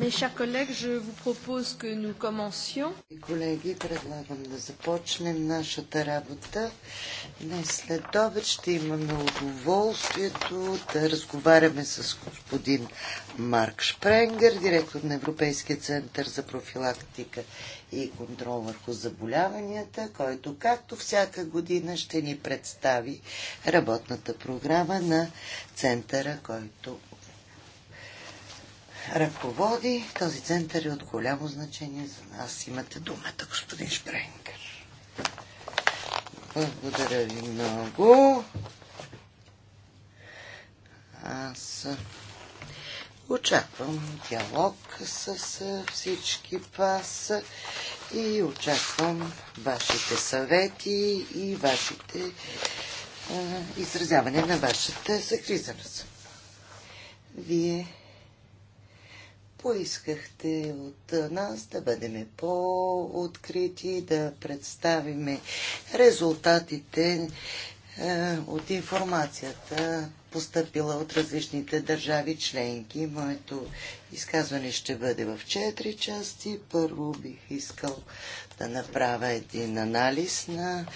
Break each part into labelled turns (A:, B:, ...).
A: Mes chers collègues, je vous propose que nous commencions. Колеги, предлагам да започнем нашата работа. Днес след обед ще имаме удоволствието да разговаряме с господин Марк Шпренгер, директор на Европейския център за профилактика и контрол върху заболяванията, който както всяка година ще ни представи работната програма на центъра, който ръководи. Този център е от голямо значение за нас. Имате думата, господин Шпренгър. Благодаря ви много. Аз очаквам диалог с всички вас и очаквам вашите съвети и вашите е, изразяване на вашата закриза. Вие поискахте от нас да бъдем по-открити, да представиме резултатите е, от информацията, постъпила от различните държави членки. Моето изказване ще бъде в четири части. Първо бих искал да направя един анализ на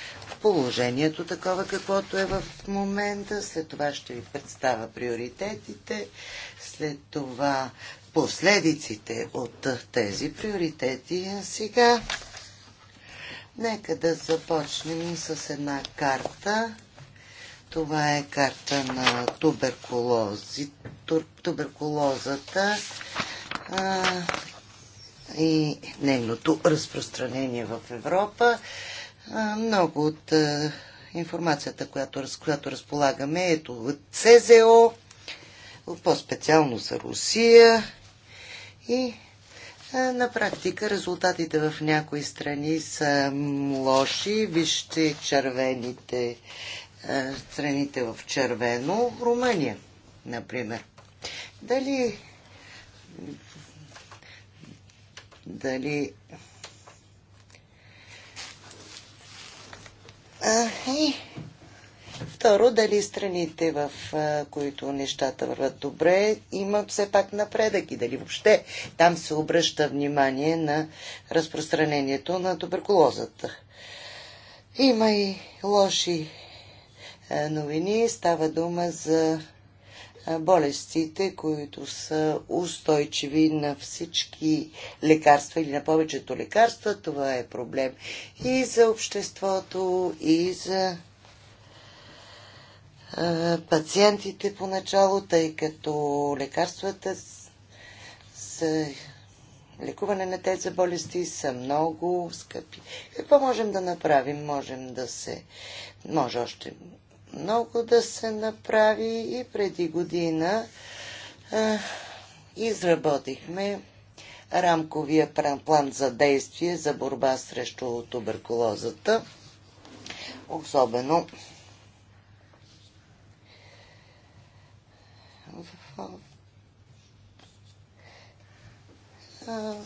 A: положението такова, каквото е в момента. След това ще ви представя приоритетите. След това последиците от тези приоритети. сега нека да започнем с една карта. Това е карта на туберкулози, туберкулозата а, и нейното разпространение в Европа. А, много от а, информацията, която, която разполагаме, е ето от ЦЗО, по-специално за Русия и на практика резултатите в някои страни са лоши. Вижте червените страните в червено. Румъния, например. Дали дали а, и Второ, дали страните, в които нещата върват добре, има все пак напредък и дали въобще там се обръща внимание на разпространението на туберкулозата. Има и лоши новини. Става дума за болестите, които са устойчиви на всички лекарства или на повечето лекарства. Това е проблем и за обществото, и за е, пациентите поначало, тъй като лекарствата за лекуване на тези болести са много скъпи. Какво можем да направим? Можем да се... Може още много да се направи и преди година е, изработихме рамковия план за действие за борба срещу туберкулозата, особено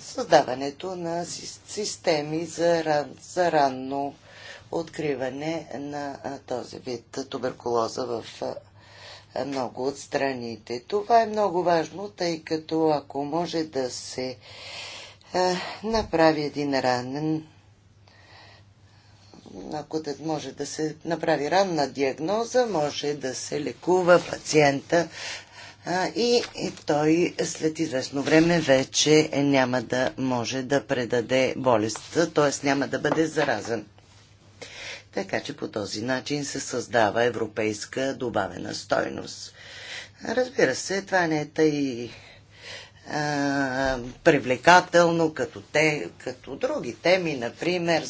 A: създаването на системи за, ран, за ранно откриване на този вид туберкулоза в много от страните. Това е много важно, тъй като ако може да се направи един ранен, ако може да се направи ранна диагноза, може да се лекува пациента и той след известно време вече няма да може да предаде болест, т.е. няма да бъде заразен. Така че по този начин се създава европейска добавена стойност. Разбира се, това не е тъй а, привлекателно като, те, като други теми, например,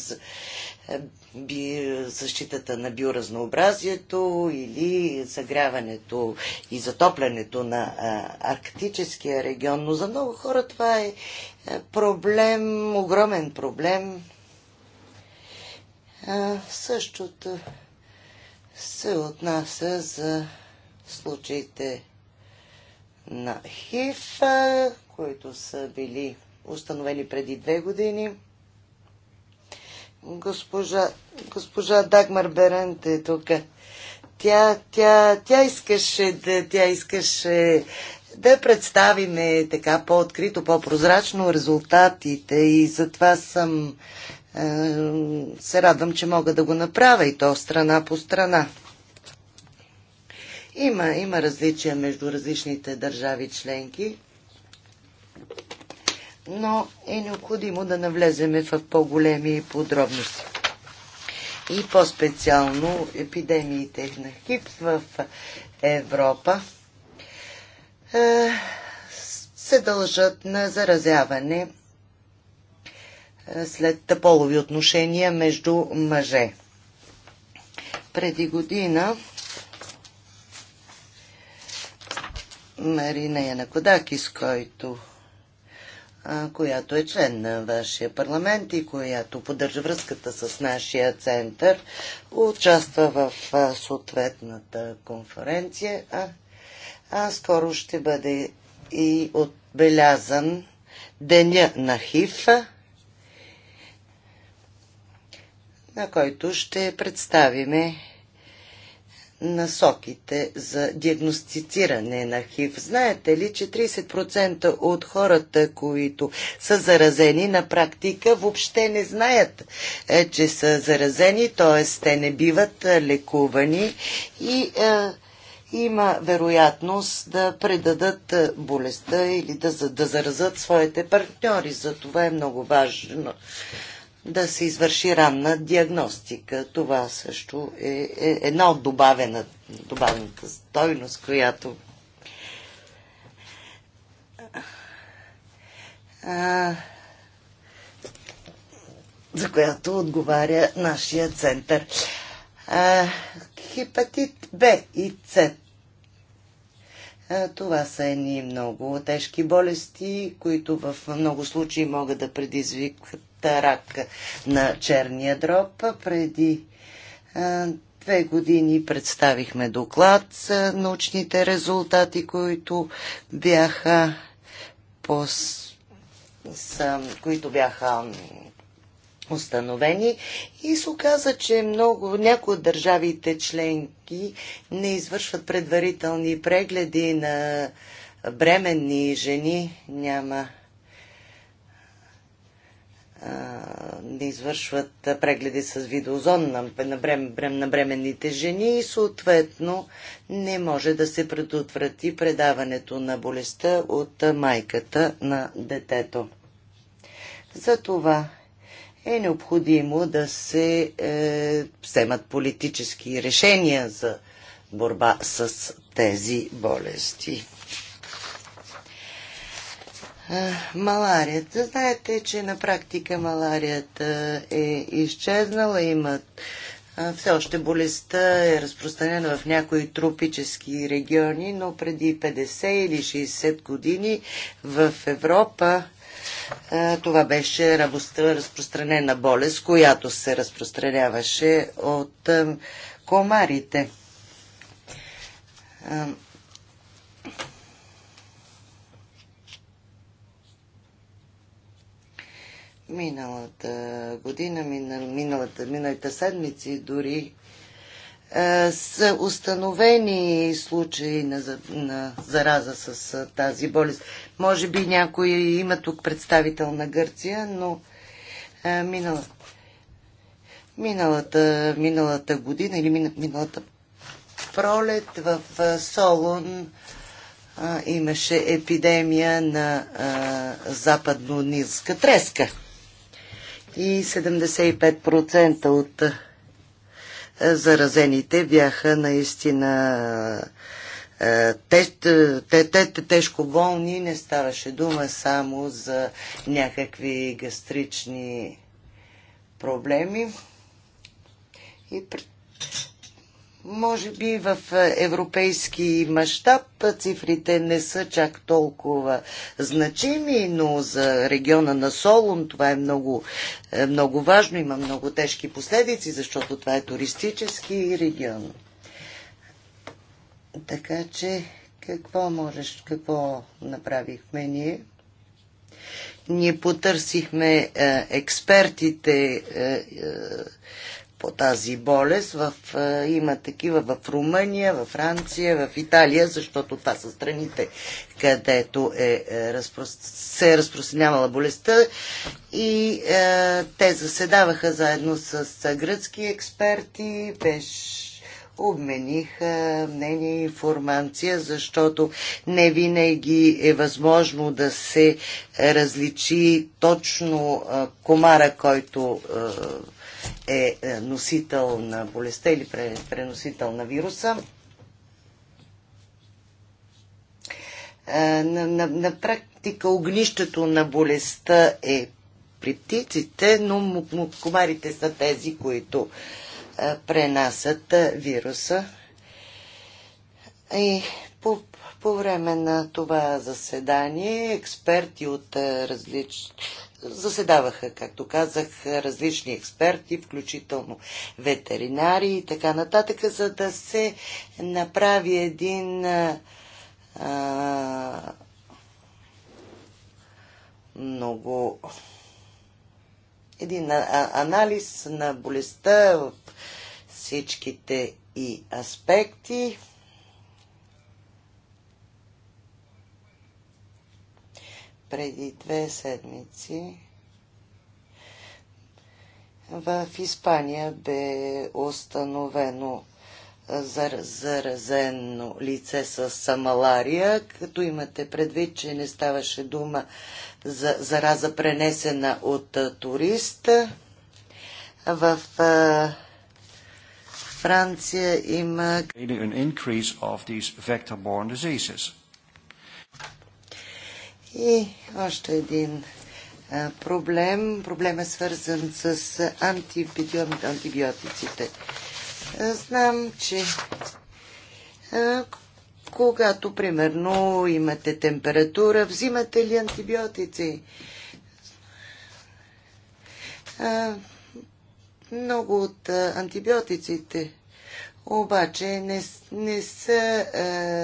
A: защитата на биоразнообразието или съгряването и затоплянето на арктическия регион. Но за много хора това е, е проблем, огромен проблем. Същото се отнася за случаите на ХИВ, които са били установени преди две години – госпожа, госпожа Дагмар Берент е тук. Тя, тя, тя искаше, да, тя искаше да представиме така по-открито, по-прозрачно резултатите и затова съм е, се радвам, че мога да го направя и то страна по страна. Има, има различия между различните държави членки но е необходимо да навлеземе в по-големи подробности. И по-специално епидемиите на хип в Европа е, се дължат на заразяване е, след полови отношения между мъже. Преди година Марина Янакодакис, който която е член на вашия парламент и която поддържа връзката с нашия център, участва в съответната конференция, а, а скоро ще бъде и отбелязан Деня на ХИФ, на който ще представиме насоките за диагностициране на ХИВ. Знаете ли, че 30% от хората, които са заразени на практика, въобще не знаят, е, че са заразени, т.е. те не биват е, лекувани и е, има вероятност да предадат е, болестта или да, да заразат своите партньори. За това е много важно да се извърши ранна диагностика. Това също е, е, една от добавена, добавената стойност, която а, за която отговаря нашия център. А, хепатит Б и С. Това са едни много тежки болести, които в много случаи могат да предизвикат рак на черния дроб. Преди две години представихме доклад за научните резултати, които бяха по които бяха установени и се оказа, че много, някои от държавите членки не извършват предварителни прегледи на бременни жени. Няма да извършват прегледи с видозон на, на, брем, на бременните жени и съответно не може да се предотврати предаването на болестта от майката на детето. Затова е необходимо да се е, вземат политически решения за борба с тези болести маларията. Знаете, че на практика маларията е изчезнала, имат все още болестта е разпространена в някои тропически региони, но преди 50 или 60 години в Европа това беше разпространена болест, която се разпространяваше от комарите. Миналата година, миналата, миналата седмици дори е, са установени случаи на, на зараза с тази болест. Може би някой има тук представител на Гърция, но а, е, минала, миналата, миналата година или миналата пролет в е, Солон а, имаше епидемия на западно-нилска треска и 75% от е, заразените бяха наистина е, те, е, те, те, те, тежко болни. Не ставаше дума само за някакви гастрични проблеми. И може би в е, европейски мащаб цифрите не са чак толкова значими, но за региона на Солун това е много, е, много важно, има много тежки последици, защото това е туристически регион. Така че какво можеш, какво направихме ние? Ние потърсихме е, експертите, е, е, по тази болест. В, има такива в Румъния, в Франция, в Италия, защото това са страните, където е, е разпро... се е разпространявала болестта. И е, те заседаваха заедно с, с гръцки експерти, беше обмениха мнение и информация, защото не винаги е възможно да се различи точно комара, който е, е носител на болестта или преносител на вируса. Е, на, на, на практика огнището на болестта е при птиците, но комарите са тези, които е, пренасят вируса. И по, по време на това заседание експерти от различни заседаваха, както казах, различни експерти, включително ветеринари и така нататък, за да се направи един а, много един анализ на болестта в всичките и аспекти. преди две седмици в Испания бе установено заразено лице с малария, като имате предвид, че не ставаше дума за зараза пренесена от турист. В Франция има и още един проблем. Проблем е свързан с антибиотиците. Знам, че когато, примерно, имате температура, взимате ли антибиотици? Много от антибиотиците обаче не, не, са, е,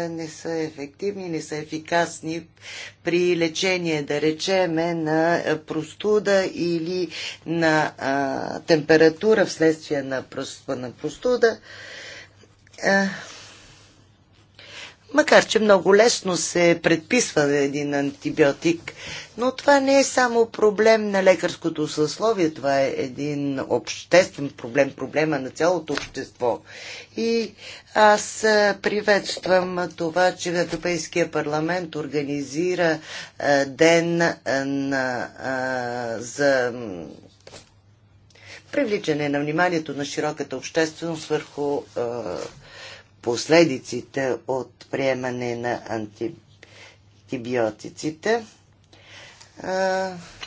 A: не са ефективни, не са ефикасни при лечение, да речеме, на простуда или на а, температура вследствие на, на простуда. Е, Макар, че много лесно се предписва един антибиотик, но това не е само проблем на лекарското съсловие, това е един обществен проблем, проблема на цялото общество. И аз приветствам това, че в Европейския парламент организира ден на, за привличане на вниманието на широката общественост върху последиците от приемане на антибиотиците.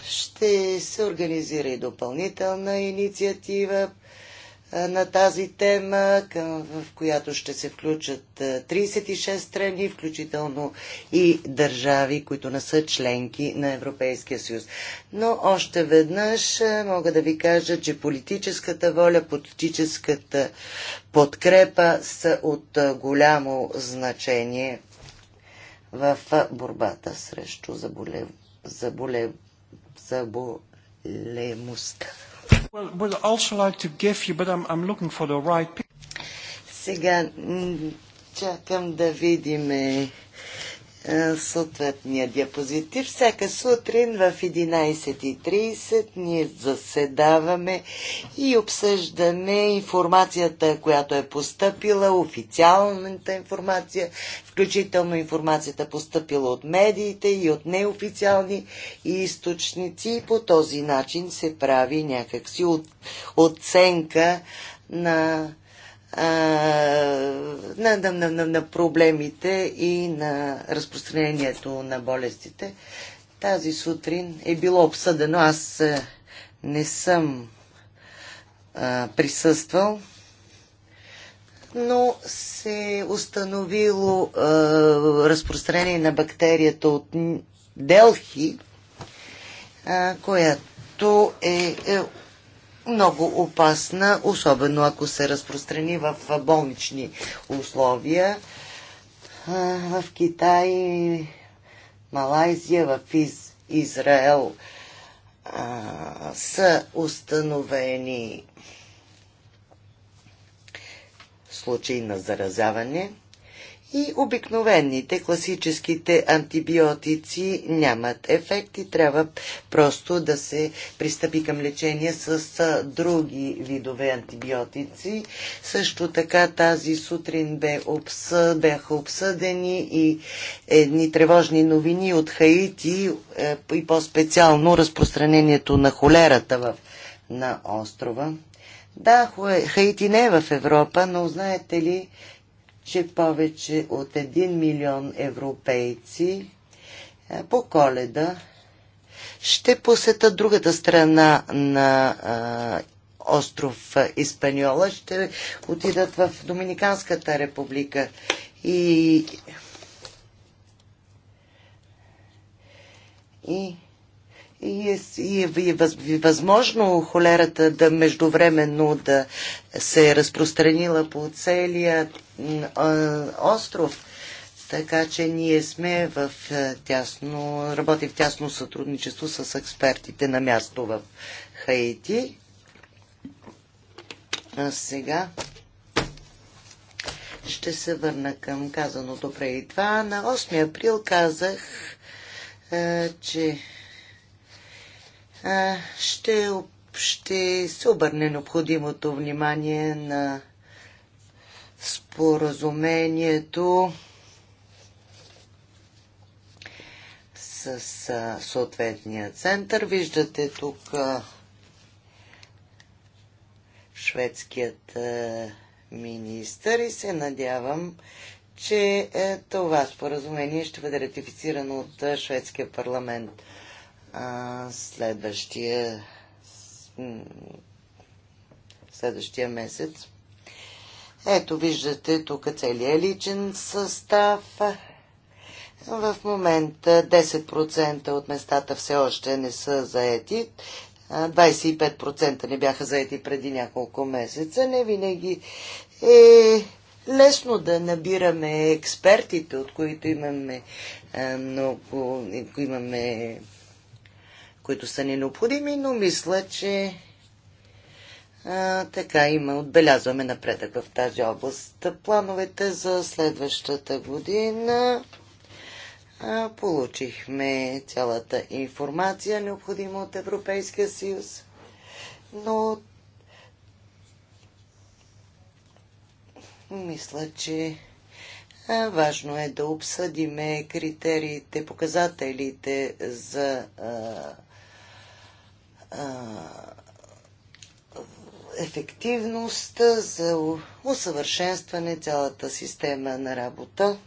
A: Ще се организира и допълнителна инициатива е, на тази тема, към, в която ще се включат 36 е, страни, включително и държави, които не са членки на Европейския съюз. Но още веднъж е, мога да ви кажа, че политическата воля, политическата подкрепа са от голямо значение в борбата срещу заболев... заболев... заболемостта. Сега чакам да видиме е, съответния диапозитив. Всяка сутрин в 11.30 ние заседаваме и обсъждаме информацията, която е поступила, официалната информация, включително информацията поступила от медиите и от неофициални източници. И по този начин се прави някакси от, оценка на на, на, на, на проблемите и на разпространението на болестите. Тази сутрин е било обсъдено. Аз не съм а, присъствал, но се е установило а, разпространение на бактерията от Делхи, а, която е, е много опасна, особено ако се разпространи в болнични условия. В Китай, Малайзия, в Из, Израел а, са установени случаи на заразяване – и обикновените, класическите антибиотици нямат ефект и трябва просто да се пристъпи към лечение с други видове антибиотици. Също така тази сутрин бе обсъ... бяха обсъдени и едни тревожни новини от Хаити е, и по-специално разпространението на холерата в... на острова. Да, Хаити не е в Европа, но знаете ли, че повече от 1 милион европейци е, по коледа ще посетат другата страна на е, остров Испаньола, ще отидат в Доминиканската република. И, и и е, и е, и е възможно холерата да междувременно да се е разпространила по целия остров. Така че ние сме в тясно, работим в тясно сътрудничество с експертите на място в Хаити. А сега ще се върна към казаното преди това. На 8 април казах, че ще, ще се обърне необходимото внимание на споразумението с съответния център. Виждате тук шведският министър и се надявам, че е, това споразумение ще бъде ратифицирано от шведския парламент а, следващия следващия месец. Ето, виждате тук е целият личен състав. В момента 10% от местата все още не са заети. 25% не бяха заети преди няколко месеца. Не винаги е лесно да набираме експертите, от които имаме много, имаме които са ни необходими, но мисля, че а, така има, отбелязваме напредък в тази област. Плановете за следващата година а, получихме цялата информация, необходима от Европейския съюз, но мисля, че Важно е да обсъдиме критериите, показателите за а, ефективност, за усъвършенстване цялата система на работа.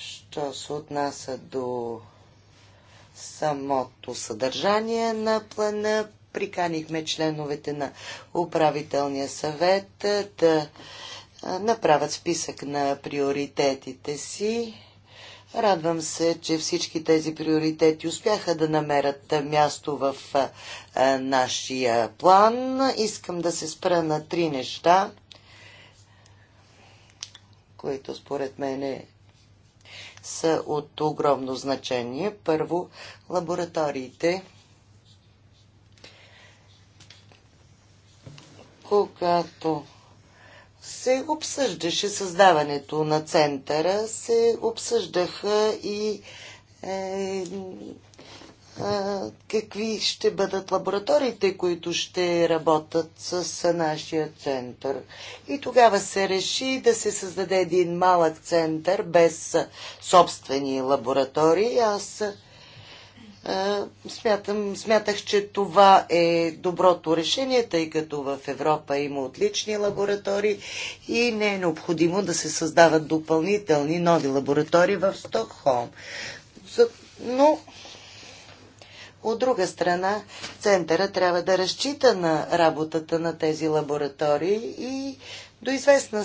A: Що се отнася до самото съдържание на плана, приканихме членовете на управителния съвет да направят списък на приоритетите си Радвам се, че всички тези приоритети успяха да намерят място в нашия план. Искам да се спра на три неща, които според мен е са от огромно значение. Първо, лабораториите, когато се обсъждаше създаването на центъра, се обсъждаха и е, какви ще бъдат лабораториите, които ще работят с нашия център. И тогава се реши да се създаде един малък център без собствени лаборатории. Аз е, смятам, смятах, че това е доброто решение, тъй като в Европа има отлични лаборатории и не е необходимо да се създават допълнителни нови лаборатории в Стокхолм. Но, от друга страна, центъра трябва да разчита на работата на тези лаборатории и до известна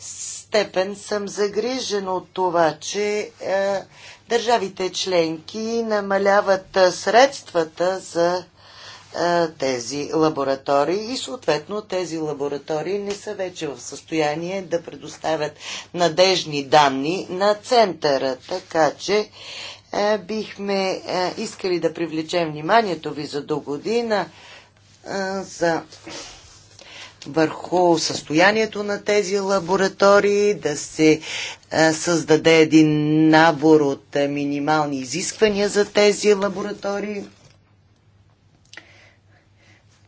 A: степен съм загрижен от това, че е, Държавите членки намаляват средствата за тези лаборатории и съответно тези лаборатории не са вече в състояние да предоставят надежни данни на центъра. Така че бихме искали да привлечем вниманието ви за до година за върху състоянието на тези лаборатории, да се е, създаде един набор от е, минимални изисквания за тези лаборатории,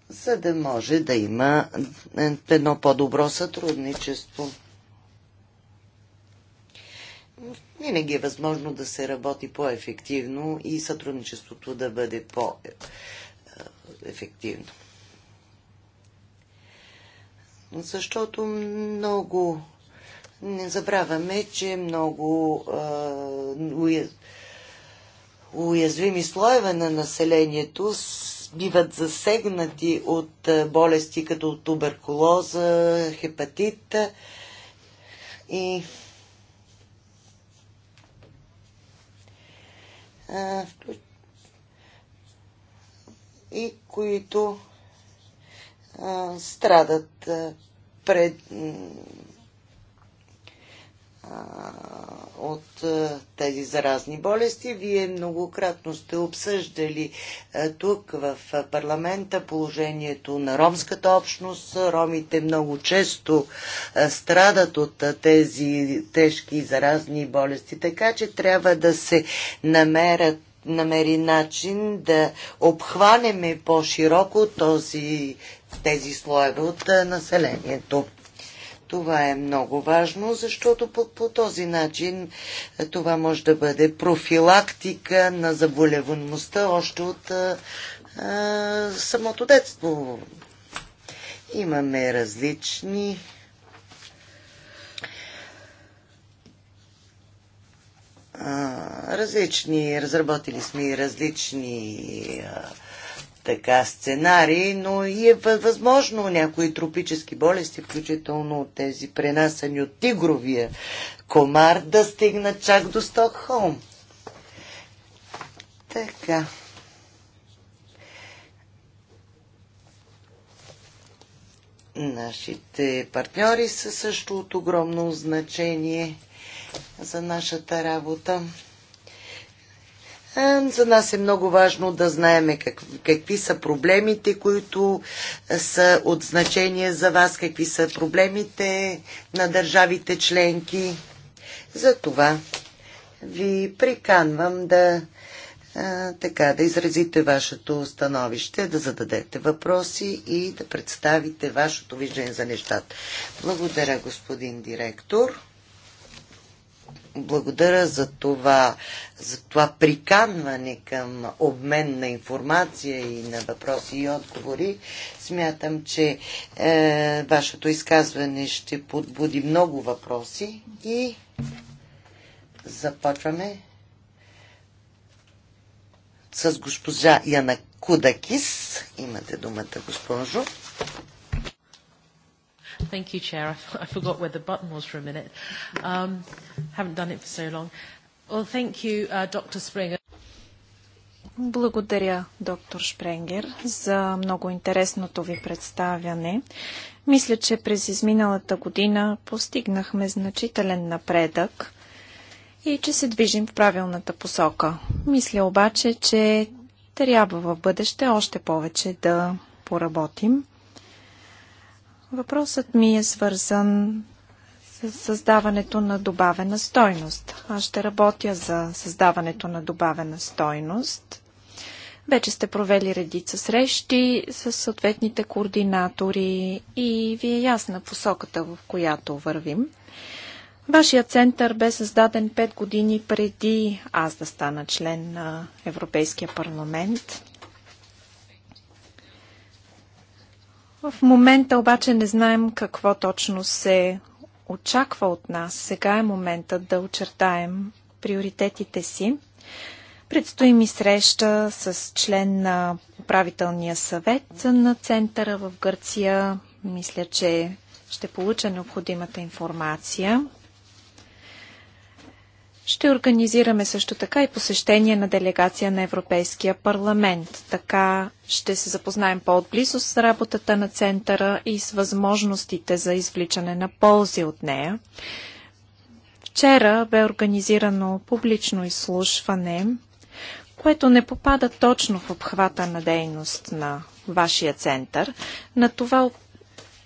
A: за да може да има е, едно по-добро сътрудничество. Винаги е възможно да се работи по-ефективно и сътрудничеството да бъде по-ефективно. Защото много не забравяме, че много а, уязвими слоеве на населението биват засегнати от болести като туберкулоза, хепатит и а, и които а, страдат а, пред, а, от а, тези заразни болести. Вие многократно сте обсъждали а, тук в парламента положението на ромската общност. Ромите много често а, страдат от а, тези тежки заразни болести, така че трябва да се намерят намери начин да обхванеме по-широко този, тези слоеве от населението. Това е много важно, защото по, по този начин това може да бъде профилактика на заболеваността още от а, а, самото детство. Имаме различни различни, разработили сме и различни така сценарии, но и е възможно някои тропически болести, включително тези пренасани от тигровия комар, да стигнат чак до Стокхолм. Така. Нашите партньори са също от огромно значение за нашата работа. Е, за нас е много важно да знаеме как, какви са проблемите, които е, са от значение за вас, какви са проблемите на държавите членки. Затова ви приканвам да а, е, така, да изразите вашето становище, да зададете въпроси и да представите вашето виждане за нещата. Благодаря, господин директор благодаря за това, за това приканване към обмен на информация и на въпроси и отговори. Смятам, че е, вашето изказване ще подбуди много въпроси и започваме с госпожа Яна Кудакис. Имате думата, госпожо.
B: Thank you, Chair. I forgot where the button was for a minute. Um, haven't done it for so long. Well, thank you, uh, Dr. Springer. Благодаря, доктор Шпренгер, за много интересното ви представяне. Мисля, че през изминалата година постигнахме значителен напредък и че се движим в правилната посока. Мисля обаче, че трябва в бъдеще още повече да поработим. Въпросът ми е свързан с създаването на добавена стойност. Аз ще работя за създаването на добавена стойност. Вече сте провели редица срещи с съответните координатори и ви е ясна посоката, в която вървим. Вашия център бе създаден 5 години преди аз да стана член на Европейския парламент. В момента обаче не знаем какво точно се очаква от нас. Сега е моментът да очертаем приоритетите си. Предстои ми среща с член на управителния съвет на центъра в Гърция. Мисля, че ще получа необходимата информация. Ще организираме също така и посещение на делегация на Европейския парламент. Така ще се запознаем по-отблизо с работата на центъра и с възможностите за извличане на ползи от нея. Вчера бе организирано публично изслушване, което не попада точно в обхвата на дейност на вашия център. На това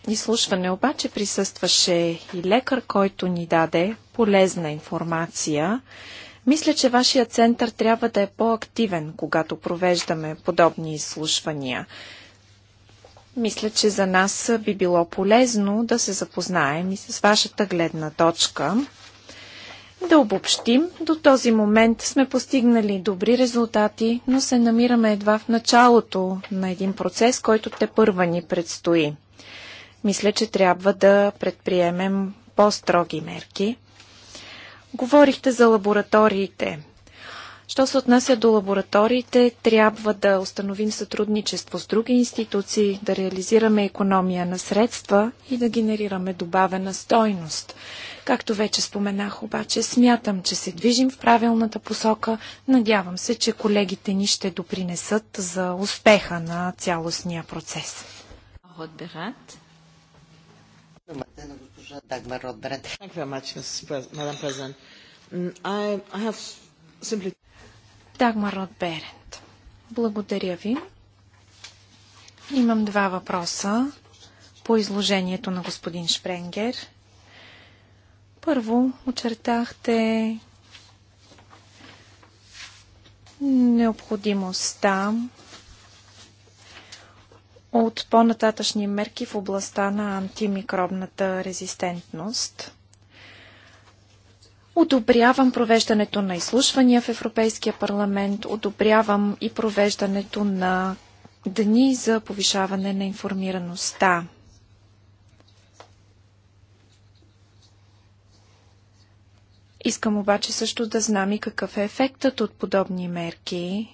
B: изслушване обаче присъстваше и лекар, който ни даде полезна информация. Мисля, че вашия център трябва да е по-активен, когато провеждаме подобни изслушвания. Мисля, че за нас би било полезно да се запознаем и с вашата гледна точка. Да обобщим, до този момент сме постигнали добри резултати, но се намираме едва в началото на един процес, който те първа ни предстои мисля, че трябва да предприемем по-строги мерки. Говорихте за лабораториите. Що се отнася до лабораториите, трябва да установим сътрудничество с други институции, да реализираме економия на средства и да генерираме добавена стойност. Както вече споменах, обаче смятам, че се движим в правилната посока. Надявам се, че колегите ни ще допринесат за успеха на цялостния процес.
A: Род Думата на госпожа Дагмар Родбред. Берент,
B: Дагмар Благодаря ви. Имам два въпроса по изложението на господин Шпренгер. Първо, очертахте необходимостта от по-нататъчни мерки в областта на антимикробната резистентност. Одобрявам провеждането на изслушвания в Европейския парламент, одобрявам и провеждането на дни за повишаване на информираността. Искам обаче също да знам и какъв е ефектът от подобни мерки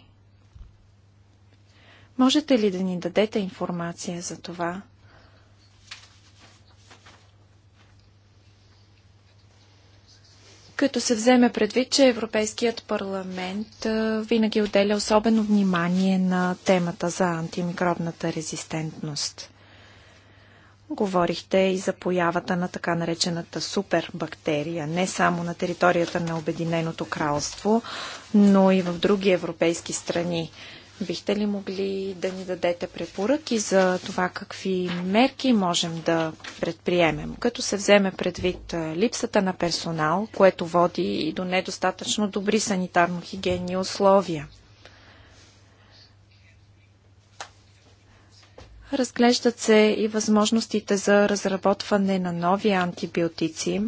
B: Можете ли да ни дадете информация за това? Като се вземе предвид, че Европейският парламент винаги отделя особено внимание на темата за антимикробната резистентност. Говорихте и за появата на така наречената супербактерия, не само на територията на Обединеното кралство, но и в други европейски страни. Бихте ли могли да ни дадете препоръки за това какви мерки можем да предприемем, като се вземе предвид липсата на персонал, което води и до недостатъчно добри санитарно-хигиенни условия? Разглеждат се и възможностите за разработване на нови антибиотици,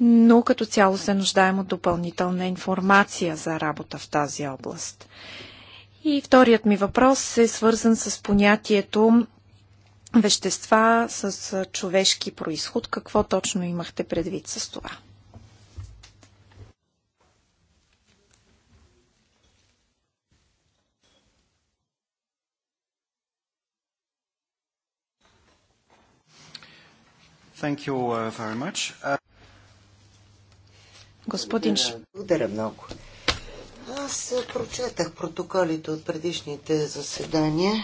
B: но като цяло се нуждаем от допълнителна информация за работа в тази област. И вторият ми въпрос е свързан с понятието вещества с човешки происход. Какво точно имахте предвид с това?
A: Thank you uh, very much. Uh, Господин Ш... Благодаря много. Аз прочетах протоколите от предишните заседания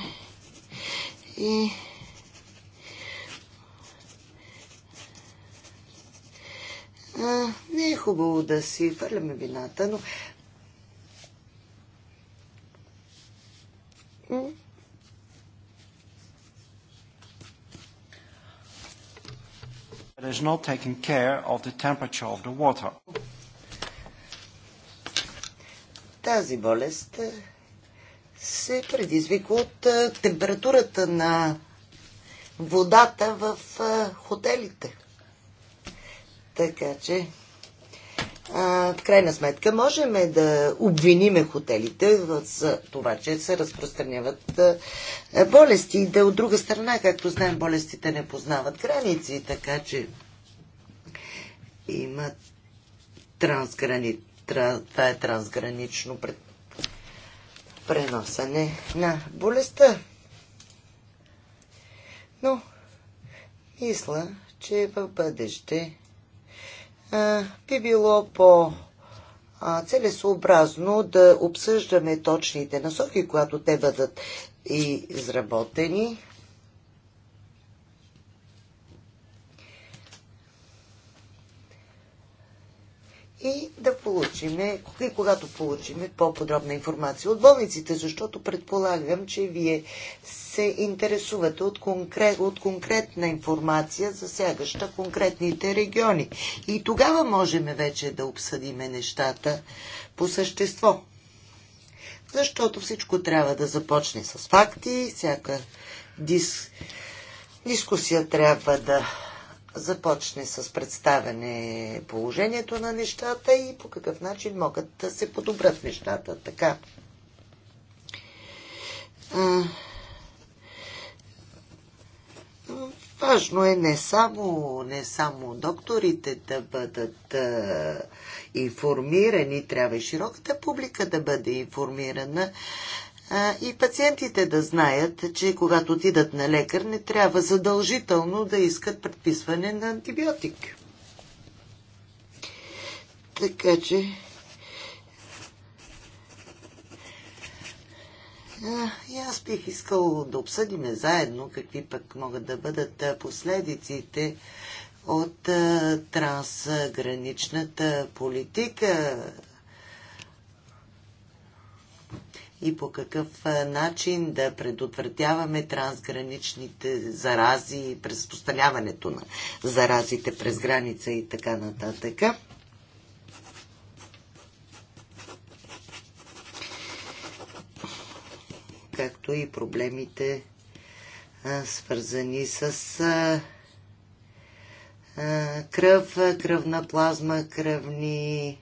A: и а, не е хубаво да си хвърляме вината, но that is not taking care of the temperature of the water. Тази болест е, се предизвиква от е, температурата на водата в е, хотелите. Така че а, в крайна сметка можем да обвиниме хотелите за това, че се разпространяват болести. И да от друга страна, както знаем, болестите не познават граници, така че има трансграни... това е трансгранично пред... преносане на болестта. Но мисля, че в бъдеще е, би било по целесообразно да обсъждаме точните насоки, когато те бъдат и изработени. И да получиме, и когато получиме по-подробна информация от болниците, защото предполагам, че вие се интересувате от, конкре... от конкретна информация, засягаща конкретните региони. И тогава можем вече да обсъдиме нещата по същество. Защото всичко трябва да започне с факти, всяка дис... дискусия трябва да започне с представяне положението на нещата и по какъв начин могат да се подобрят нещата. Така. Важно е не само, не само докторите да бъдат а, информирани, трябва и широката публика да бъде информирана а, и пациентите да знаят, че когато отидат на лекар, не трябва задължително да искат предписване на антибиотик. Така че И аз бих искал да обсъдиме заедно какви пък могат да бъдат последиците от трансграничната политика и по какъв начин да предотвратяваме трансграничните зарази и разпространяването на заразите през граница и така нататък. както и проблемите свързани с кръв, кръвна плазма, кръвни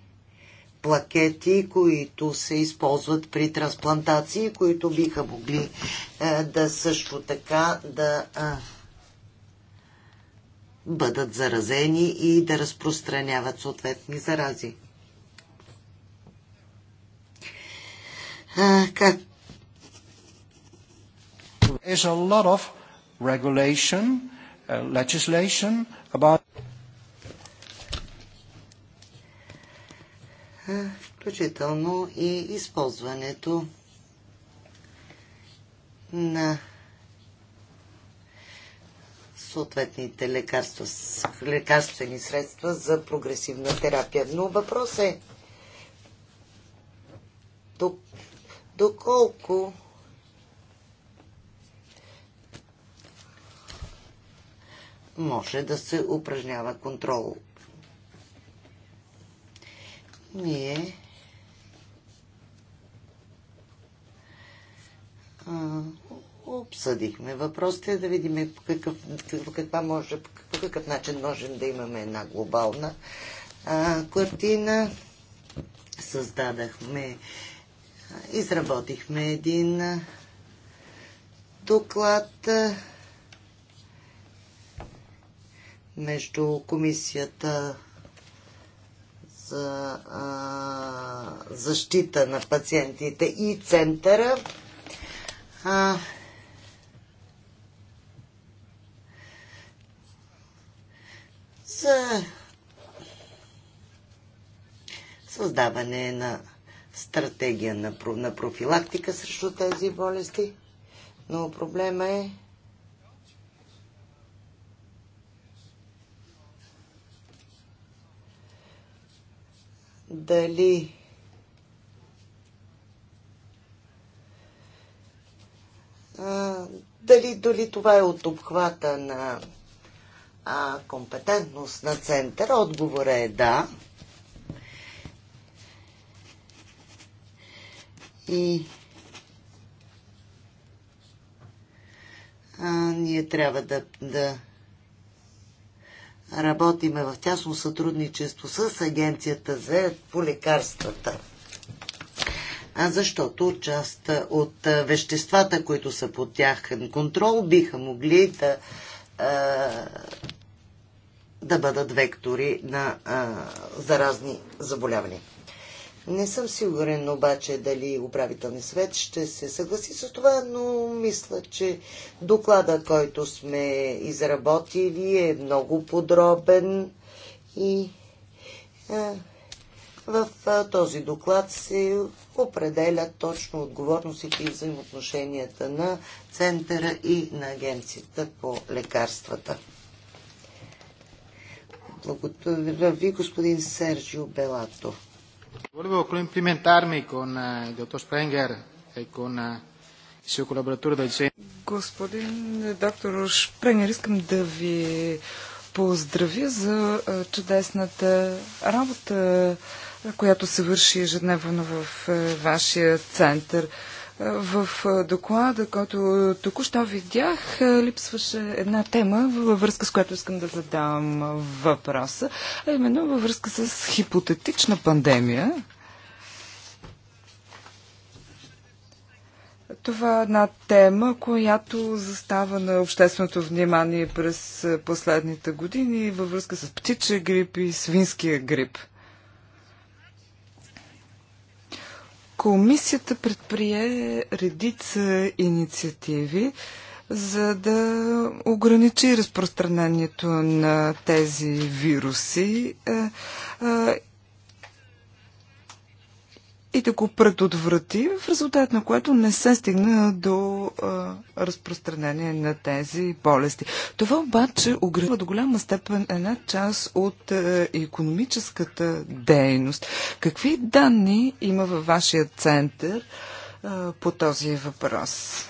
A: плакети, които се използват при трансплантации, които биха могли да също така да бъдат заразени и да разпространяват съответни зарази. Как is a lot of regulation, uh, legislation about... Е, включително и използването на съответните лекарства, лекарствени средства за прогресивна терапия. Но въпрос е доколко може да се упражнява контрол. Ние а, обсъдихме въпросите, да видим по какъв, каква може, по какъв начин можем да имаме една глобална а, картина. Създадахме, изработихме един доклад. А, между комисията за а, защита на пациентите и центъра. А, за създаване на стратегия на, на профилактика срещу тези болести. Но проблема е, дали а, дали дали това е от обхвата на а, компетентност на центъра? Отговора е да. И а, ние трябва да, да работиме в тясно сътрудничество с Агенцията за по лекарствата. А защото част от веществата, които са под тяхен контрол, биха могли да, да бъдат вектори на заразни заболявания. Не съм сигурен обаче дали управителният съвет ще се съгласи с това, но мисля, че доклада, който сме изработили е много подробен и в този доклад се определят точно отговорностите и взаимоотношенията на Центъра и на Агенцията по лекарствата.
C: Благодаря ви,
A: господин Сержио Белато.
C: Volevo complimentarmi con eh, il dottor Sprenger e con eh, il suo collaboratore del centro.
D: Господин доктор Шпренер, искам да ви поздравя за е, чудесната работа, която се върши ежедневно в е, вашия център. В доклада, който току-що видях, липсваше една тема, във връзка с която искам да задавам въпроса, а именно във връзка с хипотетична пандемия. Това е една тема, която застава на общественото внимание през последните години във връзка с птичия грип и свинския грип – Комисията предприе редица инициативи, за да ограничи разпространението на тези вируси е, е, и да го предотврати, в резултат на което не се стигна до а, разпространение на тези болести. Това обаче ограничава до голяма степен една част от а, економическата дейност. Какви данни има във вашия център а, по този въпрос?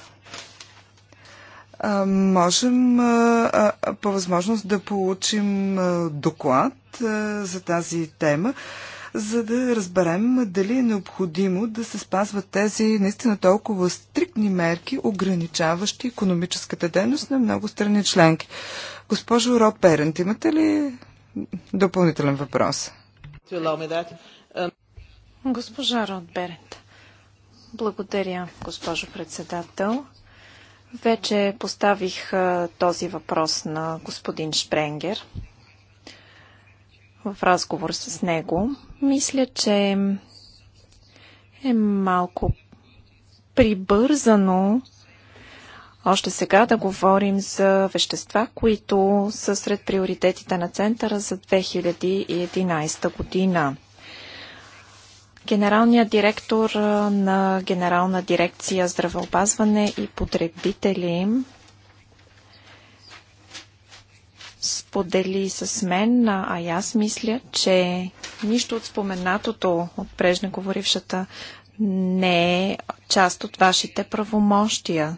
D: А, можем а, а, по възможност да получим а, доклад а, за тази тема. А, за да разберем дали е необходимо да се спазват тези наистина толкова стриктни мерки, ограничаващи економическата дейност на много страни членки. Госпожо Роб Перент, имате ли допълнителен въпрос?
B: Госпожа Род Берент, благодаря, госпожо председател. Вече поставих този въпрос на господин Шпренгер в разговор с него. Мисля, че е малко прибързано още сега да говорим за вещества, които са сред приоритетите на Центъра за 2011 година. Генералният директор на Генерална дирекция здравеопазване и потребители сподели с мен, а и аз мисля, че нищо от споменатото от преждеговорившата не е част от вашите правомощия.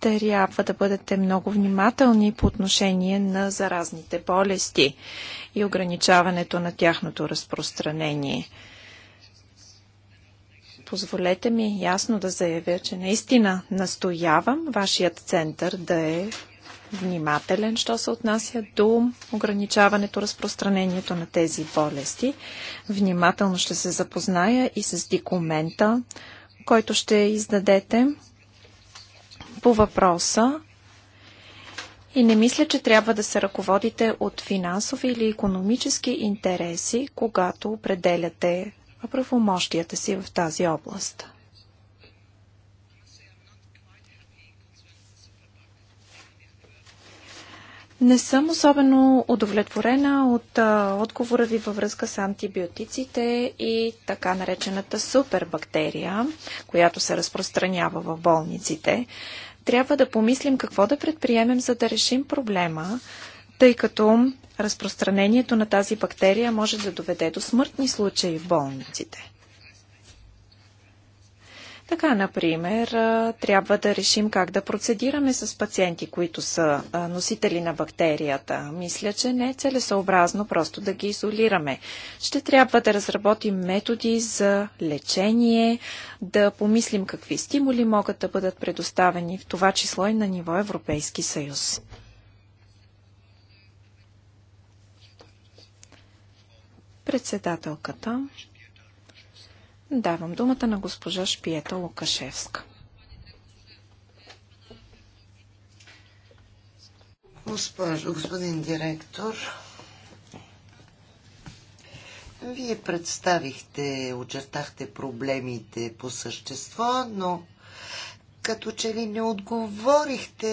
B: Трябва да бъдете много внимателни по отношение на заразните болести и ограничаването на тяхното разпространение. Позволете ми ясно да заявя, че наистина настоявам вашият център да е внимателен, що се отнася до ограничаването разпространението на тези болести. Внимателно ще се запозная и с документа, който ще издадете по въпроса. И не мисля, че трябва да се ръководите от финансови или економически интереси, когато определяте правомощията си в тази област. Не съм особено удовлетворена от а, отговора ви във връзка с антибиотиците и така наречената супербактерия, която се разпространява в болниците. Трябва да помислим какво да предприемем, за да решим проблема, тъй като разпространението на тази бактерия може да доведе до смъртни случаи в болниците. Така, например, трябва да решим как да процедираме с пациенти, които са носители на бактерията. Мисля, че не е целесообразно просто да ги изолираме. Ще трябва да разработим методи за лечение, да помислим какви стимули могат да бъдат предоставени, в това число и на ниво Европейски съюз. Председателката Давам думата на госпожа Шпиета Лукашевска.
A: Госпожо, господин директор, вие представихте, очертахте проблемите по същество, но като че ли не отговорихте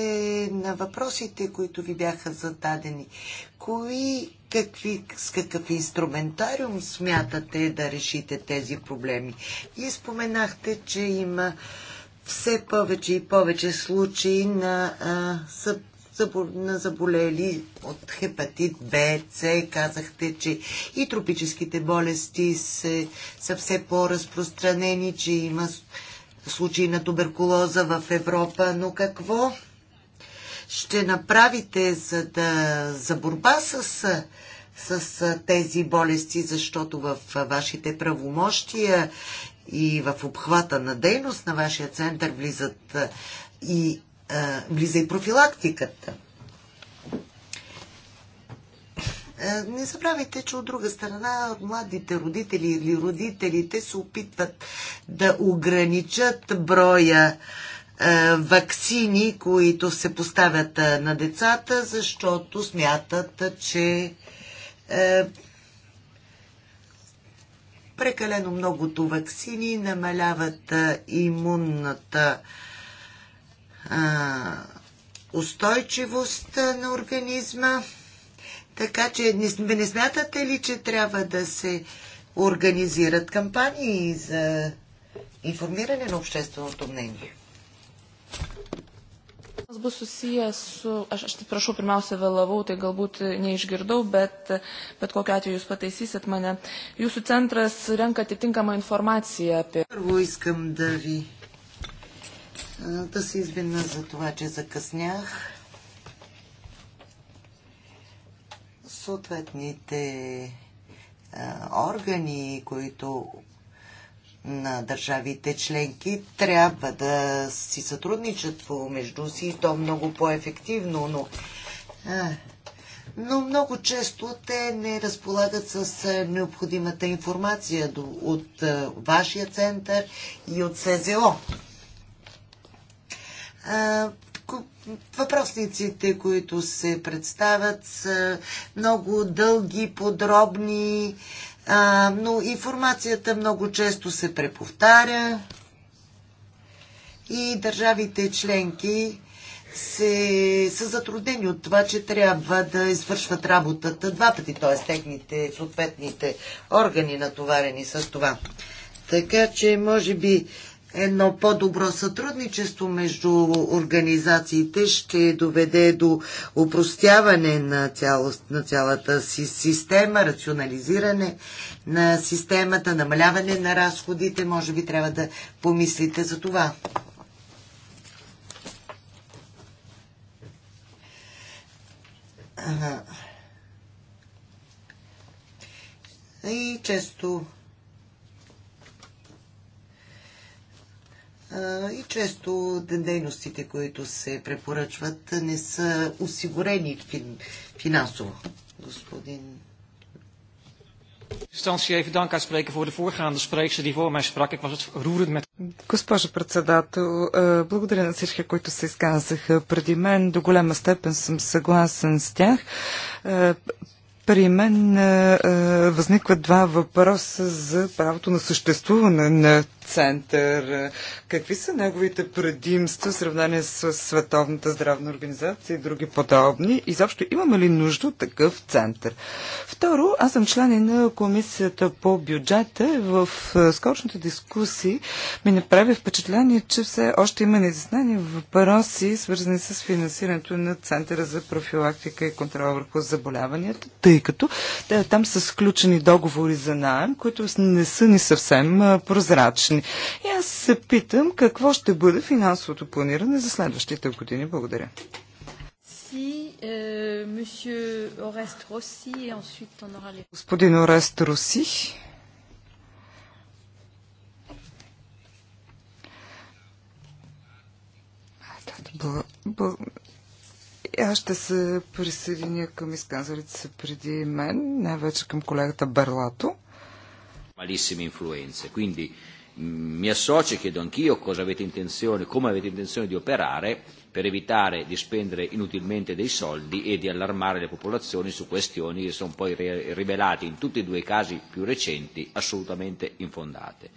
A: на въпросите, които ви бяха зададени. Кои какви, с какъв инструментариум смятате да решите тези проблеми. И споменахте, че има все повече и повече случаи на, а, на заболели от хепатит Б, С. Казахте, че и тропическите болести се, са все по-разпространени, че има случаи на туберкулоза в Европа. Но какво ще направите за, да, за борба с, с тези болести, защото в вашите правомощия и в обхвата на дейност на вашия център влизат и, а, влиза и профилактиката. Не забравяйте, че от друга страна младите родители или родителите се опитват да ограничат броя е, вакцини, които се поставят е, на децата, защото смятат, че е, прекалено многото вакцини намаляват имунната устойчивост на организма. Така че не, не смятате ли, че трябва да се организират кампании за информиране на общественото мнение?
B: klausimas bus susijęs su, aš, aš tik prašau, pirmiausia vėlavau, tai galbūt neišgirdau, bet, bet kokiu atveju jūs pataisysit mane. Jūsų centras renka atitinkamą
A: informaciją apie. Съответните органи, които на държавите членки трябва да си сътрудничат помежду си и то много по-ефективно, но, но много често те не разполагат с необходимата информация от вашия център и от СЗО. Въпросниците, които се представят, са много дълги, подробни, а, но информацията много често се преповтаря и държавите членки се, са затруднени от това, че трябва да извършват работата два пъти, т.е. техните съответните органи натоварени с това. Така че, може би, едно по-добро сътрудничество между организациите ще доведе до упростяване на, цялост, на цялата си система, рационализиране на системата, намаляване на разходите. Може би трябва да помислите за това. И често и често дейностите, които се препоръчват, не са осигурени финансово.
C: Господин
D: Госпожо председател, благодаря на всички, които се изказаха преди мен. До голяма степен съм съгласен с тях. При мен възникват два въпроса за правото на съществуване на център? Какви са неговите предимства в сравнение с Световната здравна организация и други подобни? И имаме ли нужда от такъв център? Второ, аз съм член на комисията по бюджета. В е, скорочните дискусии ми направи впечатление, че все още има неизяснени въпроси, свързани с финансирането на Центъра за профилактика и контрол върху заболяванията, тъй като е, там са сключени договори за найем, които не са ни съвсем е, прозрачни години. И аз се питам какво ще бъде финансовото планиране за следващите години. Благодаря.
B: Е,
D: Господин Орест Роси. Аз ще се присъединя към изказалите се преди мен, най-вече към колегата Берлато.
C: Малисими инфлуенце. Quindi mi associo e chiedo anch'io cosa avete intenzione, come avete intenzione di operare per evitare di spendere inutilmente dei soldi e di allarmare le popolazioni su questioni che sono poi rivelate in tutti e due i casi più recenti assolutamente infondate.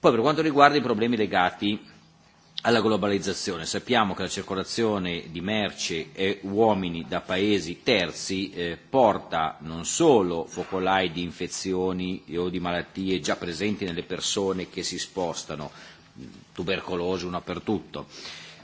C: Poi per quanto riguarda i problemi legati alla globalizzazione. Sappiamo che la circolazione di merci e uomini da paesi terzi eh, porta non solo focolai di infezioni o di malattie già presenti nelle persone che si spostano, tubercolosi una per tutto,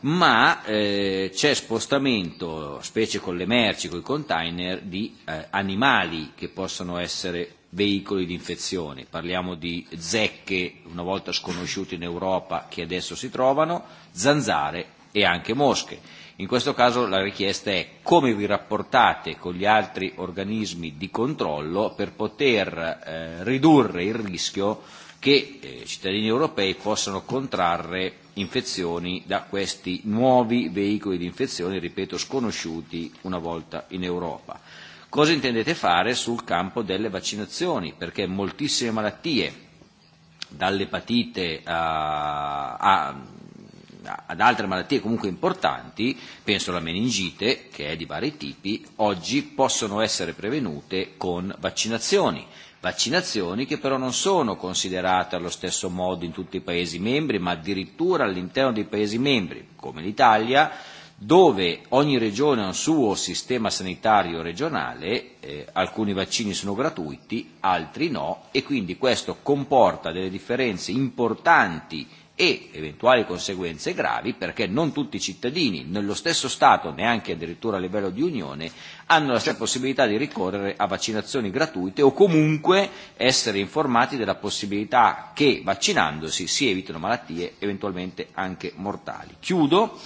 C: ma eh, c'è spostamento, specie con le merci, con i container, di eh, animali che possono essere veicoli di infezione, parliamo di zecche una volta sconosciute in Europa che adesso si trovano, zanzare e anche mosche. In questo caso la richiesta è come vi rapportate con gli altri organismi di controllo per poter eh, ridurre il rischio che eh, cittadini europei possano contrarre infezioni da questi nuovi veicoli di infezione, ripeto, sconosciuti una volta in Europa cosa intendete fare sul campo delle vaccinazioni, perché moltissime malattie, dall'epatite a, a, ad altre malattie comunque importanti, penso alla meningite, che è di vari tipi, oggi possono essere prevenute con vaccinazioni vaccinazioni che però non sono considerate allo stesso modo in tutti i Paesi membri, ma addirittura all'interno dei Paesi membri, come l'Italia, dove ogni regione ha un suo sistema sanitario regionale, eh, alcuni vaccini sono gratuiti, altri no, e quindi questo comporta delle differenze importanti e eventuali conseguenze gravi perché non tutti i cittadini nello stesso Stato, neanche addirittura a livello di Unione, hanno la stessa possibilità di ricorrere a vaccinazioni gratuite o comunque essere informati della possibilità che vaccinandosi si evitino malattie eventualmente anche mortali. Chiudo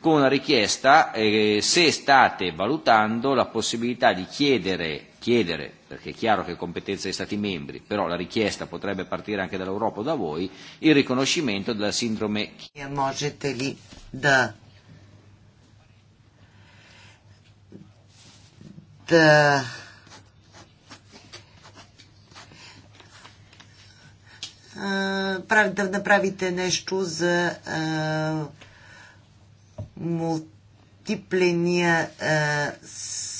C: con una richiesta eh, se state valutando la possibilità di chiedere, chiedere, perché è chiaro che è competenza dei Stati membri, però la richiesta potrebbe partire anche dall'Europa o da voi, il riconoscimento della sindrome.
A: Можете да да да направите нещо за мултипления а,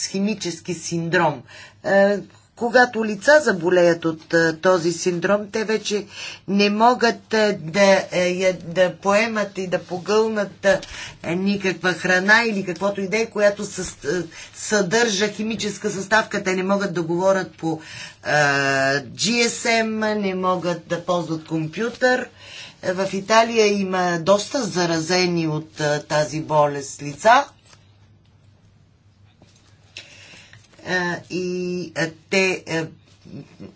A: химически синдром. А, когато лица заболеят от а, този синдром, те вече не могат а, да, а, е, да поемат и да погълнат а, никаква храна или каквото и да е, която със, а, съдържа химическа съставка. Те не могат да говорят по а, GSM, не могат да ползват компютър. В Италия има доста заразени от тази болест лица. И те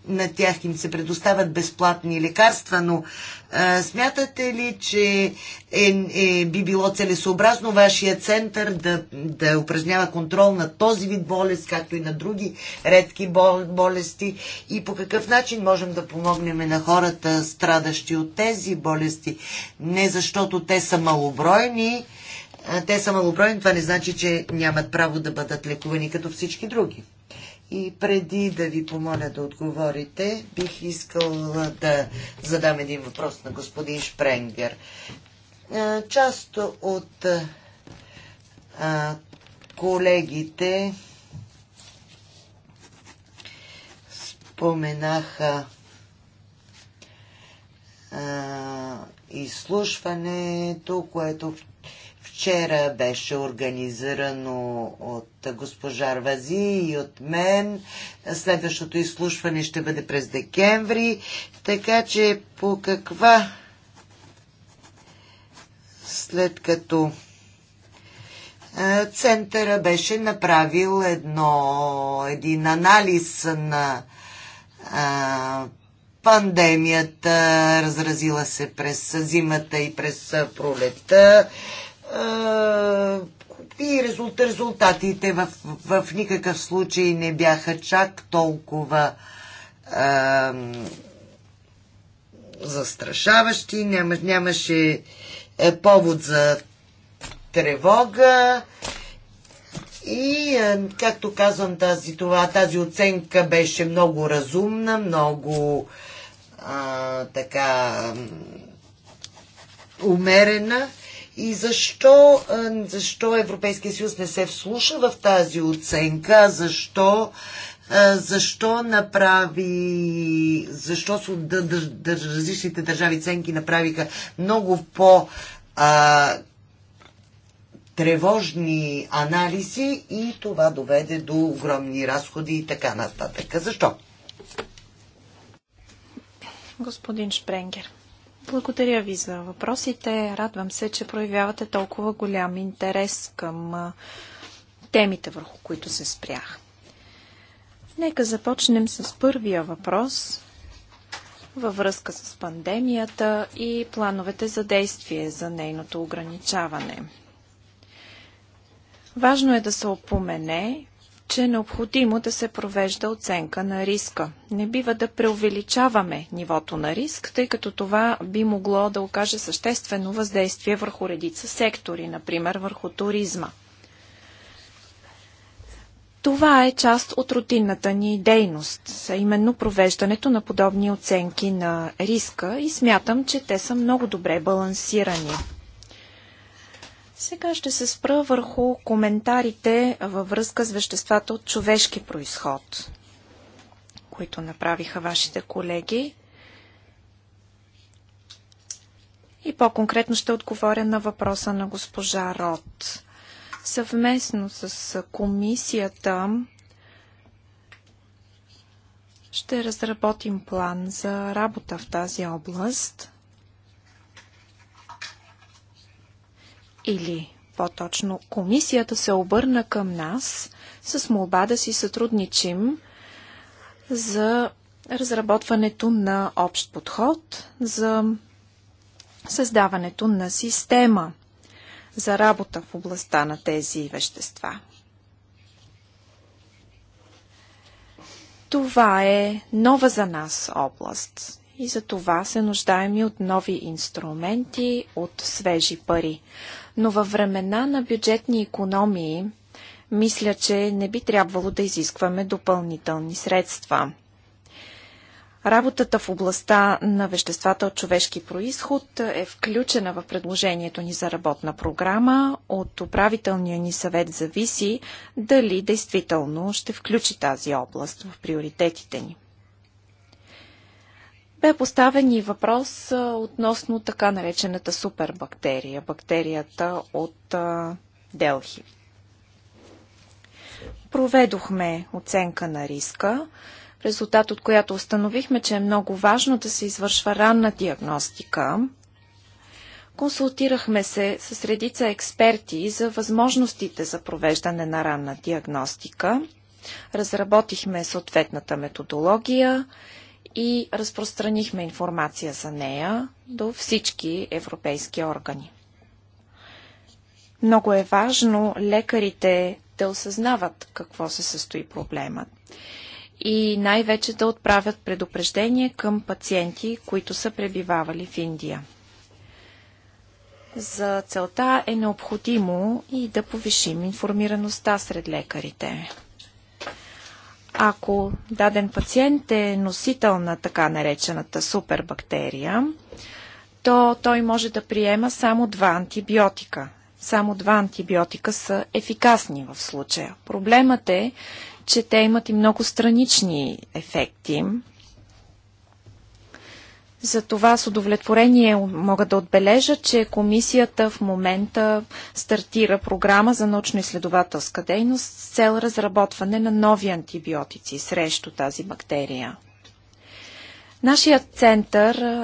A: на тях им се предоставят безплатни лекарства, но а, смятате ли, че е, е, би било целесообразно вашия център да, да упражнява контрол на този вид болест, както и на други редки бол, болести и по какъв начин можем да помогнем на хората, страдащи от тези болести, не защото те са малобройни, те са малобройни, това не значи, че нямат право да бъдат лекувани като всички други. И преди да ви помоля да отговорите, бих искал да задам един въпрос на господин Шпренгер. Е, част от е, колегите споменаха изслушването, което Вчера беше организирано от госпожа Рвази и от мен. Следващото изслушване ще бъде през декември. Така че по каква след като центъра беше направил едно, един анализ на а, пандемията, разразила се през зимата и през пролетта и резулт, резултатите в, в никакъв случай не бяха чак толкова а, застрашаващи, няма, нямаше е, повод за тревога и, е, както казвам, тази, това, тази оценка беше много разумна, много а, така умерена и защо, защо Европейския съюз не се вслуша в тази оценка? Защо, защо направи, защо да, различните държави ценки направиха много по а, тревожни анализи и това доведе до огромни разходи и така нататък. Защо?
B: Господин Шпренгер. Благодаря ви за въпросите. Радвам се, че проявявате толкова голям интерес към темите, върху които се спрях. Нека започнем с първия въпрос във връзка с пандемията и плановете за действие за нейното ограничаване. Важно е да се опомене, че е необходимо да се провежда оценка на риска. Не бива да преувеличаваме нивото на риск, тъй като това би могло да окаже съществено въздействие върху редица сектори, например върху туризма. Това е част от рутинната ни дейност, а именно провеждането на подобни оценки на риска и смятам, че те са много добре балансирани. Сега ще се спра върху коментарите във връзка с веществата от човешки происход, които направиха вашите колеги. И по-конкретно ще отговоря на въпроса на госпожа Рот. Съвместно с комисията ще разработим план за работа в тази област – или по-точно комисията се обърна към нас с молба да си сътрудничим за разработването на общ подход, за създаването на система за работа в областта на тези вещества. Това е нова за нас област и за това се нуждаем и от нови инструменти, от свежи пари но във времена на бюджетни економии, мисля, че не би трябвало да изискваме допълнителни средства. Работата в областта на веществата от човешки происход е включена в предложението ни за работна програма. От управителния ни съвет зависи дали действително ще включи тази област в приоритетите ни. Бе поставен и въпрос относно така наречената супербактерия, бактерията от Делхи. Проведохме оценка на риска, резултат от която установихме, че е много важно да се извършва ранна диагностика. Консултирахме се с редица експерти за възможностите за провеждане на ранна диагностика. Разработихме съответната методология и разпространихме информация за нея до всички европейски органи. Много е важно лекарите да осъзнават какво се състои проблема, и най-вече да отправят предупреждение към пациенти, които са пребивавали в Индия. За целта е необходимо и да повишим информираността сред лекарите. Ако даден пациент е носител на така наречената супербактерия, то той може да приема само два антибиотика. Само два антибиотика са ефикасни в случая. Проблемът е, че те имат и много странични ефекти. Затова с удовлетворение мога да отбележа, че комисията в момента стартира програма за научно-изследователска дейност с цел разработване на нови антибиотици срещу тази бактерия. Нашият център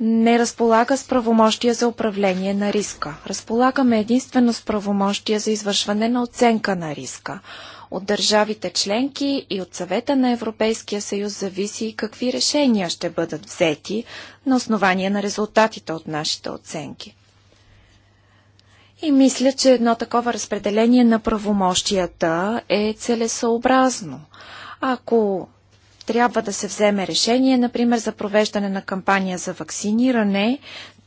B: не разполага с правомощия за управление на риска. Разполагаме единствено с правомощия за извършване на оценка на риска. От държавите членки и от съвета на Европейския съюз зависи какви решения ще бъдат взети на основание на резултатите от нашите оценки. И мисля, че едно такова разпределение на правомощията е целесообразно. Ако трябва да се вземе решение, например, за провеждане на кампания за вакциниране,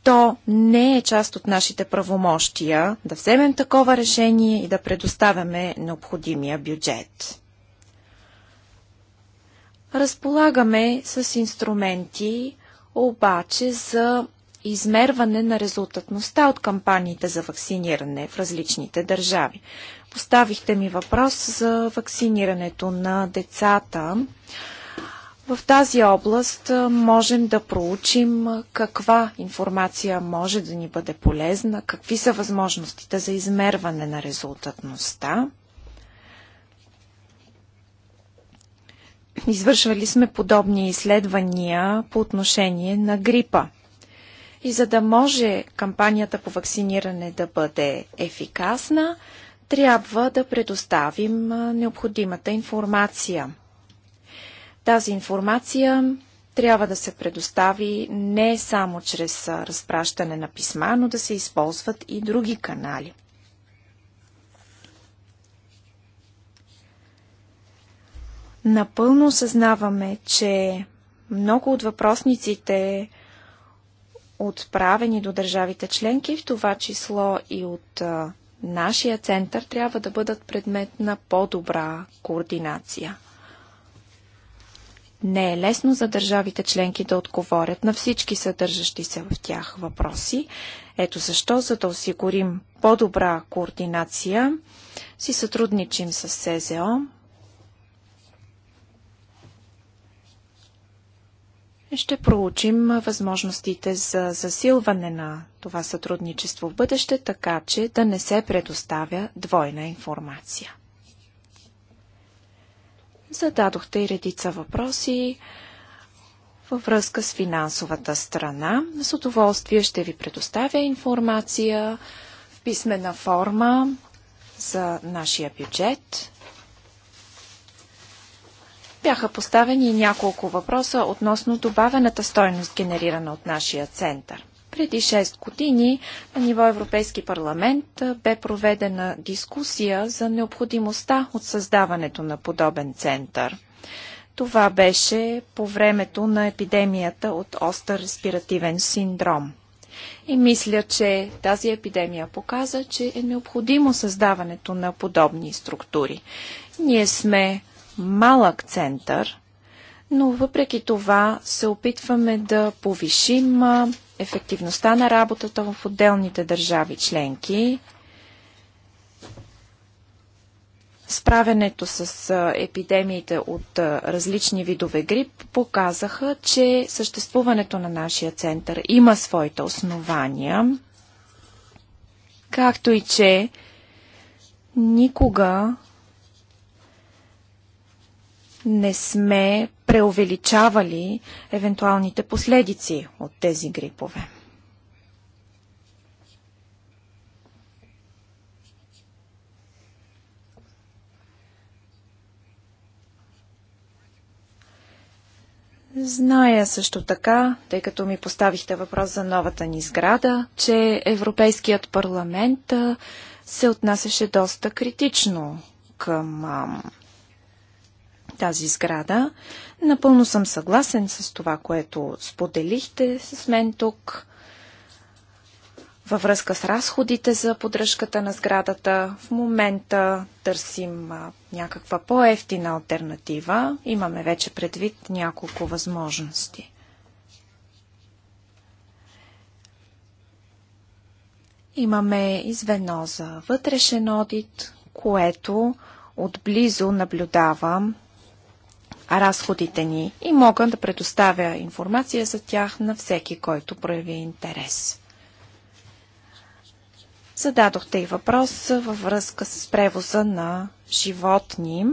B: то не е част от нашите правомощия да вземем такова решение и да предоставяме необходимия бюджет. Разполагаме с инструменти, обаче за измерване на резултатността от кампаниите за вакциниране в различните държави. Поставихте ми въпрос за вакцинирането на децата. В тази област можем да проучим каква информация може да ни бъде полезна, какви са възможностите за измерване на резултатността. Извършвали сме подобни изследвания по отношение на грипа. И за да може кампанията по вакциниране да бъде ефикасна, трябва да предоставим необходимата информация – тази информация трябва да се предостави не само чрез разпращане на писма, но да се използват и други канали. Напълно осъзнаваме, че много от въпросниците, отправени до държавите членки, в това число и от нашия център, трябва да бъдат предмет на по-добра координация. Не е лесно за държавите членки да отговорят на всички съдържащи се в тях въпроси. Ето защо, за да осигурим по-добра координация, си сътрудничим с СЗО. Ще проучим възможностите за засилване на това сътрудничество в бъдеще, така че да не се предоставя двойна информация. Зададохте и редица въпроси във връзка с финансовата страна. С удоволствие ще ви предоставя информация в писмена форма за нашия бюджет. Бяха поставени няколко въпроса относно добавената стойност, генерирана от нашия център. Преди 6 години на ниво Европейски парламент бе проведена дискусия за необходимостта от създаването на подобен център. Това беше по времето на епидемията от остър респиративен синдром. И мисля, че тази епидемия показа, че е необходимо създаването на подобни структури. Ние сме малък център, но въпреки това се опитваме да повишим ефективността на работата в отделните държави членки, справянето с епидемиите от различни видове грип показаха, че съществуването на нашия център има своите основания, както и че никога не сме преувеличавали евентуалните последици от тези грипове. Зная също така, тъй като ми поставихте въпрос за новата ни сграда, че Европейският парламент се отнасяше доста критично към тази сграда. Напълно съм съгласен с това, което споделихте с мен тук. Във връзка с разходите за поддръжката на сградата, в момента търсим някаква по-ефтина альтернатива. Имаме вече предвид няколко възможности. Имаме извено за вътрешен одит, което отблизо наблюдавам разходите ни и мога да предоставя информация за тях на всеки, който прояви интерес. Зададохте и въпрос във връзка с превоза на животни.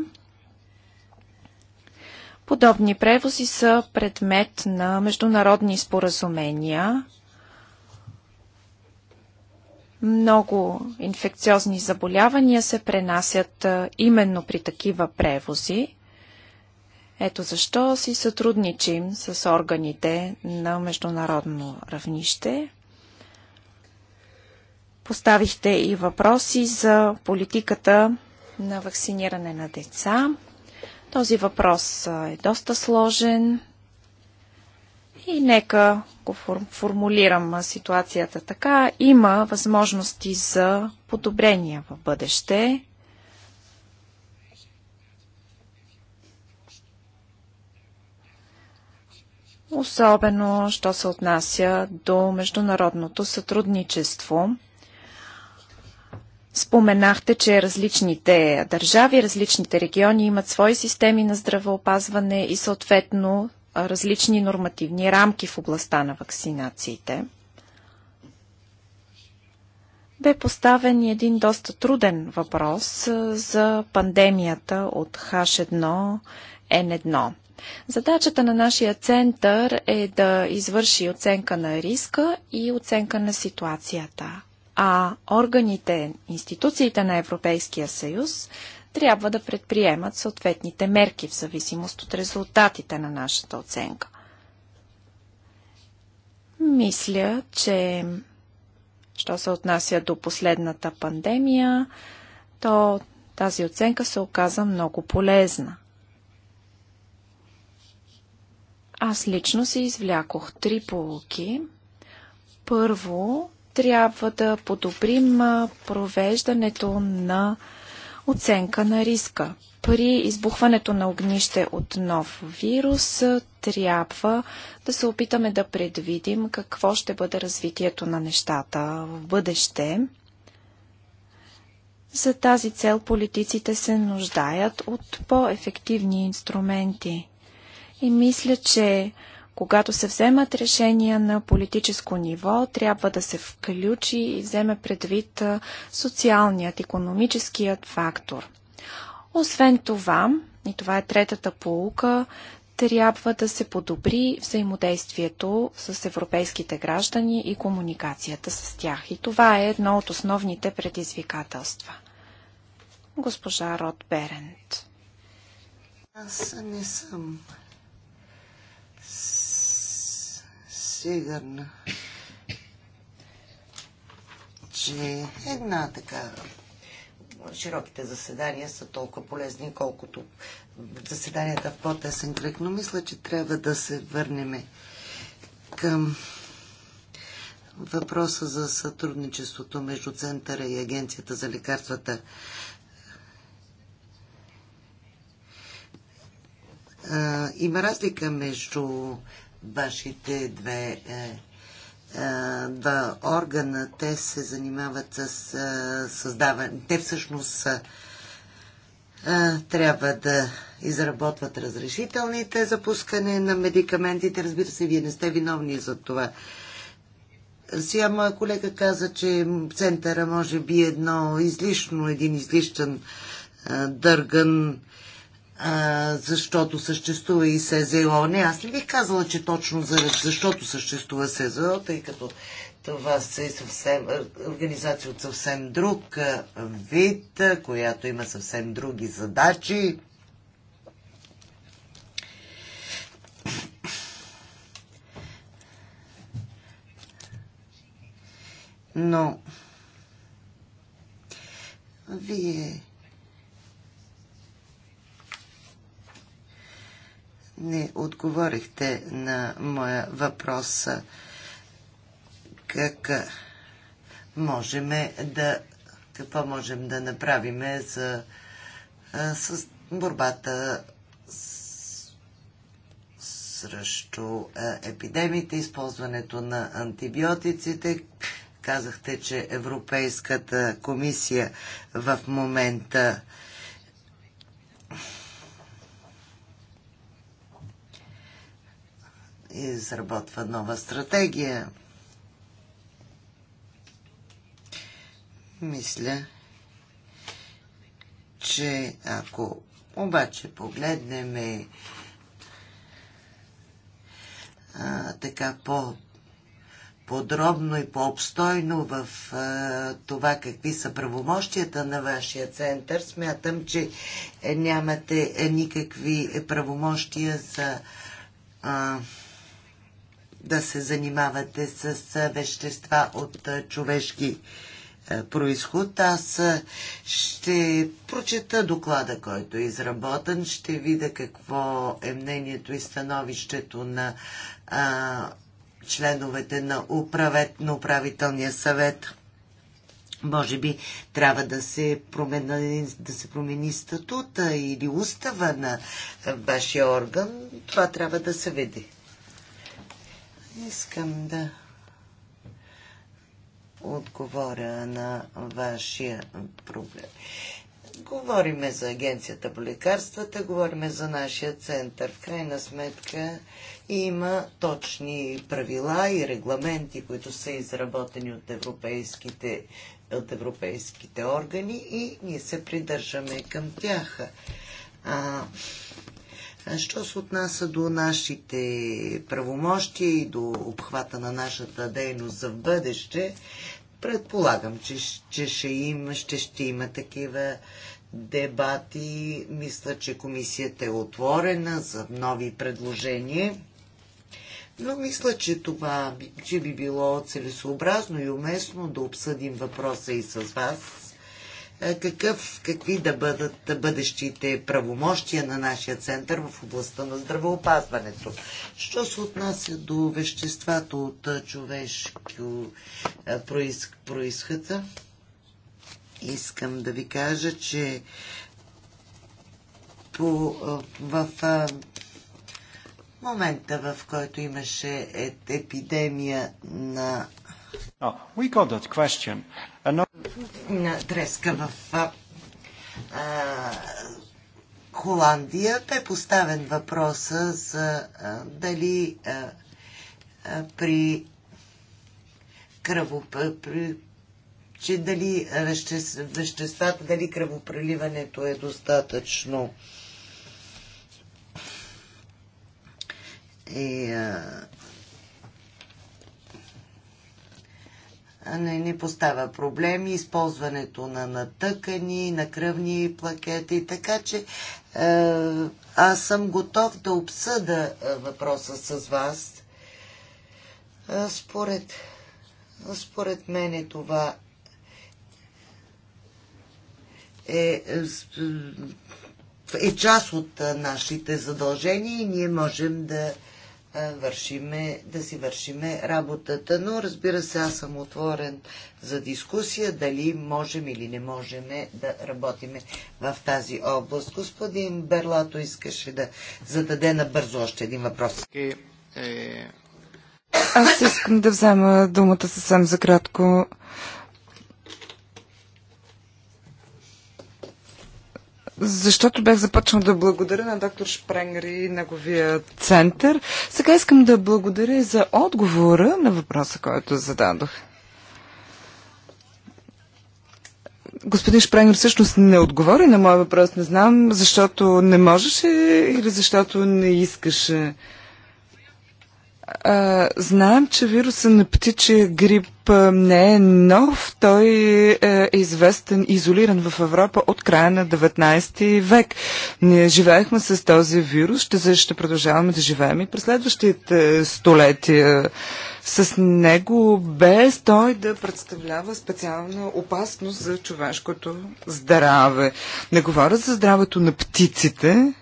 B: Подобни превози са предмет на международни споразумения. Много инфекциозни заболявания се пренасят именно при такива превози. Ето защо си сътрудничим с органите на международно равнище. Поставихте и въпроси за политиката на вакциниране на деца. Този въпрос е доста сложен и нека го формулирам ситуацията така. Има възможности за подобрения в бъдеще. особено що се отнася до международното сътрудничество. Споменахте, че различните държави, различните региони имат свои системи на здравеопазване и съответно различни нормативни рамки в областта на вакцинациите. Бе поставен един доста труден въпрос за пандемията от H1N1. Задачата на нашия център е да извърши оценка на риска и оценка на ситуацията. А органите, институциите на Европейския съюз трябва да предприемат съответните мерки в зависимост от резултатите на нашата оценка. Мисля, че що се отнася до последната пандемия, то тази оценка се оказа много полезна. Аз лично си извлякох три полуки. Първо, трябва да подобрим провеждането на оценка на риска. При избухването на огнище от нов вирус трябва да се опитаме да предвидим какво ще бъде развитието на нещата в бъдеще. За тази цел политиците се нуждаят от по-ефективни инструменти. И мисля, че когато се вземат решения на политическо ниво, трябва да се включи и вземе предвид социалният, економическият фактор. Освен това, и това е третата полука, трябва да се подобри взаимодействието с европейските граждани и комуникацията с тях. И това е едно от основните предизвикателства. Госпожа Род Берент.
A: Аз не съм сигурна, че една така широките заседания са толкова полезни, колкото заседанията в по-тесен кръг, но мисля, че трябва да се върнем към въпроса за сътрудничеството между Центъра и Агенцията за лекарствата. Има разлика между вашите две е, е, два органа. Те се занимават с е, създаване. Те всъщност трябва да изработват разрешителните за пускане на медикаментите. Разбира се, вие не сте виновни за това. Сега моя колега каза, че центъра може би едно излишно, един излишен дърган а, защото съществува и СЗО. Не, аз не бих казала, че точно защото съществува СЗО, тъй като това е съвсем, организация от съвсем друг вид, която има съвсем други задачи. Но вие не отговорихте на моя въпрос как можем да какво можем да направим за с борбата срещу епидемиите, използването на антибиотиците. Казахте, че Европейската комисия в момента изработва нова стратегия. Мисля, че ако обаче погледнем е, а, така по подробно и по-обстойно в а, това какви са правомощията на вашия център. Смятам, че нямате никакви правомощия за а, да се занимавате с вещества от човешки происход. Аз ще прочета доклада, който е изработен, ще видя какво е мнението и становището на а, членовете на, управет, на управителния съвет. Може би трябва да се, промени, да се промени статута или устава на вашия орган. Това трябва да се види. Искам да отговоря на вашия проблем. Говориме за Агенцията по лекарствата, говориме за нашия център. В крайна сметка има точни правила и регламенти, които са изработени от европейските, от европейските органи и ние се придържаме към тях. А, Що се отнася до нашите правомощи и до обхвата на нашата дейност за бъдеще, предполагам, че, че ще, има, ще, ще има такива дебати. Мисля, че комисията е отворена за нови предложения. Но мисля, че това че би било целесообразно и уместно да обсъдим въпроса и с вас е, какъв, какви да бъдат бъдещите правомощия на нашия център в областта на здравеопазването. Що се отнася до веществата от е, човешко е, происхъта, искам да ви кажа, че по, в момента, в който имаше епидемия на we got that question. Треска в Холандия бе поставен въпроса за дали при кръво, че дали веществата, дали кръвопреливането е достатъчно. И не ни поставя проблеми, използването на натъкани, на кръвни плакети, така че е, аз съм готов да обсъда е, въпроса с вас. Е, според, според мене това е, е част от нашите задължения и ние можем да вършиме, да си вършиме работата. Но разбира се, аз съм отворен за дискусия дали можем или не можем да работиме в тази област. Господин Берлато искаше да зададе набързо още един въпрос. Е,
D: аз искам да взема думата съвсем за кратко. Защото бях започнал да благодаря на доктор Шпренгер и неговия център. Сега искам да благодаря за отговора на въпроса, който зададох. господин Шпренгер всъщност не отговори на моя въпрос. Не знам, защото не можеше или защото не искаше. А, знаем, че вируса на птичия грип не е нов. Той е, е известен, изолиран в Европа от края на 19 век. Ние живеехме с този вирус, ще, ще продължаваме да живеем и през следващите столетия с него, без той да представлява специална опасност за човешкото здраве. Не говоря за здравето на птиците,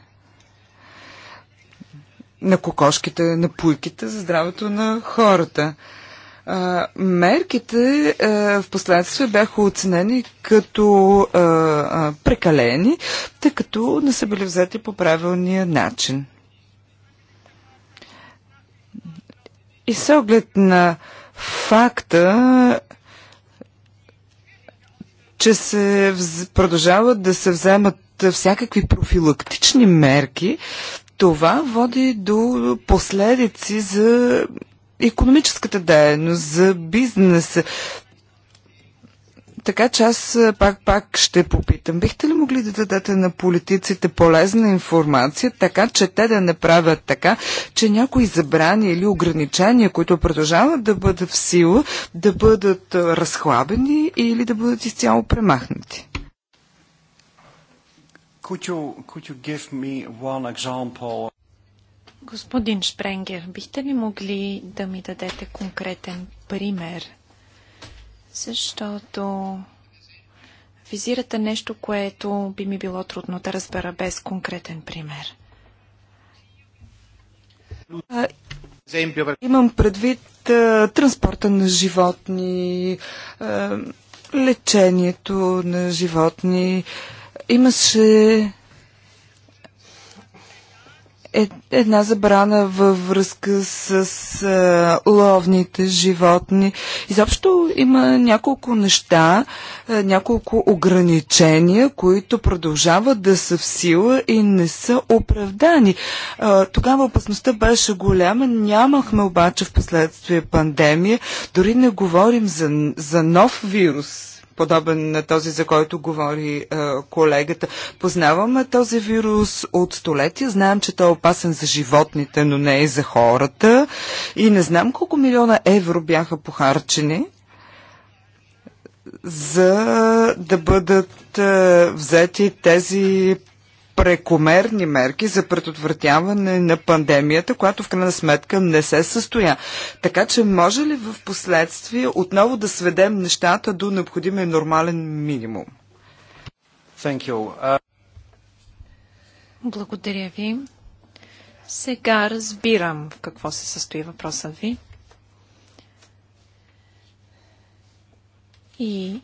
D: на кокошките, на пуйките, за здравето на хората. А, мерките а, в последствие бяха оценени като а, а, прекалени, тъй като не са били взети по правилния начин. И с оглед на факта, че се продължават да се вземат всякакви профилактични мерки, това води до последици за економическата дейност, за бизнеса. Така че аз пак, пак ще попитам. Бихте ли могли да дадете на политиците полезна информация, така че те да не правят така, че някои забрани или ограничения, които продължават да бъдат в сила, да бъдат разхлабени или да бъдат изцяло премахнати? Could you, could you give me one example?
B: Господин Шпренгер, бихте ли могли да ми дадете конкретен пример? Защото визирате нещо, което би ми било трудно да разбера без конкретен пример. А, имам предвид а,
D: транспорта на животни, а, лечението на животни. А, Имаше е, една забрана във връзка с а, е, ловните животни. Изобщо има няколко неща, а, е, няколко ограничения, които продължават да са в сила и не са оправдани. А, тогава опасността беше голяма, нямахме обаче в последствие пандемия, дори не говорим за, за нов вирус подобен на този, за който говори е, колегата. Познаваме този вирус от столетия, знаем, че той е опасен за животните, но не и за хората. И не знам колко милиона евро бяха похарчени за да бъдат е, взети тези прекомерни мерки за предотвратяване на пандемията, която в крайна сметка не се състоя. Така че може ли в последствие отново да сведем нещата до необходимия нормален минимум? Uh...
B: Благодаря ви. Сега разбирам в какво се състои въпросът ви. И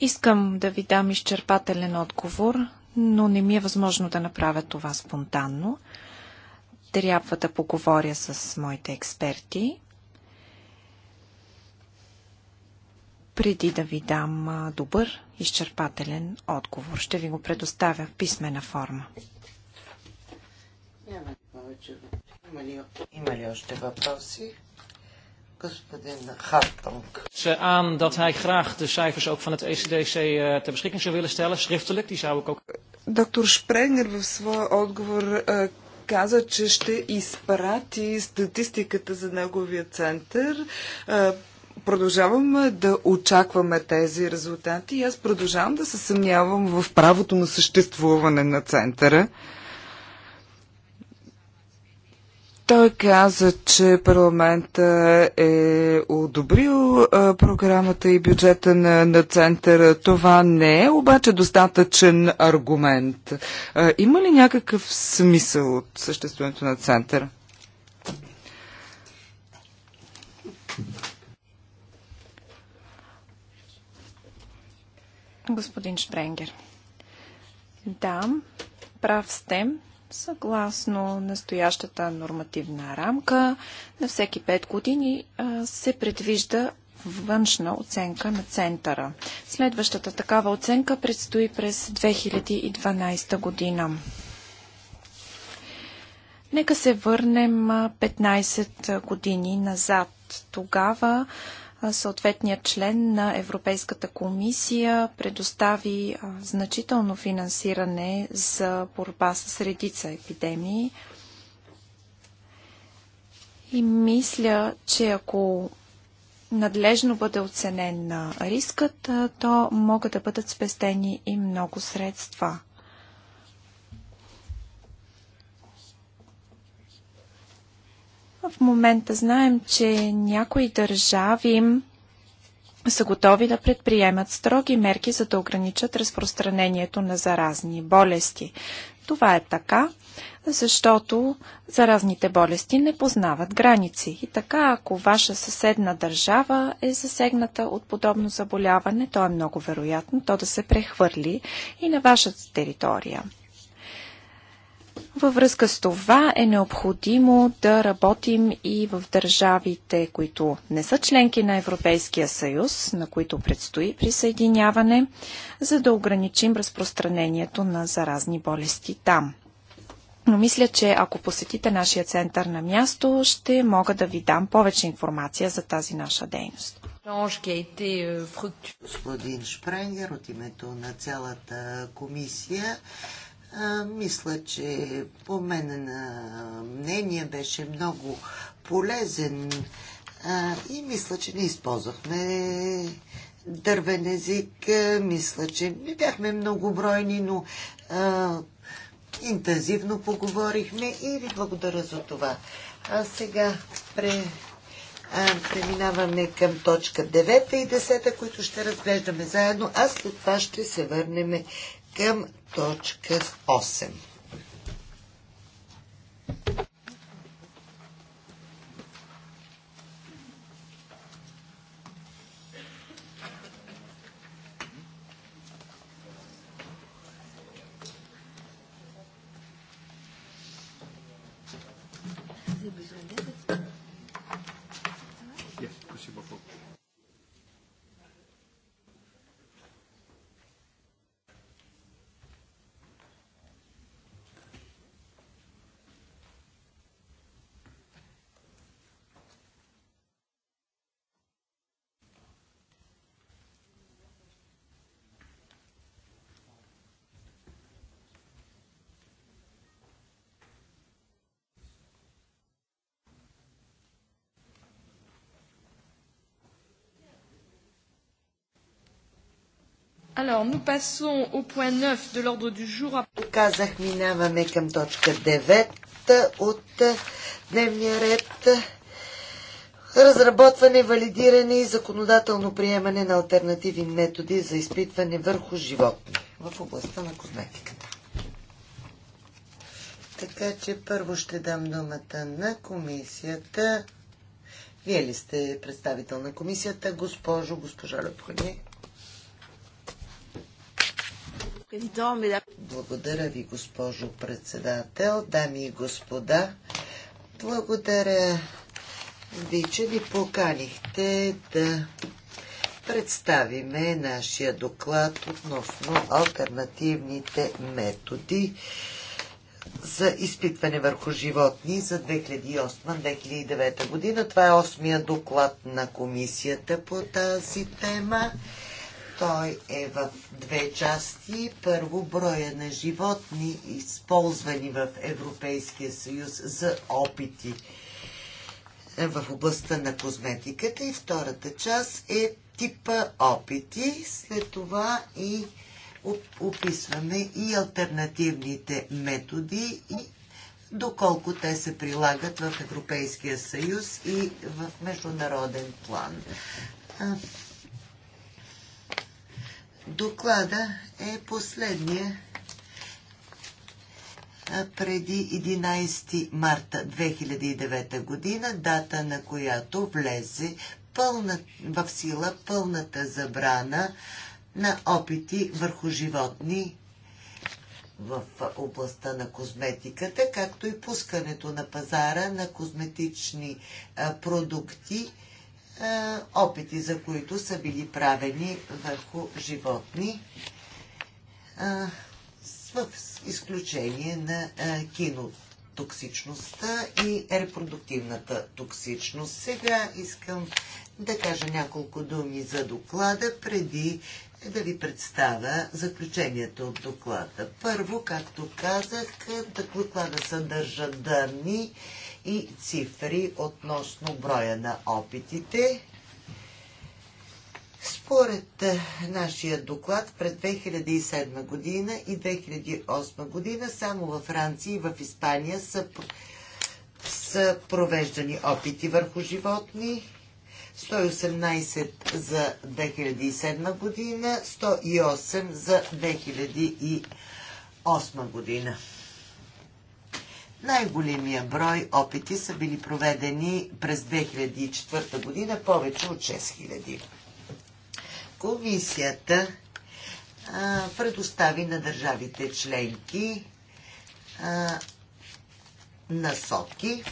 B: искам да ви дам изчерпателен отговор, но не ми е възможно да направя това спонтанно. Трябва да поговоря с моите експерти, преди да ви дам добър, изчерпателен отговор. Ще ви го предоставя в писмена форма.
C: Няма
A: ли повече. Има ли, има ли още въпроси?
C: Ze Aan dat hij graag de cijfers ook van het ECDC eh, ter beschikking zou willen stellen, schriftelijk, die zou ik ook...
D: Доктор Шпренгер в своя отговор е, каза, че ще изпрати статистиката за неговия център. Е, продължаваме да очакваме тези резултати и аз продължавам да се съмнявам в правото на съществуване на центъра. Той каза, че парламента е одобрил програмата и бюджета на, на центъра. Това не е обаче достатъчен аргумент. А, има ли някакъв смисъл от съществуването на центъра?
B: Господин Шпренгер. Да, прав сте. Съгласно настоящата нормативна рамка, на всеки 5 години се предвижда външна оценка на центъра. Следващата такава оценка предстои през 2012 година. Нека се върнем 15 години назад. Тогава съответният член на Европейската комисия предостави значително финансиране за борба с редица епидемии. И мисля, че ако надлежно бъде оценен на рискът, то могат да бъдат спестени и много средства. В момента знаем, че някои държави са готови да предприемат строги мерки, за да ограничат разпространението на заразни болести. Това е така, защото заразните болести не познават граници. И така, ако ваша съседна държава е засегната от подобно заболяване, то е много вероятно то да се прехвърли и на вашата територия. Във връзка с това е необходимо да работим и в държавите, които не са членки на Европейския съюз, на които предстои присъединяване, за да ограничим разпространението на заразни болести там. Но мисля, че ако посетите нашия център на място, ще мога да ви дам повече информация за тази наша дейност.
A: Господин Шпренгер от името на цялата комисия а, мисля, че по мен на мнение беше много полезен а, и мисля, че не използвахме дървен език. Мисля, че не бяхме многобройни, но а, интензивно поговорихме и ви благодаря за това. А сега пре, а, преминаваме към точка 9 и 10, които ще разглеждаме заедно, а след това ще се върнем към точка Alors, nous passons au point 9 de l'ordre du jour. Казах, минаваме към точка 9 от дневния ред. Разработване, валидиране и законодателно приемане на альтернативни методи за изпитване върху животни в областта на козметиката. Така че първо ще дам думата на комисията. Вие ли сте представител на комисията, госпожо, госпожа Лепхони? Благодаря ви, госпожо председател, дами и господа. Благодаря ви, че ни поканихте да представиме нашия доклад относно альтернативните методи за изпитване върху животни за 2008-2009 година. Това е осмия доклад на комисията по тази тема. Той е в две части. Първо, броя на животни, използвани в Европейския съюз за опити е, в областта на козметиката. И втората част е типа опити. След това и описваме и альтернативните методи и доколко те се прилагат в Европейския съюз и в международен план. Доклада е последния преди 11 марта 2009 година, дата на която влезе пълна, в сила пълната забрана на опити върху животни в областта на козметиката, както и пускането на пазара на козметични продукти е, опити, за които са били правени върху животни, е, в изключение на е, кинотоксичността и репродуктивната токсичност. Сега искам да кажа няколко думи за доклада, преди да ви представя заключението от доклада. Първо, както казах, докладът съдържа данни, и цифри относно броя на опитите. Според е, нашия доклад пред 2007 година и 2008 година само във Франция и в Испания са, са провеждани опити върху животни. 118 за 2007 година, 108 за 2008 година. Най-големия брой опити са били проведени през 2004 година, повече от 6000. Комисията а, предостави на държавите членки а, насоки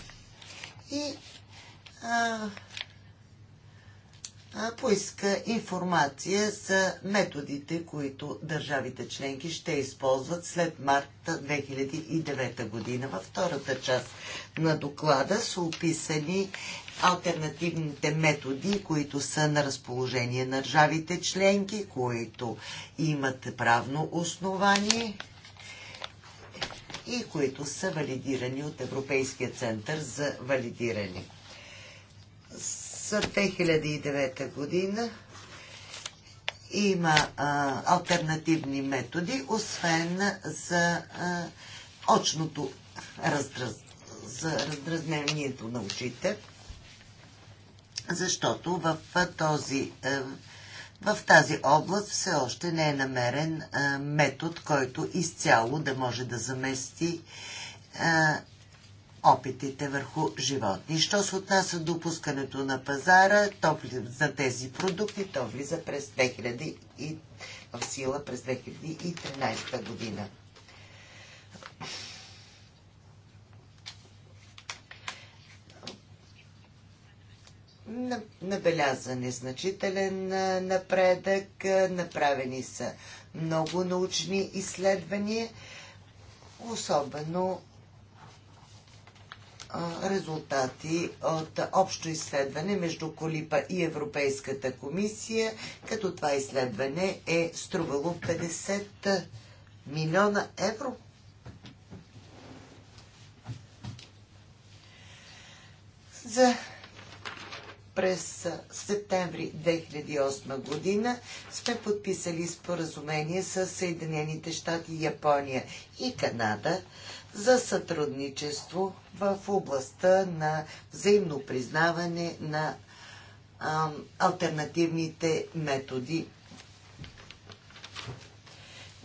A: и а, поиска информация за методите, които държавите членки ще използват след март 2009 година. Във втората част на доклада са описани альтернативните методи, които са на разположение на държавите членки, които имат правно основание и които са валидирани от Европейския център за валидиране за 2009 година има а, альтернативни методи, освен за а, очното за раздразнението на очите, защото в, този, в тази област все още не е намерен а, метод, който изцяло да може да замести опитите върху животни. Що се отнася до пускането на пазара то за тези продукти, то влиза през 2000 и, в сила през 2013 година. Набелязан е значителен напредък, направени са много научни изследвания, особено резултати от общо изследване между Колипа и Европейската комисия, като това изследване е струвало 50 милиона евро. За през септември 2008 година сме подписали споразумение с Съединените щати, Япония и Канада за сътрудничество в областта на взаимно признаване на а, альтернативните методи.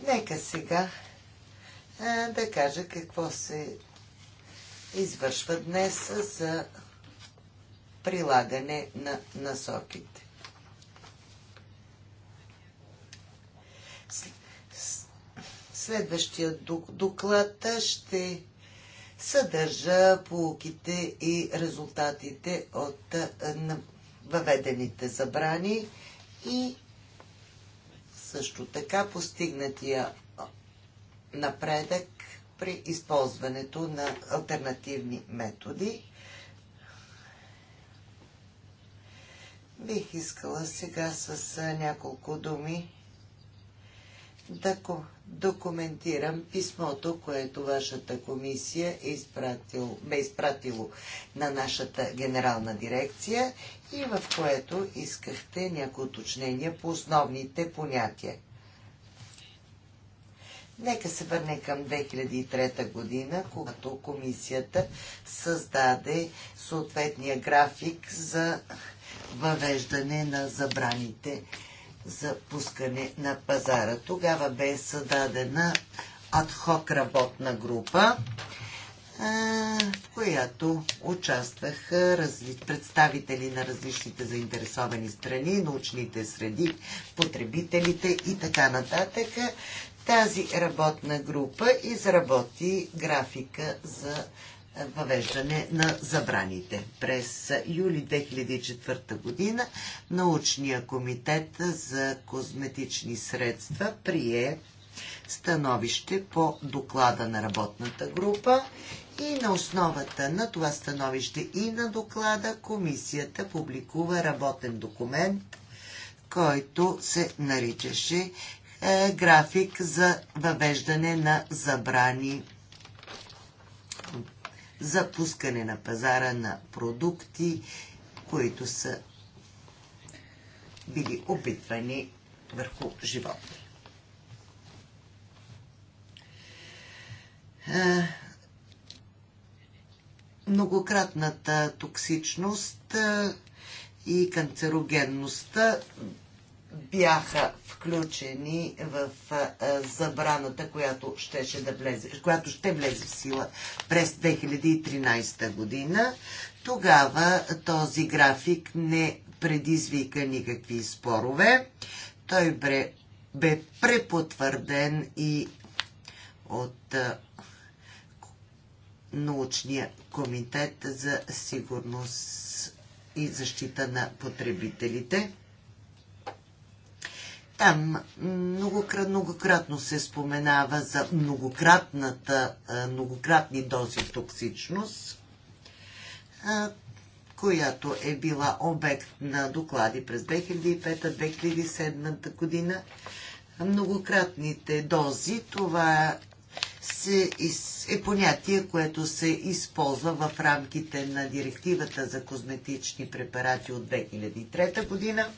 A: Нека сега а, да кажа какво се извършва днес за прилагане на насоките. Следващия доклад ще съдържа полуките и резултатите от въведените забрани и също така постигнатия напредък при използването на альтернативни методи. Бих искала сега с няколко думи да документирам писмото, което вашата комисия е изпратил, бе изпратило на нашата генерална дирекция и в което искахте някои уточнения по основните понятия. Нека се върне към 2003 година, когато комисията създаде съответния график за въвеждане на забраните за пускане на пазара. Тогава бе създадена адхок работна група, в която участваха представители на различните заинтересовани страни, научните среди, потребителите и така нататък. Тази работна група изработи графика за въвеждане на забраните. През юли 2004 година научния комитет за козметични средства прие становище по доклада на работната група и на основата на това становище и на доклада комисията публикува работен документ, който се наричаше е, график за въвеждане на забрани за пускане на пазара на продукти, които са били опитвани върху животни. Многократната токсичност и канцерогенността бяха включени в забраната, която, ще, да влезе, която ще влезе в сила през 2013 година. Тогава този график не предизвика никакви спорове. Той бе, бе препотвърден и от научния комитет за сигурност и защита на потребителите. Там многократно, многократно се споменава за многократната, многократни дози токсичност, която е била обект на доклади през 2005-2007 година. Многократните дози, това се, е понятие, което се използва в рамките на директивата за козметични препарати от 2003 година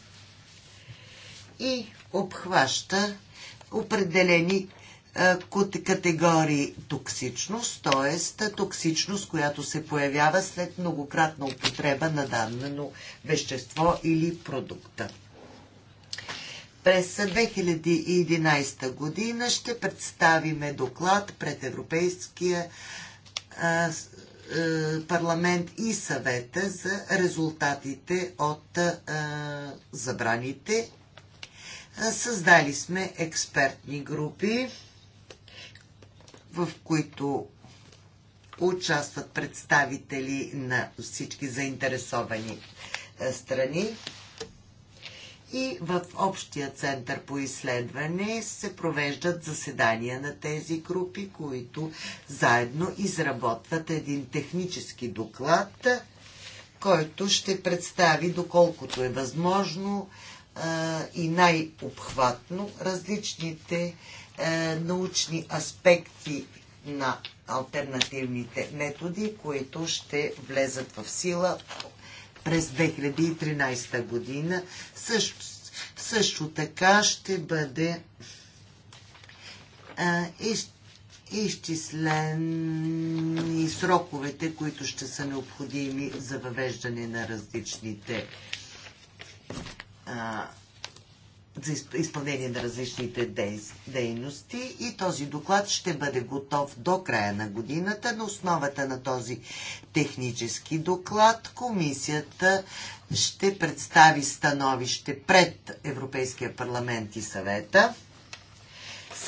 A: и обхваща определени категории токсичност, т.е. токсичност, която се появява след многократна употреба на дадено вещество или продукта. През 2011 година ще представиме доклад пред Европейския парламент и съвета за резултатите от забраните Създали сме експертни групи, в които участват представители на всички заинтересовани е, страни. И в Общия център по изследване се провеждат заседания на тези групи, които заедно изработват един технически доклад, който ще представи, доколкото е възможно, и най-обхватно различните е, научни аспекти на альтернативните методи, които ще влезат в сила през 2013 година. Също, също така ще бъде изчислени изчислен и сроковете, които ще са необходими за въвеждане на различните за изпълнение на различните дейности и този доклад ще бъде готов до края на годината. На основата на този технически доклад комисията ще представи становище пред Европейския парламент и съвета.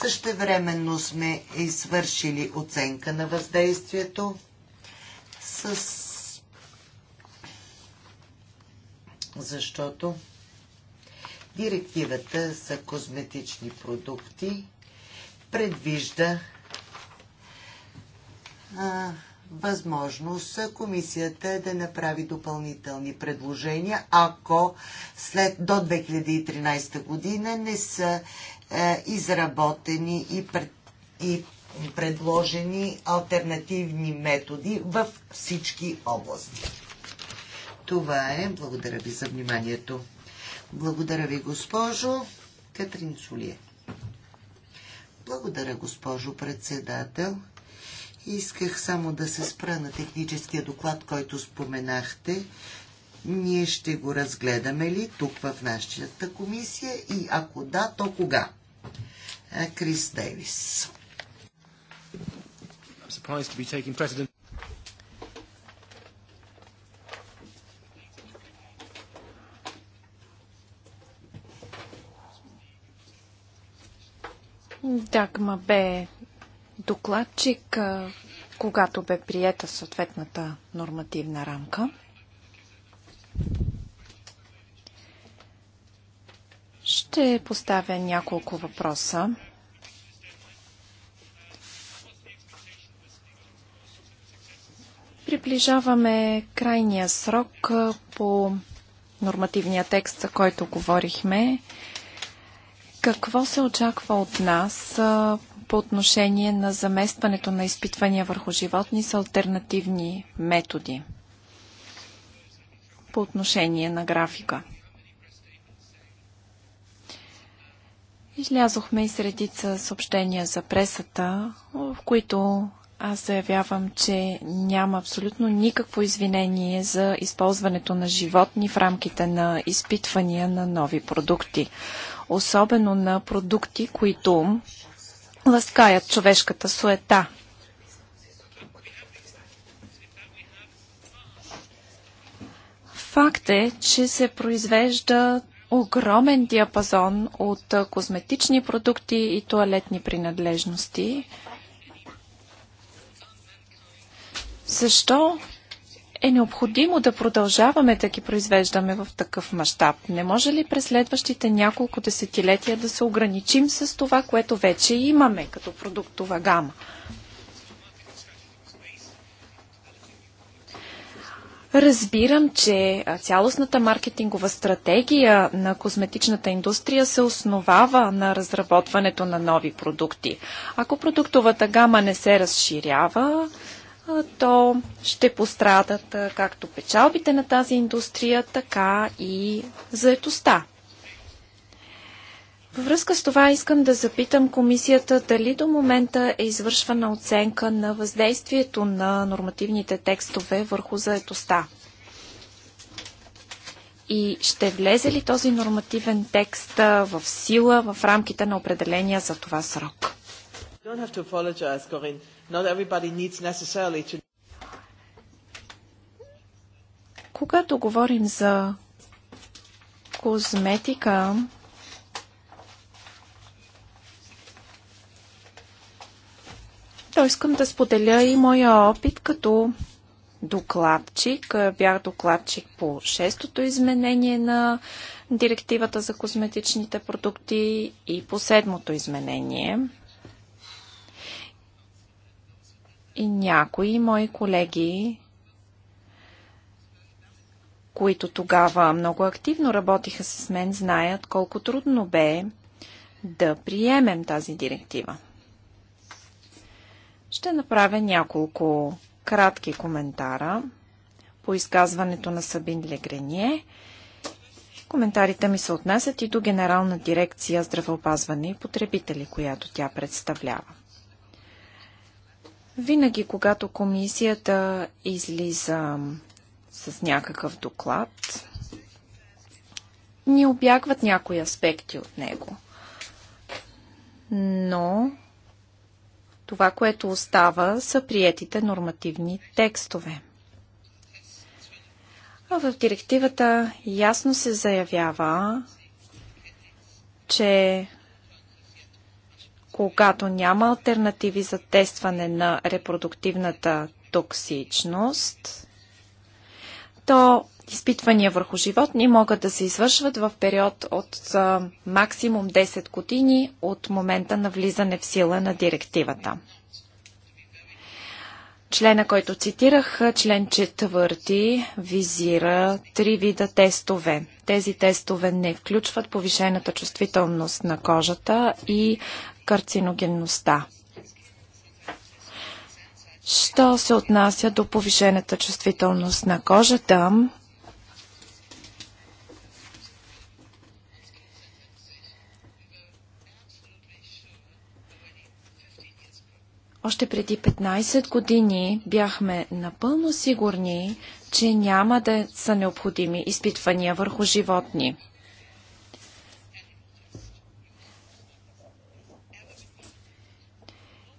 A: Същевременно сме извършили оценка на въздействието с защото Директивата за козметични продукти предвижда а, възможност комисията да направи допълнителни предложения, ако след до 2013 година не са е, изработени и, пред, и предложени альтернативни методи във всички области. Това е. Благодаря ви за вниманието. Благодаря ви, госпожо. Катрин Сулие. Благодаря, госпожо председател. Исках само да се спра на техническия доклад, който споменахте. Ние ще го разгледаме ли тук в нашата комисия и ако да, то кога? Крис Дейвис.
B: Дагма бе докладчик, когато бе приета съответната нормативна рамка. Ще поставя няколко въпроса. Приближаваме крайния срок по нормативния текст, за който говорихме. Какво се очаква от нас по отношение на заместването на изпитвания върху животни с альтернативни методи? По отношение на графика. Излязохме и средица съобщения за пресата, в които аз заявявам, че няма абсолютно никакво извинение за използването на животни в рамките на изпитвания на нови продукти. Особено на продукти, които ласкаят човешката суета. Факт е, че се произвежда огромен диапазон от козметични продукти и туалетни принадлежности – Защо е необходимо да продължаваме да ги произвеждаме в такъв мащаб? Не може ли през следващите няколко десетилетия да се ограничим с това, което вече имаме като продуктова гама? Разбирам, че цялостната маркетингова стратегия на козметичната индустрия се основава на разработването на нови продукти. Ако продуктовата гама не се разширява, то ще пострадат както печалбите на тази индустрия, така и заетостта. Във връзка с това искам да запитам комисията дали до момента е извършвана оценка на въздействието на нормативните текстове върху заетостта. И ще влезе ли този нормативен текст в сила в рамките на определения за това срок?
C: don't have to apologize, Corinne. Not everybody needs necessarily to...
B: Когато говорим за козметика, то искам да споделя и моя опит като докладчик. Бях докладчик по шестото изменение на директивата за козметичните продукти и по седмото изменение – И някои мои колеги, които тогава много активно работиха с мен, знаят колко трудно бе да приемем тази директива. Ще направя няколко кратки коментара по изказването на Сабин Легрение. Коментарите ми се отнасят и до Генерална дирекция здравеопазване и потребители, която тя представлява. Винаги, когато комисията излиза с някакъв доклад, ни обягват някои аспекти от него. Но това, което остава, са приетите нормативни текстове. А в директивата ясно се заявява, че когато няма альтернативи за тестване на репродуктивната токсичност, то изпитвания върху животни могат да се извършват в период от максимум 10 години от момента на влизане в сила на директивата. Члена, който цитирах, член четвърти, визира три вида тестове. Тези тестове не включват повишената чувствителност на кожата и карциногенността. Що се отнася до повишената чувствителност на кожата, Още преди 15 години бяхме напълно сигурни, че няма да са необходими изпитвания върху животни.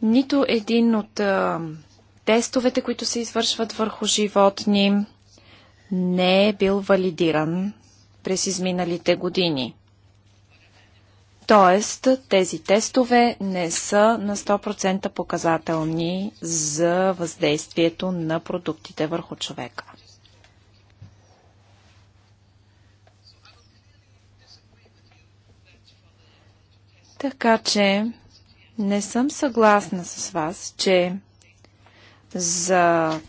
B: Нито един от а, тестовете, които се извършват върху животни, не е бил валидиран през изминалите години. Тоест, тези тестове не са на 100% показателни за въздействието на продуктите върху човека. Така че не съм съгласна с вас, че за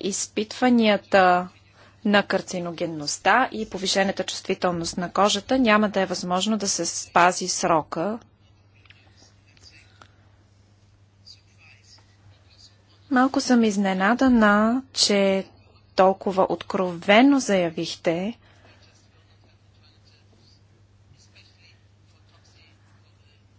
B: изпитванията на карциногенността и повишената чувствителност на кожата, няма да е възможно да се спази срока. Малко съм изненадана, че толкова откровено заявихте,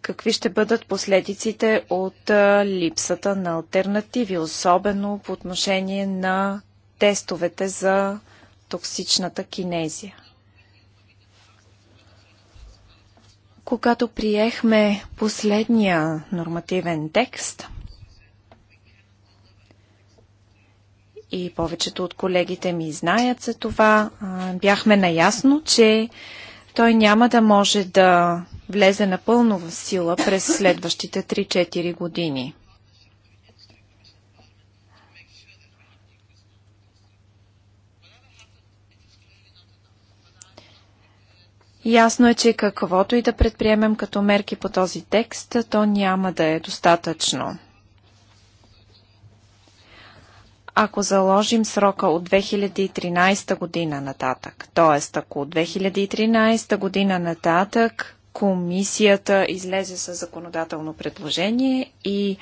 B: какви ще бъдат последиците от липсата на альтернативи, особено по отношение на тестовете за токсичната кинезия. Когато приехме последния нормативен текст, и повечето от колегите ми знаят за това, бяхме наясно, че той няма да може да влезе напълно в сила през следващите 3-4 години. Ясно е, че каквото и да предприемем като мерки по този текст, то няма да е достатъчно. Ако заложим срока от 2013 година нататък, т.е. ако от 2013 година нататък комисията излезе с законодателно предложение и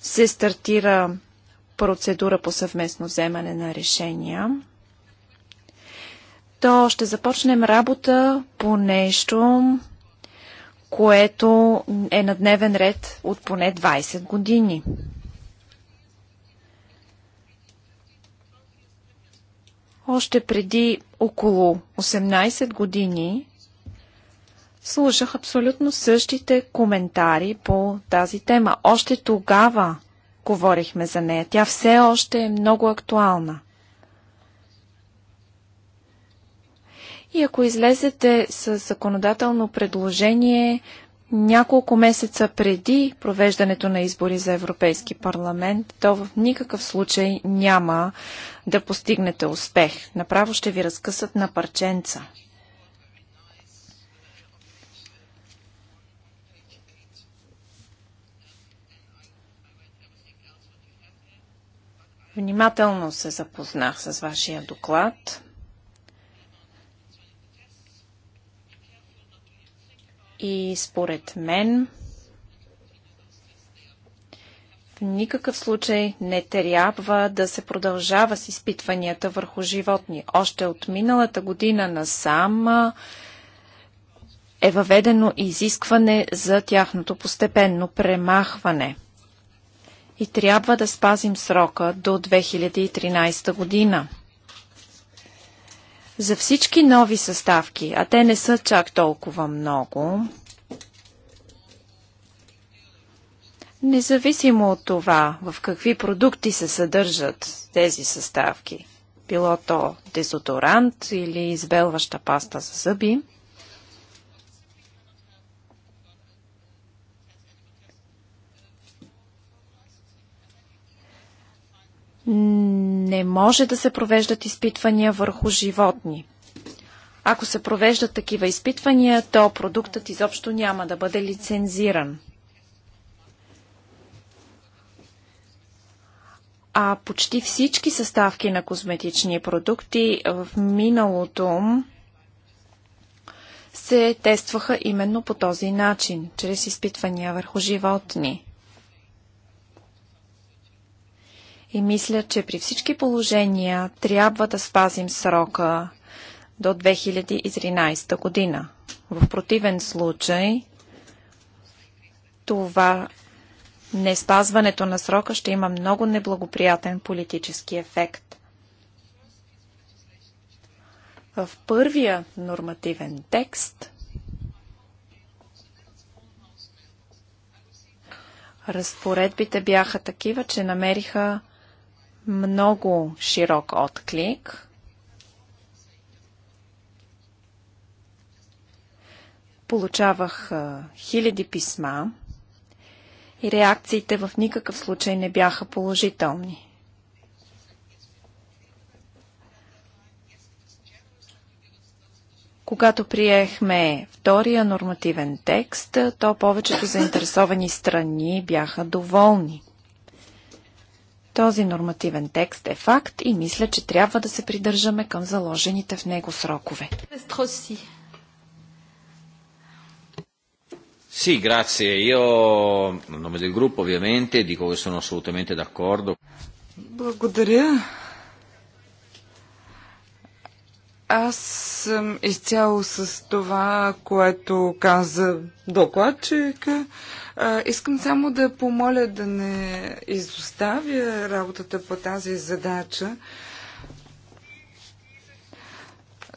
B: се стартира процедура по съвместно вземане на решения, то ще започнем работа по нещо, което е на дневен ред от поне 20 години. Още преди около 18 години слушах абсолютно същите коментари по тази тема. Още тогава говорихме за нея. Тя все още е много актуална. И ако излезете с законодателно предложение няколко месеца преди провеждането на избори за Европейски парламент, то в никакъв случай няма да постигнете успех. Направо ще ви разкъсат на парченца. Внимателно се запознах с вашия доклад. И според мен в никакъв случай не трябва да се продължава с изпитванията върху животни. Още от миналата година насам е въведено изискване за тяхното постепенно премахване. И трябва да спазим срока до 2013 година. За всички нови съставки, а те не са чак толкова много, независимо от това в какви продукти се съдържат тези съставки, било то дезодорант или избелваща паста за зъби, не може да се провеждат изпитвания върху животни. Ако се провеждат такива изпитвания, то продуктът изобщо няма да бъде лицензиран. А почти всички съставки на козметични продукти в миналото се тестваха именно по този начин, чрез изпитвания върху животни. И мисля, че при всички положения трябва да спазим срока до 2013 година. В противен случай това не спазването на срока ще има много неблагоприятен политически ефект. В първия нормативен текст разпоредбите бяха такива, че намериха много широк отклик. Получавах а, хиляди писма и реакциите в никакъв случай не бяха положителни. Когато приехме втория нормативен текст, то повечето заинтересовани страни бяха доволни. Този нормативен текст е факт и мисля, че трябва да се придържаме към заложените в него срокове.
C: Sì, grazie. Io, a nome del gruppo ovviamente, dico che sono assolutamente d'accordo.
D: Благодаря. Аз съм изцяло с това, което каза докладчика. Искам само да помоля да не изоставя работата по тази задача,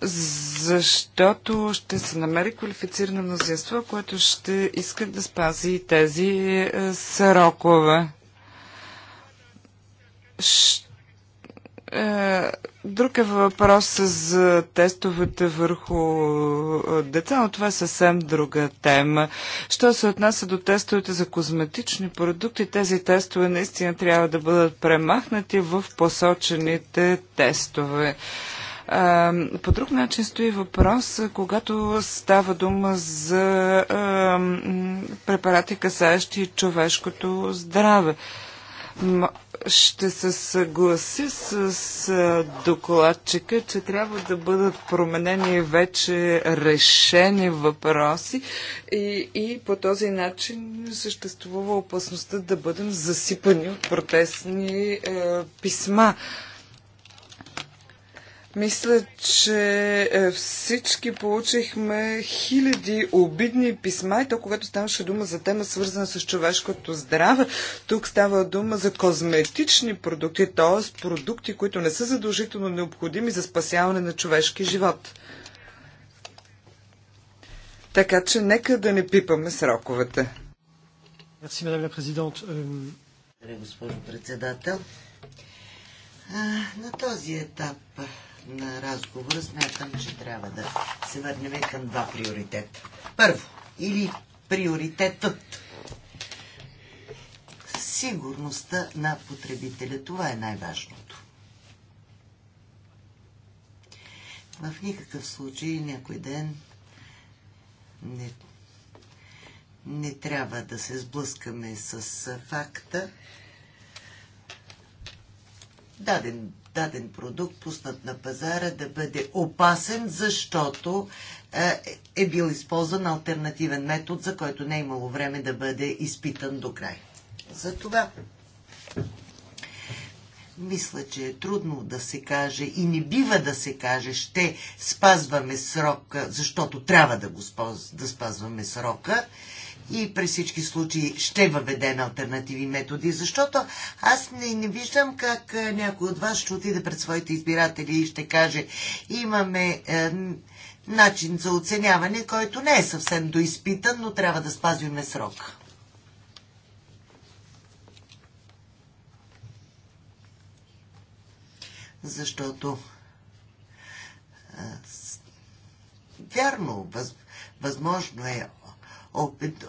D: защото ще се намери квалифицирано мнозинство, което ще иска да спази тези е, срокове. Ще е, друг е въпрос за тестовете върху е, деца, но това е съвсем друга тема. Що се отнася до тестовете за козметични продукти, тези тестове наистина трябва да бъдат премахнати в посочените тестове. Е, по друг начин стои въпрос, когато става дума за препарати, касаещи човешкото здраве ще се съгласи с докладчика, че трябва да бъдат променени вече решени въпроси и, и по този начин съществува опасността да бъдем засипани от протестни е, писма. Мисля, че е, всички получихме хиляди обидни писма и то, когато ставаше дума за тема, свързана с човешкото здраве, тук става дума за козметични продукти, т.е. продукти, които не са задължително необходими за спасяване на човешки живот. Така че нека да не пипаме сроковете.
A: Мерси, мадам
C: президент. Благодаря,
A: госпожо председател. на този етап на разговора, смятам, че трябва да се върнем към два приоритета. Първо, или приоритетът сигурността на потребителя. Това е най-важното. В никакъв случай някой ден не, не трябва да се сблъскаме с факта даден даден продукт, пуснат на пазара, да бъде опасен, защото е, е бил използван альтернативен метод, за който не е имало време да бъде изпитан до край. За това мисля, че е трудно да се каже и не бива да се каже, ще спазваме срока, защото трябва да, го спаз, да спазваме срока и при всички случаи ще въведе на альтернативи методи, защото аз не, не виждам как е, някой от вас ще отиде пред своите избиратели и ще каже имаме е, начин за оценяване, който не е съвсем доизпитан, но трябва да спазиме срок. Защото е, вярно, възможно е опит, е,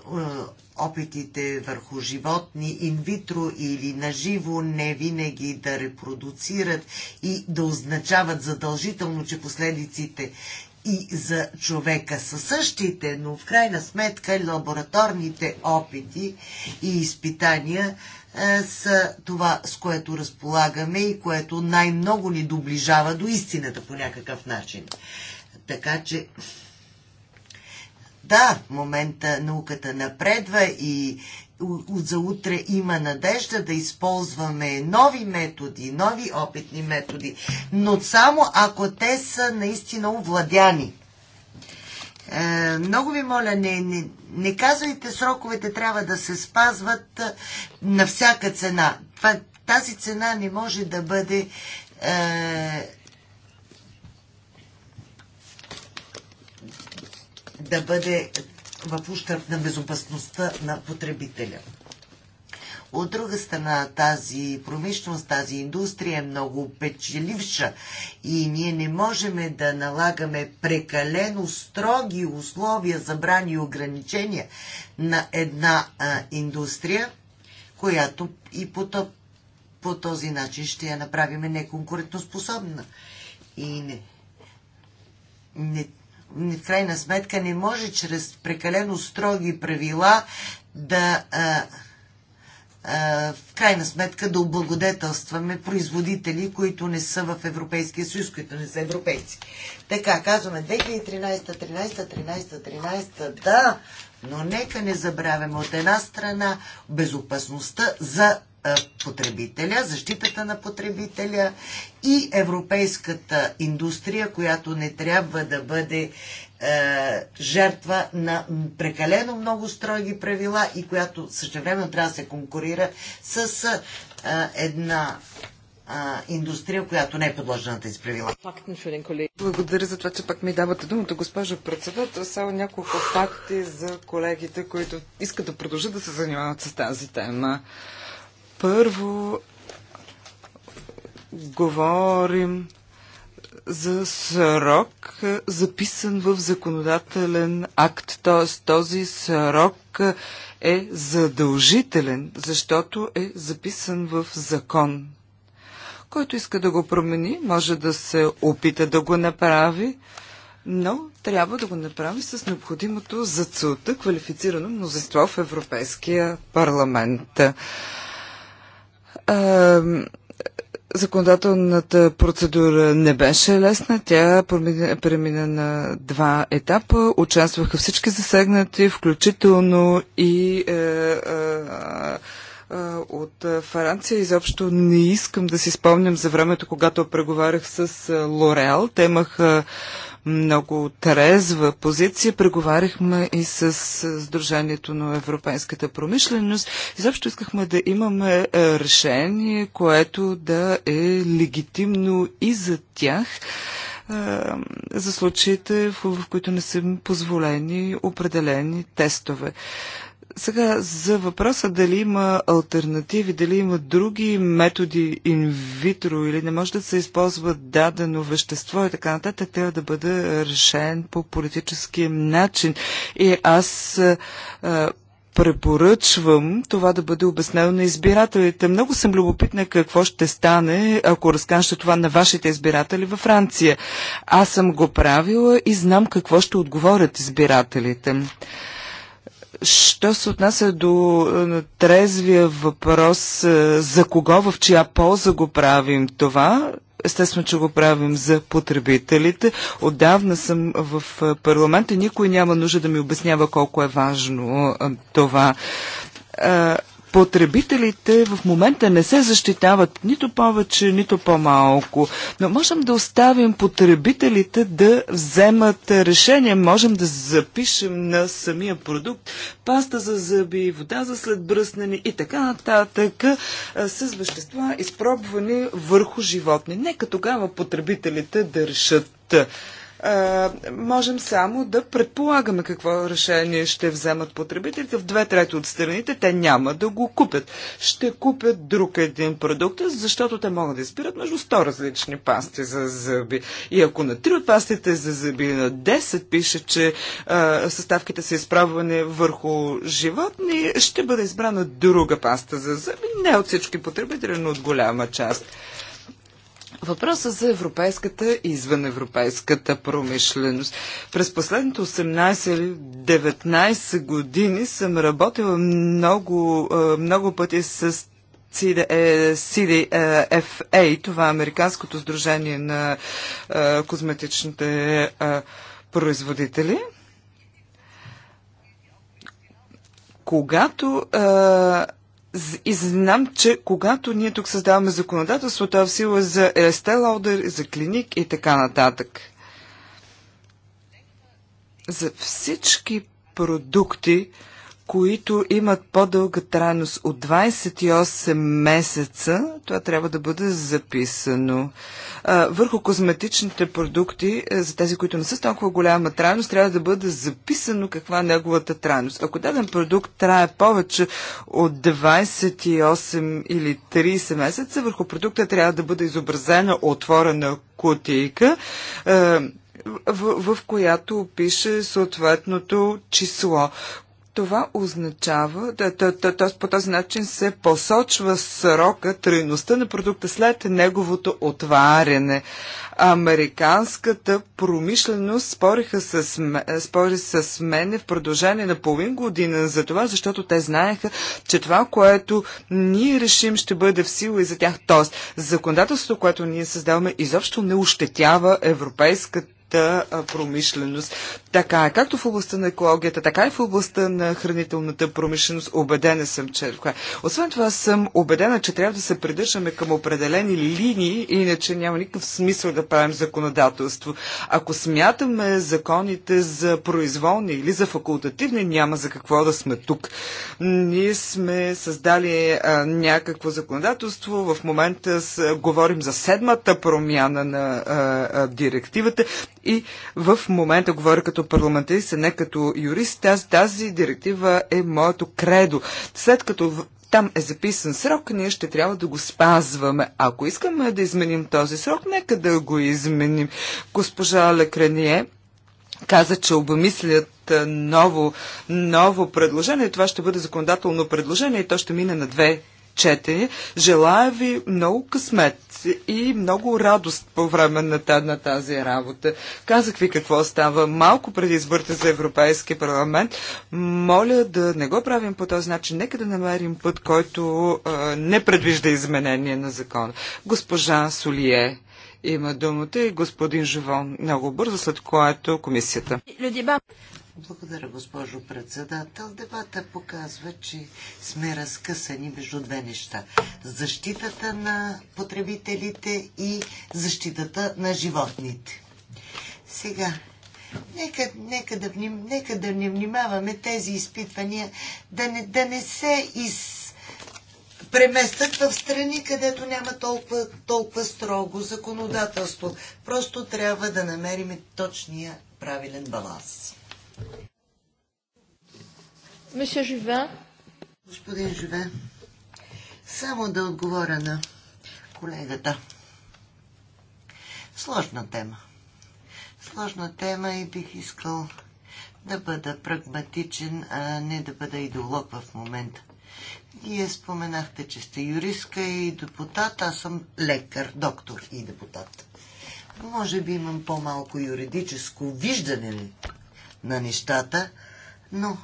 A: опитите върху животни инвитро или наживо не винаги да репродуцират и да означават задължително, че последиците и за човека са същите, но в крайна сметка лабораторните опити и изпитания е, са това, с което разполагаме и което най-много ни доближава до истината по някакъв начин. Така че да, в момента науката напредва и от за утре има надежда да използваме нови методи, нови опитни методи, но само ако те са наистина овладяни. Е, много ви моля, не, не, не казвайте, сроковете трябва да се спазват е, на всяка цена. Тази цена не може да бъде е, да бъде в ущърп на безопасността на потребителя. От друга страна, тази промишленост, тази индустрия е много печеливша и ние не можем да налагаме прекалено строги условия, забрани и ограничения на една а, индустрия, която и по, то, по този начин ще я направим неконкурентоспособна. И не, не, в крайна сметка не може чрез прекалено строги правила да в крайна сметка да облагодетелстваме производители, които не са в Европейския съюз, които не са европейци. Така, казваме 2013, 13, 13, 13, да, но нека не забравяме от една страна безопасността за е, потребителя, защитата на потребителя и европейската индустрия, която не трябва да бъде е, жертва на прекалено много строги правила и която същевременно трябва да се конкурира с е, една е, индустрия, която не е подложена на тези правила. Благодаря за това, че пак ми давате думата, госпожо
D: председател. Само няколко факти за колегите, които искат да продължат да се занимават с тази тема. Първо, говорим за срок, записан в законодателен акт. Т.е. този срок е задължителен, защото е записан в закон. Който иска да го промени, може да се опита да го направи, но трябва да го направи с необходимото за целта квалифицирано мнозинство в Европейския парламент законодателната процедура не беше лесна. Тя премина на два етапа. Участваха всички засегнати, включително и е, е, е, от Франция. Изобщо не искам да си спомням за времето, когато преговарях с е, Лореал. Те имаха много трезва позиция. Преговаряхме и с Сдружението на европейската промишленост. Изобщо искахме да имаме е, решение, което да е легитимно и за тях е, за случаите, в които не са позволени определени тестове. Сега за въпроса дали има альтернативи, дали има други методи инвитро или не може да се използва дадено вещество и така нататък, трябва да бъде решен по политически начин. И аз а, препоръчвам това да бъде обяснено на избирателите. Много съм любопитна какво ще стане, ако разкажете това на вашите избиратели във Франция. Аз съм го правила и знам какво ще отговорят избирателите. Що се отнася до е, трезвия въпрос е, за кого, в чия полза го правим това, естествено, че го правим за потребителите. Отдавна съм в е, парламента, никой няма нужда да ми обяснява колко е важно това потребителите в момента не се защитават нито повече, нито по-малко. Но можем да оставим потребителите да вземат решение. Можем да запишем на самия продукт паста за зъби, вода за след бръснени и така нататък с вещества, изпробвани върху животни. Нека тогава потребителите да решат можем само да предполагаме какво решение ще вземат потребителите. В две трети от страните те няма да го купят. Ще купят друг един продукт, защото те могат да избират между 100 различни пасти за зъби. И ако на 3 от пастите за зъби на 10 пише, че а, съставките са изправени върху животни, ще бъде избрана друга паста за зъби. Не от всички потребители, но от голяма част. Въпросът за европейската и извъневропейската промишленост. През последните 18 или 19 години съм работила много, е, много пъти с CDFA, това е Американското сдружение на е, козметичните е, производители. Когато и знам, че когато ние тук създаваме законодателство, това е в сила за Естел Одер, за клиник и така нататък. За всички продукти, които имат по-дълга трайност от 28 месеца, това трябва да бъде записано върху козметичните продукти, е, за тези, които не са с толкова голяма трайност, трябва да бъде записано каква е неговата трайност. Ако даден продукт трае повече от 28 или 30 месеца, върху продукта трябва да бъде изобразена отворена кутийка, е, в, в, в която пише съответното число. Това означава, да, т, т, т, по този начин се посочва срока, тройността на продукта след неговото отваряне. Американската промишленост спориха с, е, спори с мене в продължение на половин година за това, защото те знаеха, че това, което ние решим, ще бъде в сила и за тях. Тоест, законодателството, което ние създаваме, изобщо не ощетява европейската хранителната промишленост. Така е, както в областта на екологията, така и в областта на хранителната промишленост. Обедена съм, че... Е, освен това съм убедена, че трябва да се придържаме към определени линии, иначе няма никакъв смисъл да правим законодателство. Ако смятаме законите за произволни или за факултативни, няма за какво да сме тук. Ние сме създали а, някакво законодателство. В момента с, а, говорим за седмата промяна на а, а, директивата и в момента говоря като парламентарист, а не като юрист. Тази, тази директива е моето кредо. След като там е записан срок, ние ще трябва да го спазваме. Ако искаме да изменим този срок, нека да го изменим. Госпожа Лекрение каза, че обмислят ново, ново предложение. Това ще бъде законодателно предложение и то ще мине на две чете. Желая ви много късмет и много радост по време на, тази работа. Казах ви какво става малко преди изборите за Европейски парламент. Моля да не го правим по този начин. Нека да намерим път, който а, не предвижда изменение на закона. Госпожа Солие има думата и господин Живон много бързо, след което комисията.
A: Благодаря, госпожо председател. Дебата показва, че сме разкъсани между две неща. Защитата на потребителите и защитата на животните. Сега, нека, нека, да, вним, нека да не внимаваме тези изпитвания, да не, да не се из преместят в страни, където няма толкова, толкова строго законодателство. Просто трябва да намерим точния правилен баланс. Месье Живен. Господин Живен, само да отговоря на колегата. Сложна тема. Сложна тема и бих искал да бъда прагматичен, а не да бъда идеолог в момента. Вие споменахте, че сте юристка и депутат, аз съм лекар, доктор и депутат. Може би имам по-малко юридическо виждане на нещата, но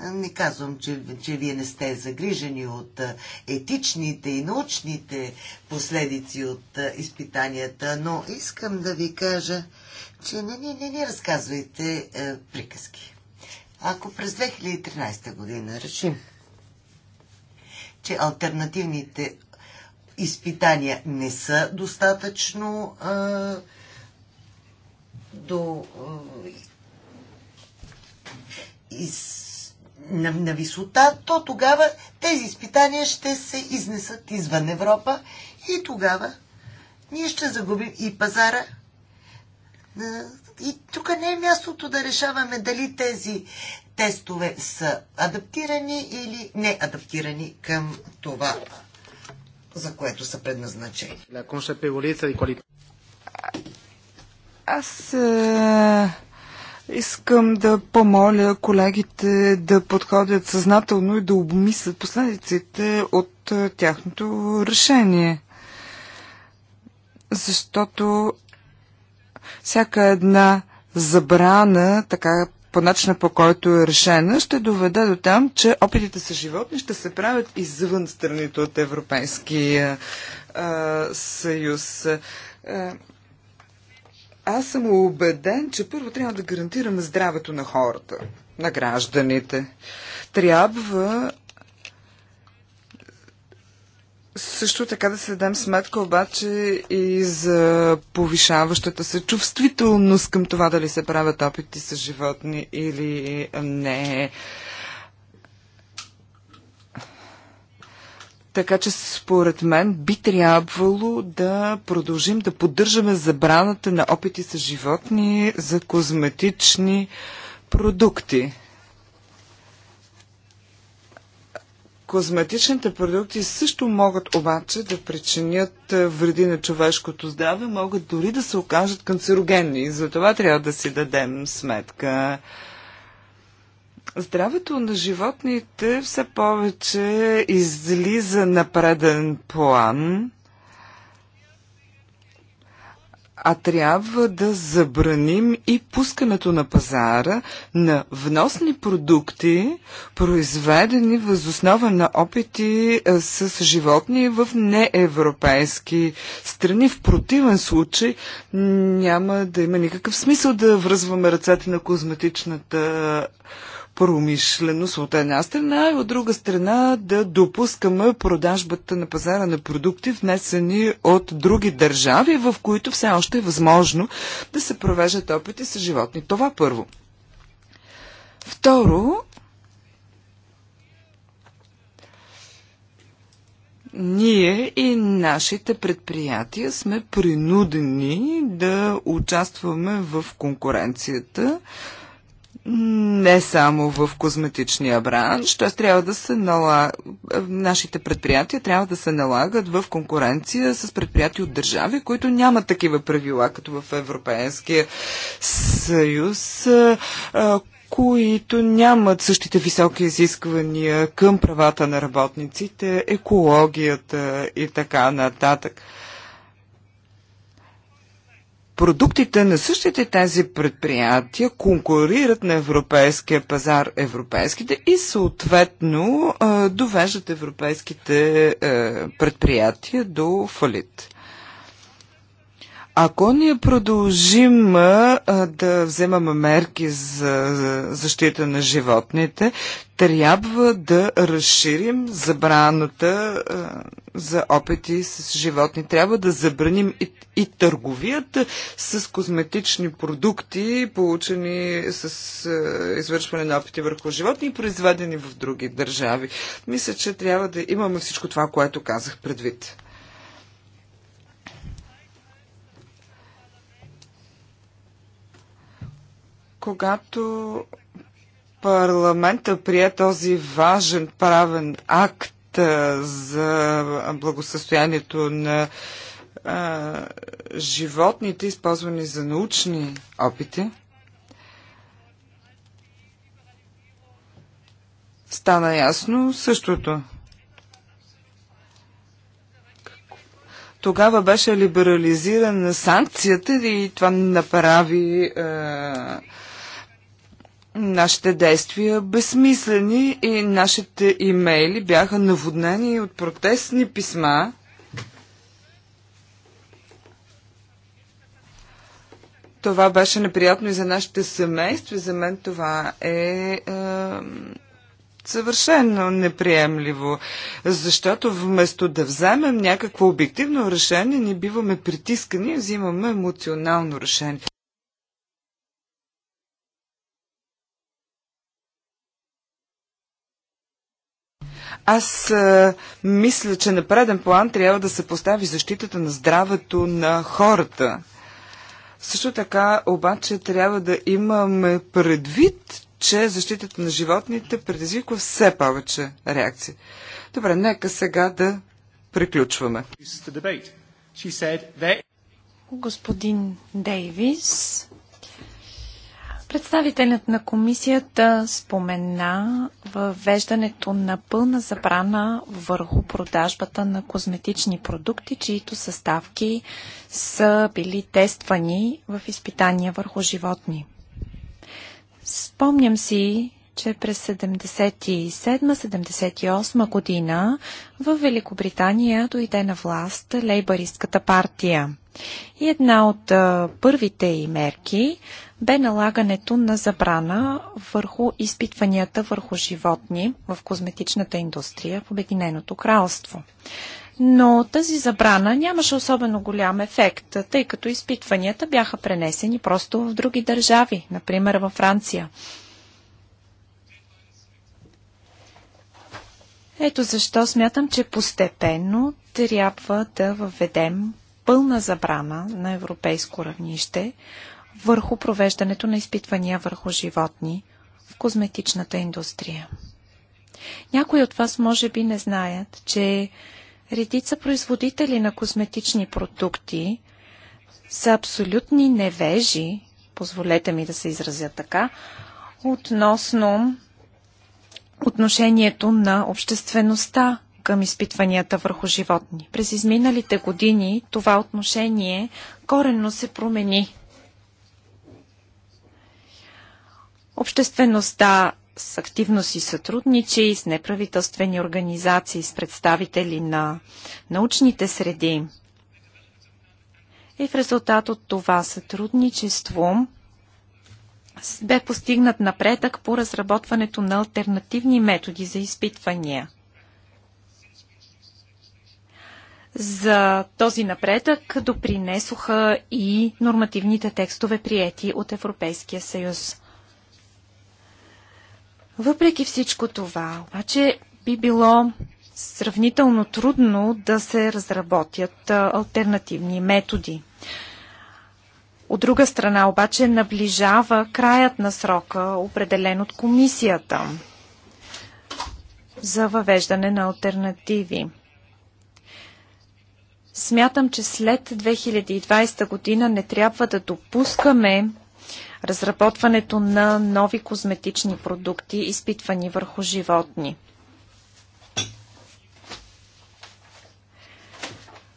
A: не казвам, че, че вие не сте загрижени от етичните и научните последици от изпитанията, но искам да ви кажа, че не ни не, не разказвайте е, приказки. Ако през 2013 година решим, че альтернативните изпитания не са достатъчно е, до, е, из, на, на висота, то тогава тези изпитания ще се изнесат извън Европа и тогава ние ще загубим и пазара. И тук не е мястото да решаваме дали тези тестове са адаптирани или не адаптирани към това, за което са предназначени.
D: Аз Искам да помоля колегите да подходят съзнателно и да обмислят последиците от е, тяхното решение. Защото всяка една забрана, така по начина по който е решена, ще доведе до там, че опитите с животни ще се правят извън страните от Европейския а, е, съюз. А, е, аз съм убеден, че първо трябва да гарантираме здравето на хората, на гражданите. Трябва също така да се дадем сметка обаче и за повишаващата се чувствителност към това дали се правят опити с животни или не. Така че според мен би трябвало да продължим да поддържаме забраната на опити с животни за козметични продукти. Козметичните продукти също могат обаче да причинят е, вреди на човешкото здраве, могат дори да се окажат канцерогенни. За това трябва да си дадем сметка. Здравето на животните все повече излиза на преден план, а трябва да забраним и пускането на пазара на вносни продукти, произведени възоснова на опити е, с животни в неевропейски страни. В противен случай няма да има никакъв смисъл да връзваме ръцете на козметичната промишленост от една страна и от друга страна да допускаме продажбата на пазара на продукти, внесени от други държави, в които все още е възможно да се провеждат опити с животни. Това първо. Второ, ние и нашите предприятия сме принудени да участваме в конкуренцията, не само в козметичния бранш, т.е. трябва да се налага, нашите предприятия трябва да се налагат в конкуренция с предприятия от държави, които нямат такива правила, като в Европейския съюз, които нямат същите високи изисквания към правата на работниците, екологията и така нататък продуктите на същите тези предприятия конкурират на европейския пазар европейските и съответно довеждат европейските предприятия до фалит. Ако ние продължим а, да вземаме мерки за, защита на животните, трябва да разширим забраната а, за опити с животни. Трябва да забраним и, и търговията с козметични продукти, получени с а, извършване на опити върху животни, произведени в други държави. Мисля, че трябва да имаме всичко това, което казах предвид. Когато парламента прие този важен правен акт за благосъстоянието на животните, използвани за научни опити, стана ясно същото. Тогава беше либерализирана санкцията и това направи е, нашите действия безсмислени и нашите имейли бяха наводнени от протестни писма. Това беше неприятно и за нашите семейства. За мен това е, е съвършено неприемливо, защото вместо да вземем някакво обективно решение, ни биваме притискани и взимаме емоционално решение. Аз а, мисля, че на преден план трябва да се постави защитата на здравето на хората. Също така, обаче, трябва да имаме предвид, че защитата на животните предизвиква все повече реакции. Добре, нека сега да приключваме.
B: Господин Дейвис Представителят на комисията спомена въвеждането на пълна забрана върху продажбата на козметични продукти, чието съставки са били тествани в изпитания върху животни. Спомням си, че през 77-78 година в Великобритания дойде на власт лейбаристката партия. И една от първите й мерки бе налагането на забрана върху изпитванията върху животни в козметичната индустрия в Обединеното кралство. Но тази забрана нямаше особено голям ефект, тъй като изпитванията бяха пренесени просто в други държави, например във Франция. Ето защо смятам, че постепенно трябва да въведем пълна забрана на европейско равнище върху провеждането на изпитвания върху животни в козметичната индустрия. Някои от вас може би не знаят, че редица производители на козметични продукти са абсолютни невежи, позволете ми да се изразя така, относно отношението на обществеността към изпитванията върху животни. През изминалите години това отношение коренно се промени. Обществеността с активно си сътрудничи с неправителствени организации, с представители на научните среди. И в резултат от това сътрудничество бе постигнат напредък по разработването на альтернативни методи за изпитвания. За този напредък допринесоха и нормативните текстове, приети от Европейския съюз. Въпреки всичко това, обаче би било сравнително трудно да се разработят альтернативни методи. От друга страна обаче наближава краят на срока, определен от комисията за въвеждане на альтернативи. Смятам, че след 2020 година не трябва да допускаме разработването на нови козметични продукти, изпитвани върху животни.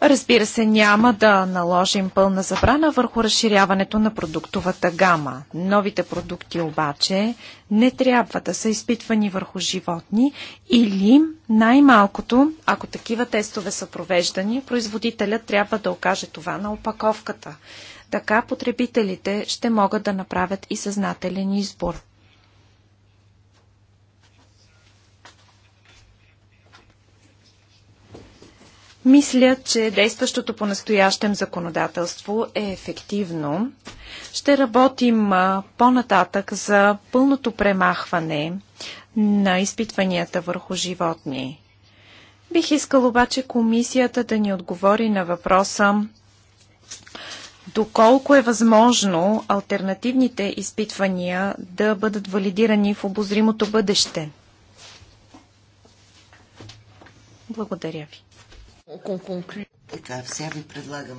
B: Разбира се, няма да наложим пълна забрана върху разширяването на продуктовата гама. Новите продукти обаче не трябва да са изпитвани върху животни или най-малкото, ако такива тестове са провеждани, производителят трябва да окаже това на опаковката. Така потребителите ще могат да направят и съзнателен избор. Мисля, че действащото по настоящем законодателство е ефективно. Ще работим по-нататък за пълното премахване на изпитванията върху животни. Бих искал обаче комисията да ни отговори на въпроса доколко е възможно альтернативните изпитвания да бъдат валидирани в обозримото бъдеще?
A: Благодаря ви. Така, сега ви предлагам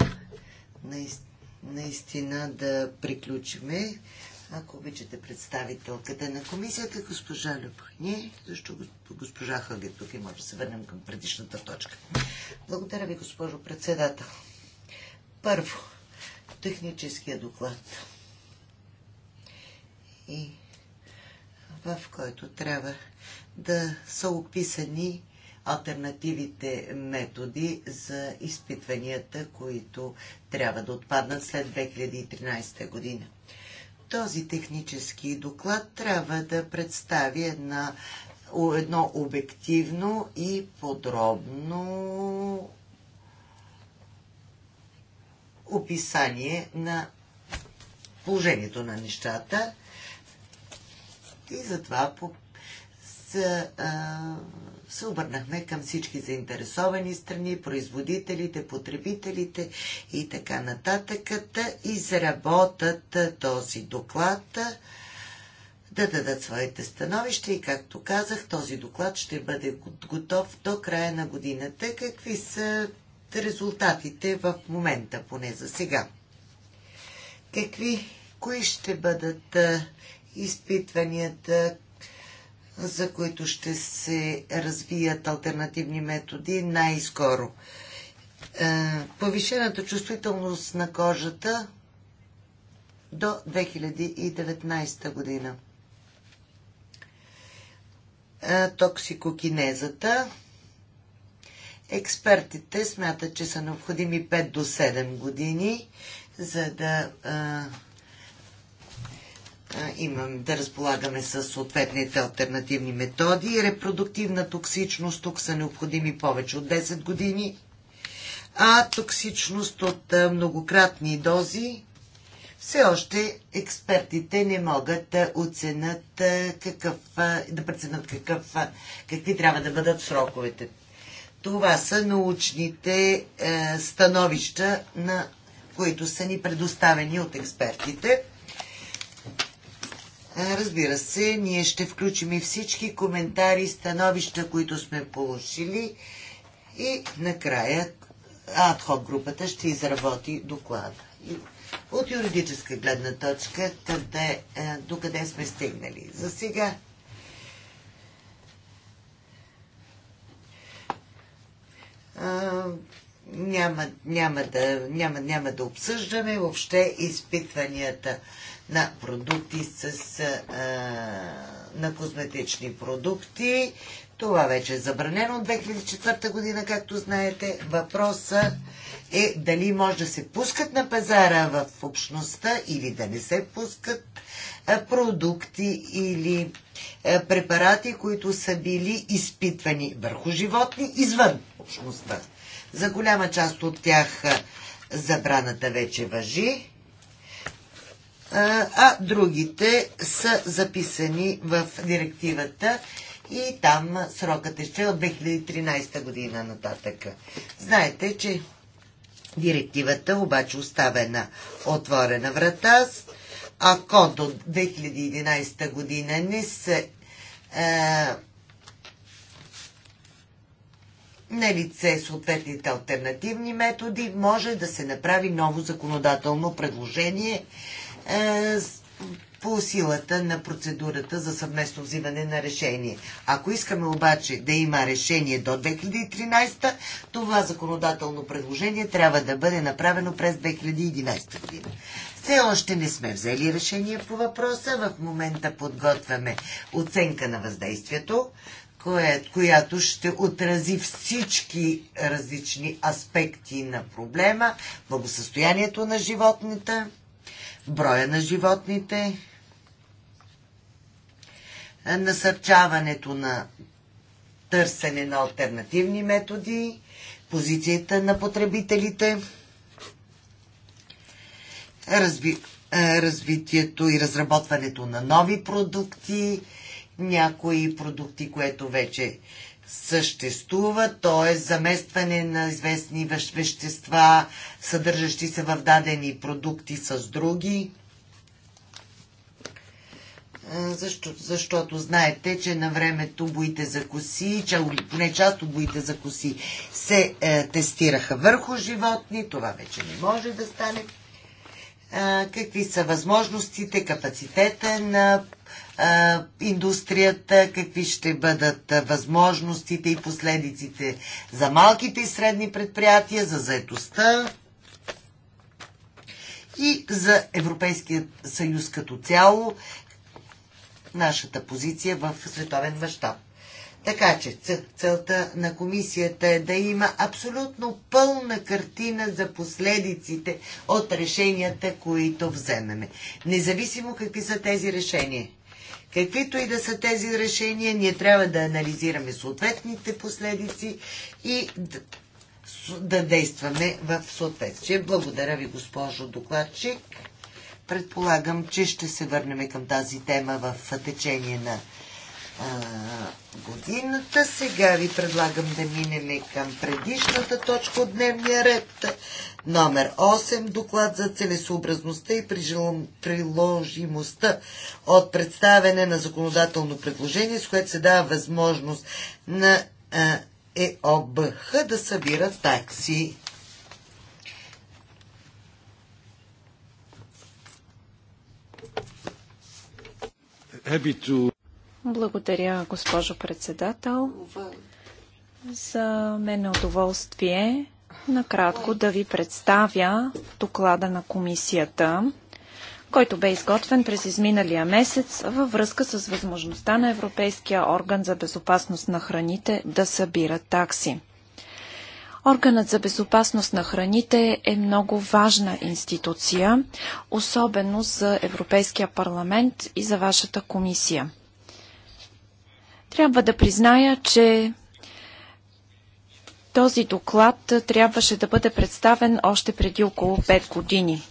A: наистина да приключиме. Ако обичате представителката на комисията, госпожа Любхни, защо госпожа Хъге тук и е, може да се върнем към предишната точка. Благодаря ви, госпожо председател. Първо, техническия доклад. И в който трябва да са описани альтернативите методи за изпитванията, които трябва да отпаднат след 2013 година. Този технически доклад трябва да представи една, едно обективно и подробно описание на положението на нещата. И затова по, се, а, се обърнахме към всички заинтересовани страни, производителите, потребителите и така нататък, да изработат този доклад, да дадат своите становища и, както казах, този доклад ще бъде готов до края на годината. Какви са резултатите в момента, поне за сега. Какви, кои ще бъдат изпитванията, за които ще се развият альтернативни методи най-скоро? Повишената чувствителност на кожата до 2019 година. Токсикокинезата – Експертите смятат, че са необходими 5 до 7 години, за да а, имам да разполагаме с съответните альтернативни методи. Репродуктивна токсичност тук са необходими повече от 10 години, а токсичност от многократни дози все още експертите не могат да оценят какъв, да преценят какъв, какви трябва да бъдат сроковете. Това са научните е, становища, на които са ни предоставени от експертите. Е, разбира се, ние ще включим и всички коментари, становища, които сме получили и накрая адхок групата ще изработи доклада. От юридическа гледна точка, къде, е, докъде сме стигнали. За сега няма, няма, да, няма, няма да обсъждаме въобще изпитванията на продукти с, а, на козметични продукти. Това вече е забранено от 2004 година, както знаете. Въпросът е дали може да се пускат на пазара в общността или да не се пускат. Е, продукти или е, препарати, които са били изпитвани върху животни извън общността. За голяма част от тях е, забраната вече въжи, а другите са записани в директивата и там срокът е ще от 2013 година нататък. Знаете, че директивата обаче оставена отворена врата, ако до 2011 година не са а, е, на лице съответните альтернативни методи, може да се направи ново законодателно предложение е, по силата на процедурата за съвместно взимане на решение. Ако искаме обаче да има решение до 2013, това законодателно предложение трябва да бъде направено през 2011 година. Все още не сме взели решение по въпроса. В момента подготвяме оценка на въздействието, която ще отрази всички различни аспекти на проблема, благосъстоянието на животните, броя на животните, насърчаването на търсене на альтернативни методи, позицията на потребителите – разби, е, развитието и разработването на нови продукти, някои продукти, което вече съществува, т.е. заместване на известни вещества, съдържащи се в дадени продукти с други. Е, защо, защото знаете, че на времето боите за коси, че, поне част от боите за коси се е, тестираха върху животни. Това вече не може да стане какви са възможностите, капацитета на индустрията, какви ще бъдат възможностите и последиците за малките и средни предприятия, за заетостта и за Европейския съюз като цяло, нашата позиция в световен мащаб. Така че целта на комисията е да има абсолютно пълна картина за последиците от решенията, които вземеме. Независимо какви са тези решения. Каквито и да са тези решения, ние трябва да анализираме съответните последици и да, действаме в съответствие. Благодаря ви, госпожо докладчик. Предполагам, че ще се върнем към тази тема в течение на годината. Сега ви предлагам да минем към предишната точка от дневния ред. Номер 8. Доклад за целесообразността и приложимостта от представяне на законодателно предложение, с което се дава възможност на ЕОБХ да събира такси. Happy to
B: благодаря, госпожо председател. За мен е удоволствие накратко да ви представя доклада на комисията, който бе изготвен през изминалия месец във връзка с възможността на Европейския орган за безопасност на храните да събира такси. Органът за безопасност на храните е много важна институция, особено за Европейския парламент и за вашата комисия. Трябва да призная, че този доклад трябваше да бъде представен още преди около 5 години.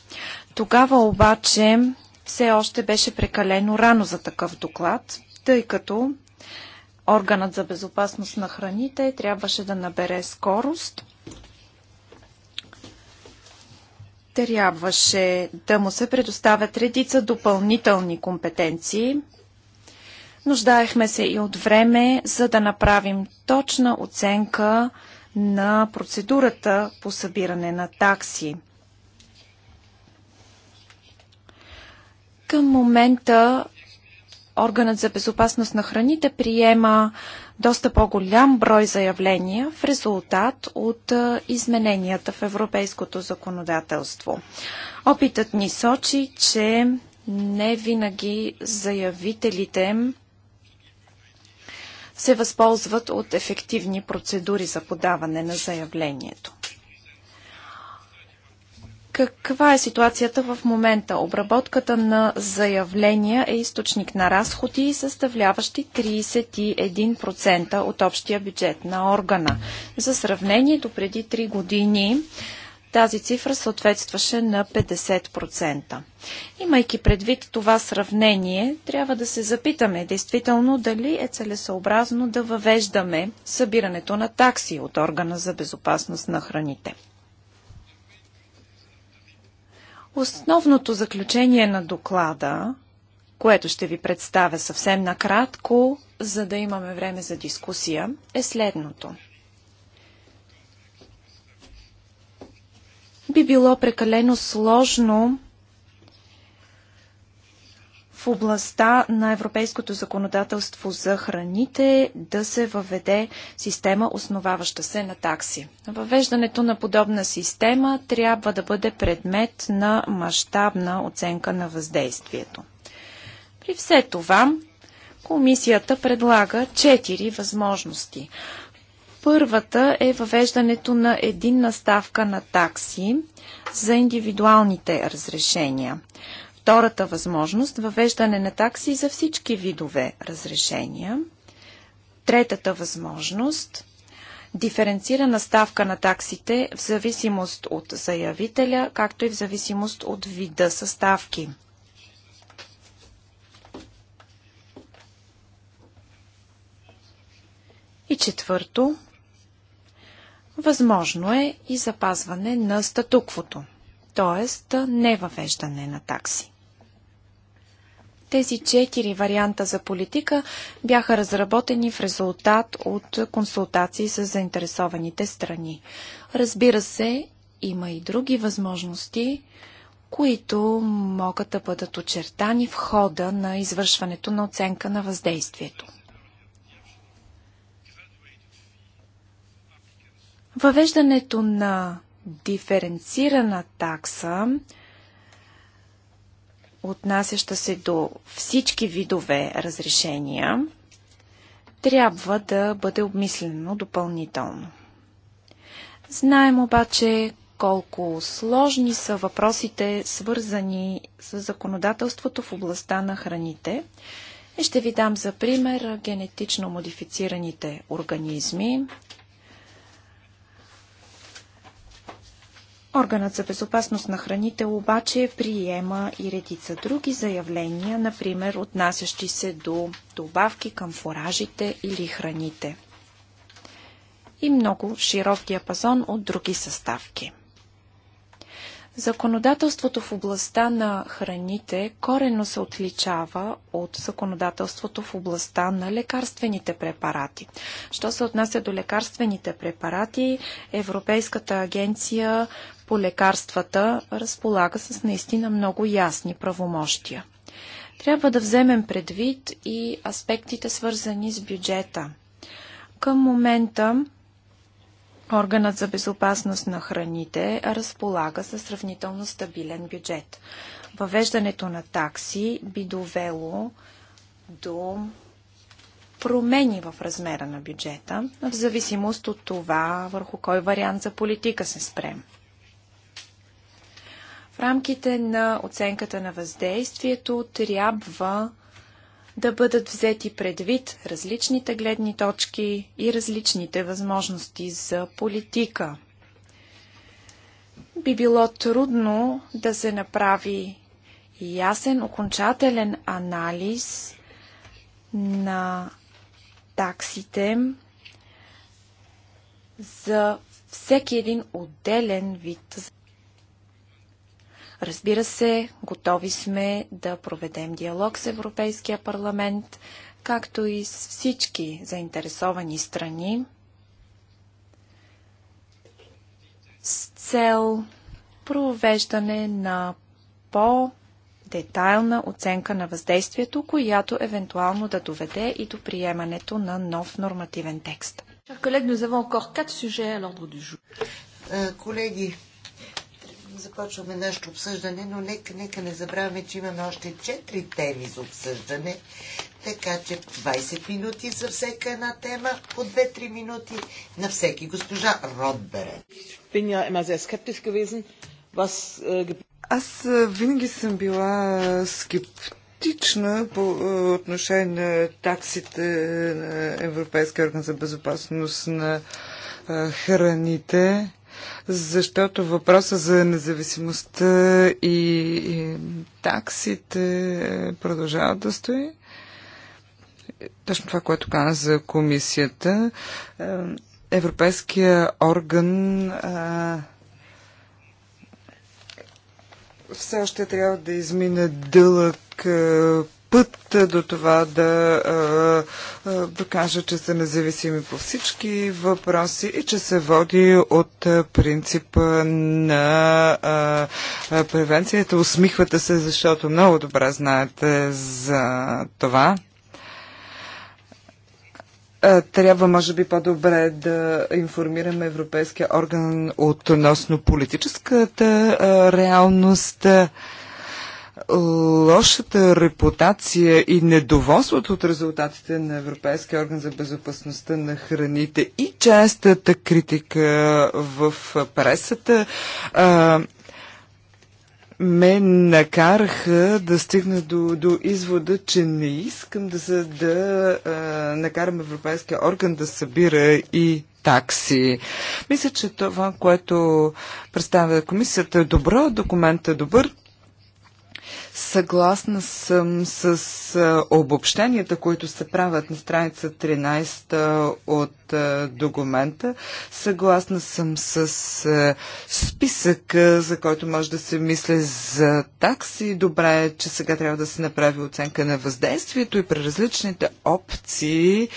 B: Тогава обаче все още беше прекалено рано за такъв доклад, тъй като органът за безопасност на храните трябваше да набере скорост. Трябваше да му се предоставят редица допълнителни компетенции, Нуждаехме се и от време, за да направим точна оценка на процедурата по събиране на такси. Към момента органът за безопасност на храните приема доста по-голям брой заявления в резултат от измененията в европейското законодателство. Опитът ни сочи, че не винаги заявителите се възползват от ефективни процедури за подаване на заявлението. Каква е ситуацията в момента? Обработката на заявления е източник на разходи, съставляващи 31% от общия бюджет на органа. За сравнение, до преди 3 години тази цифра съответстваше на 50%. Имайки предвид това сравнение, трябва да се запитаме действително дали е целесообразно да въвеждаме събирането на такси от органа за безопасност на храните. Основното заключение на доклада, което ще ви представя съвсем накратко, за да имаме време за дискусия, е следното – би било прекалено сложно в областта на европейското законодателство за храните да се въведе система, основаваща се на такси. Въвеждането на подобна система трябва да бъде предмет на мащабна оценка на въздействието. При все това, комисията предлага четири възможности. Първата е въвеждането на единна ставка на такси за индивидуалните разрешения. Втората възможност – въвеждане на такси за всички видове разрешения. Третата възможност – диференцирана ставка на таксите в зависимост от заявителя, както и в зависимост от вида съставки. И четвърто – Възможно е и запазване на статуквото, т.е. не въвеждане на такси. Тези четири варианта за политика бяха разработени в резултат от консултации с заинтересованите страни. Разбира се, има и други възможности, които могат да бъдат очертани в хода на извършването на оценка на въздействието. Въвеждането на диференцирана такса, отнасяща се до всички видове разрешения, трябва да бъде обмислено допълнително. Знаем обаче колко сложни са въпросите, свързани с законодателството в областта на храните. И ще ви дам за пример генетично модифицираните организми, Органът за безопасност на храните обаче приема и редица други заявления, например отнасящи се до добавки към фуражите или храните и много широк диапазон от други съставки. Законодателството в областта на храните корено се отличава от законодателството в областта на лекарствените препарати. Що се отнася до лекарствените препарати, Европейската агенция по лекарствата разполага с наистина много ясни правомощия. Трябва да вземем предвид и аспектите свързани с бюджета. Към момента Органът за безопасност на храните разполага със сравнително стабилен бюджет. Въвеждането на такси би довело до промени в размера на бюджета, в зависимост от това върху кой вариант за политика се спрем. В рамките на оценката на въздействието трябва да бъдат взети предвид различните гледни точки и различните възможности за политика. Би било трудно да се направи ясен, окончателен анализ на таксите за всеки един отделен вид Разбира се, готови сме да проведем диалог с Европейския парламент, както и с всички заинтересовани страни, с цел провеждане на по- детайлна оценка на въздействието, която евентуално да доведе и до приемането на нов нормативен текст.
A: Е, колеги, Колеги, започваме нашето обсъждане, но нека, нека не забравяме, че имаме още 4 теми за обсъждане, така че 20 минути за всяка една тема, по 2-3 минути на всеки. Госпожа Родбере. Äh,
D: Аз е, винаги съм била скептична скептична по е, отношение на таксите на Европейския орган за безопасност на е, храните защото въпроса за независимостта и, и таксите е, продължава да стои. Точно това, което каза комисията. Е, Европейския орган а, е, все още трябва да измине дълъг път до това да, докажа, че са независими по всички въпроси и че се води от принципа на превенцията. Усмихвате се, защото много добре знаете за това трябва, може би, по-добре да информираме Европейския орган относно политическата реалност лошата репутация и недоволството от резултатите на Европейския орган за безопасността на храните и честата критика в пресата а, ме накараха да стигна до, до извода, че не искам да, за, да а, накарам Европейския орган да събира и такси. Мисля, че това, което представя комисията е добро, документът е добър, Съгласна съм с обобщенията, които се правят на страница 13 от документа. Съгласна съм с а, за който може да се мисли за такси. Добре е, че сега трябва да се направи оценка на въздействието и при различните опции.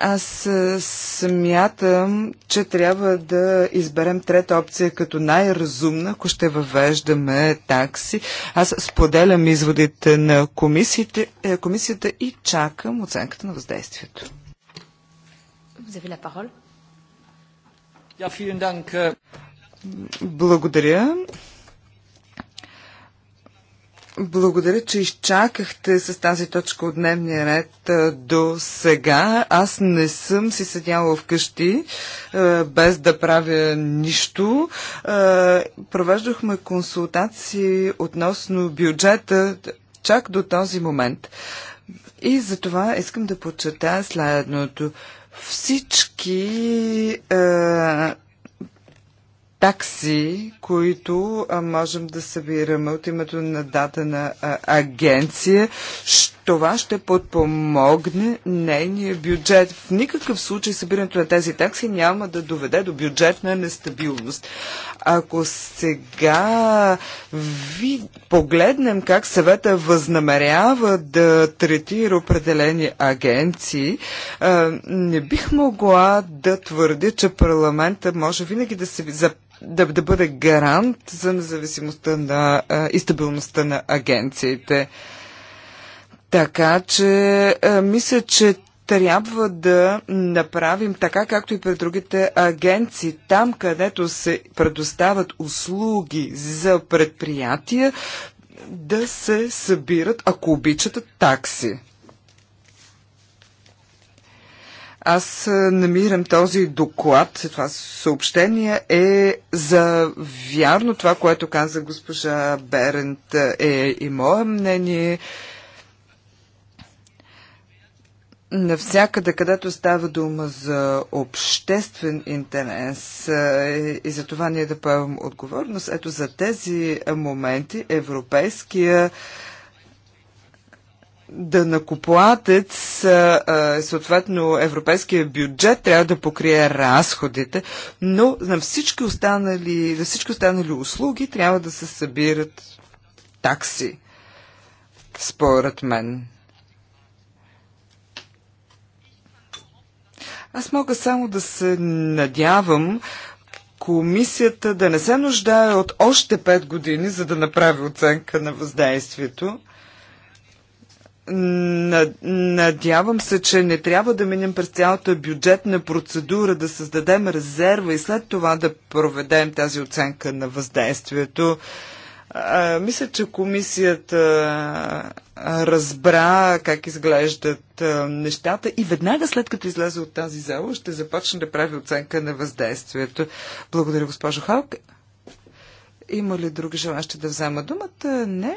D: Аз е, смятам, че трябва да изберем трета опция като най-разумна, ако ще въвеждаме такси. Аз споделям изводите на комисията, е, комисията и чакам оценката на въздействието.
C: Е.
D: Благодаря. Благодаря, че изчакахте с тази точка от дневния ред до сега. Аз не съм си седяла вкъщи без да правя нищо. Провеждахме консултации относно бюджета чак до този момент. И за това искам да почета следното. Всички такси, които можем да събираме от името на дадена агенция. Това ще подпомогне нейния бюджет. В никакъв случай събирането на тези такси няма да доведе до бюджетна нестабилност. Ако сега ви погледнем как съвета възнамерява да третира определени агенции, не бих могла да твърдя, че парламента може винаги да се запази да, да бъде гарант за независимостта на, а, и стабилността на агенциите. Така че а, мисля, че трябва да направим така, както и пред другите агенции, там където се предоставят услуги за предприятия, да се събират, ако обичат, такси. Аз е, намирам този доклад, това съобщение е за вярно. Това, което каза госпожа Берент е и мое мнение. Навсякъде, където става дума за обществен интерес е, и за това ние да поемем отговорност, ето за тези моменти Европейския дънакоплатец, съответно европейския бюджет трябва да покрие разходите, но на всички останали, на всички останали услуги трябва да се събират такси, според мен. Аз мога само да се надявам комисията да не се нуждае от още 5 години, за да направи оценка на въздействието. Надявам се, че не трябва да минем през цялата бюджетна процедура, да създадем резерва и след това да проведем тази оценка на въздействието. мисля, че комисията разбра как изглеждат нещата и веднага след като излезе от тази зала ще започне да прави оценка на въздействието. Благодаря, госпожо Халк. Има ли други желащи
A: да взема думата? Не.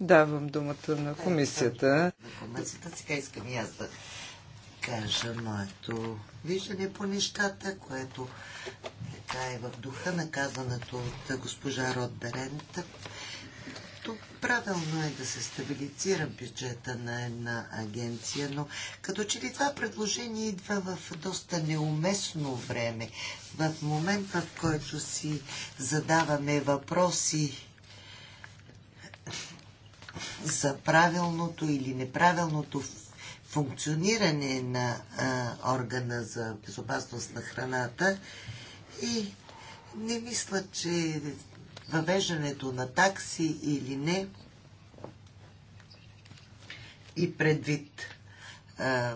A: Давам думата на комисията. На комисията сега искам и аз да кажа моето виждане по нещата, което така е в духа на казването от госпожа Род Берента. Тук правилно е да се стабилизира бюджета на една агенция, но като че ли това предложение идва в доста неуместно време. В момент, в който си задаваме въпроси за правилното или неправилното функциониране на а, органа за безопасност на храната и не мисля, че въвеждането на такси или не и предвид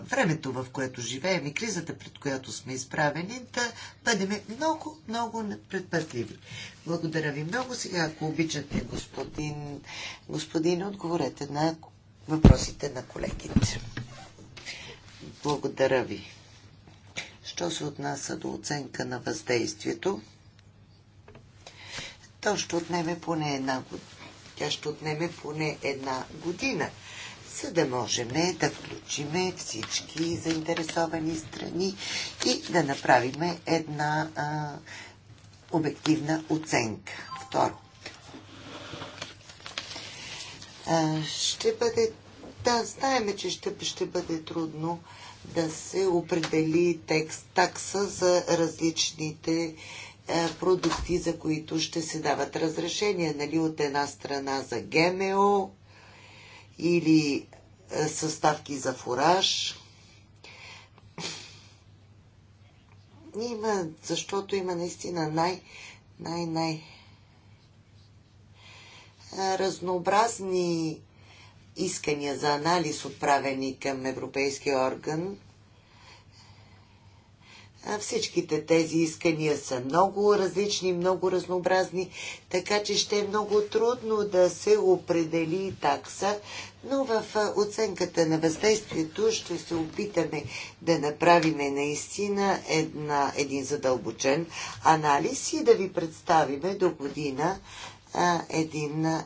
A: времето, в което живеем и кризата, пред която сме изправени, да бъдем много, много предпазливи. Благодаря ви много. Сега, ако обичате, господин, господин отговорете на въпросите на колегите. Благодаря ви. Що се отнася до оценка на въздействието, то ще отнеме поне една година. Тя ще отнеме поне една година за да можем да включим всички заинтересовани страни и да направим една а, обективна оценка. Второ. А, ще бъде. Да, знаеме, че ще, ще бъде трудно да се определи текст, такса за различните продукти, за които ще се дават разрешения. Нали, от една страна за ГМО, или е, съставки за фураж. Има, защото има наистина най, най, най е, разнообразни искания за анализ, отправени към Европейския орган Всичките тези искания са много различни, много разнообразни, така че ще е много трудно да се определи такса, но в оценката на въздействието ще се опитаме да направим наистина една, един задълбочен анализ и да ви представиме до година а, един а,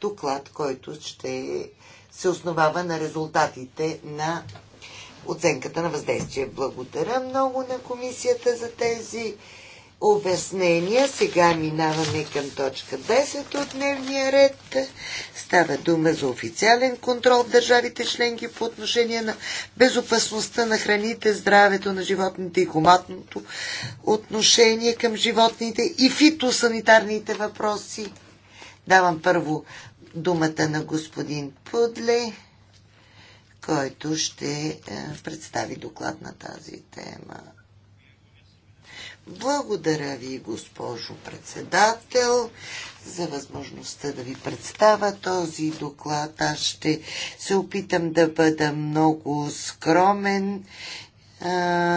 A: доклад, който ще се основава на резултатите на оценката на въздействие. Благодаря много на комисията за тези обяснения. Сега минаваме към точка 10 от дневния ред. Става дума за официален контрол в държавите членки по отношение на безопасността на храните, здравето на животните и хуматното отношение към животните и фитосанитарните въпроси. Давам първо думата на господин Пудле който ще е, представи доклад на тази тема. Благодаря ви, госпожо председател, за възможността да ви представя този доклад. Аз ще се опитам да бъда много скромен а,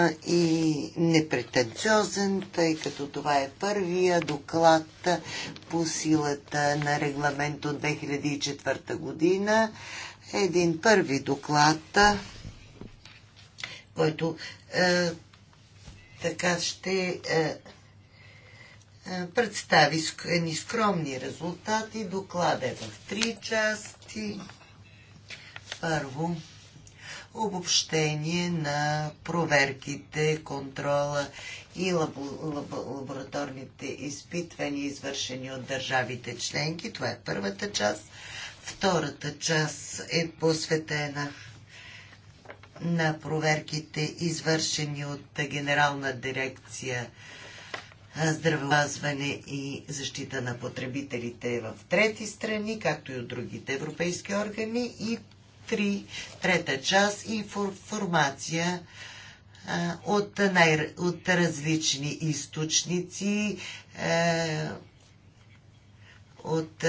A: е, и непретенциозен, тъй като това е първия доклад по силата на регламент от 2004 година един първи доклад, който е, така ще е, е представи ни скромни резултати. Доклад е в три части. Първо, обобщение на проверките, контрола и лаб, лаб, лабораторните изпитвания, извършени от държавите членки. Това е първата част. Втората част е посветена на проверките, извършени от Генерална дирекция здравеопазване и защита на потребителите в трети страни, както и от другите европейски органи. И три, трета част информация от, най, от различни източници, от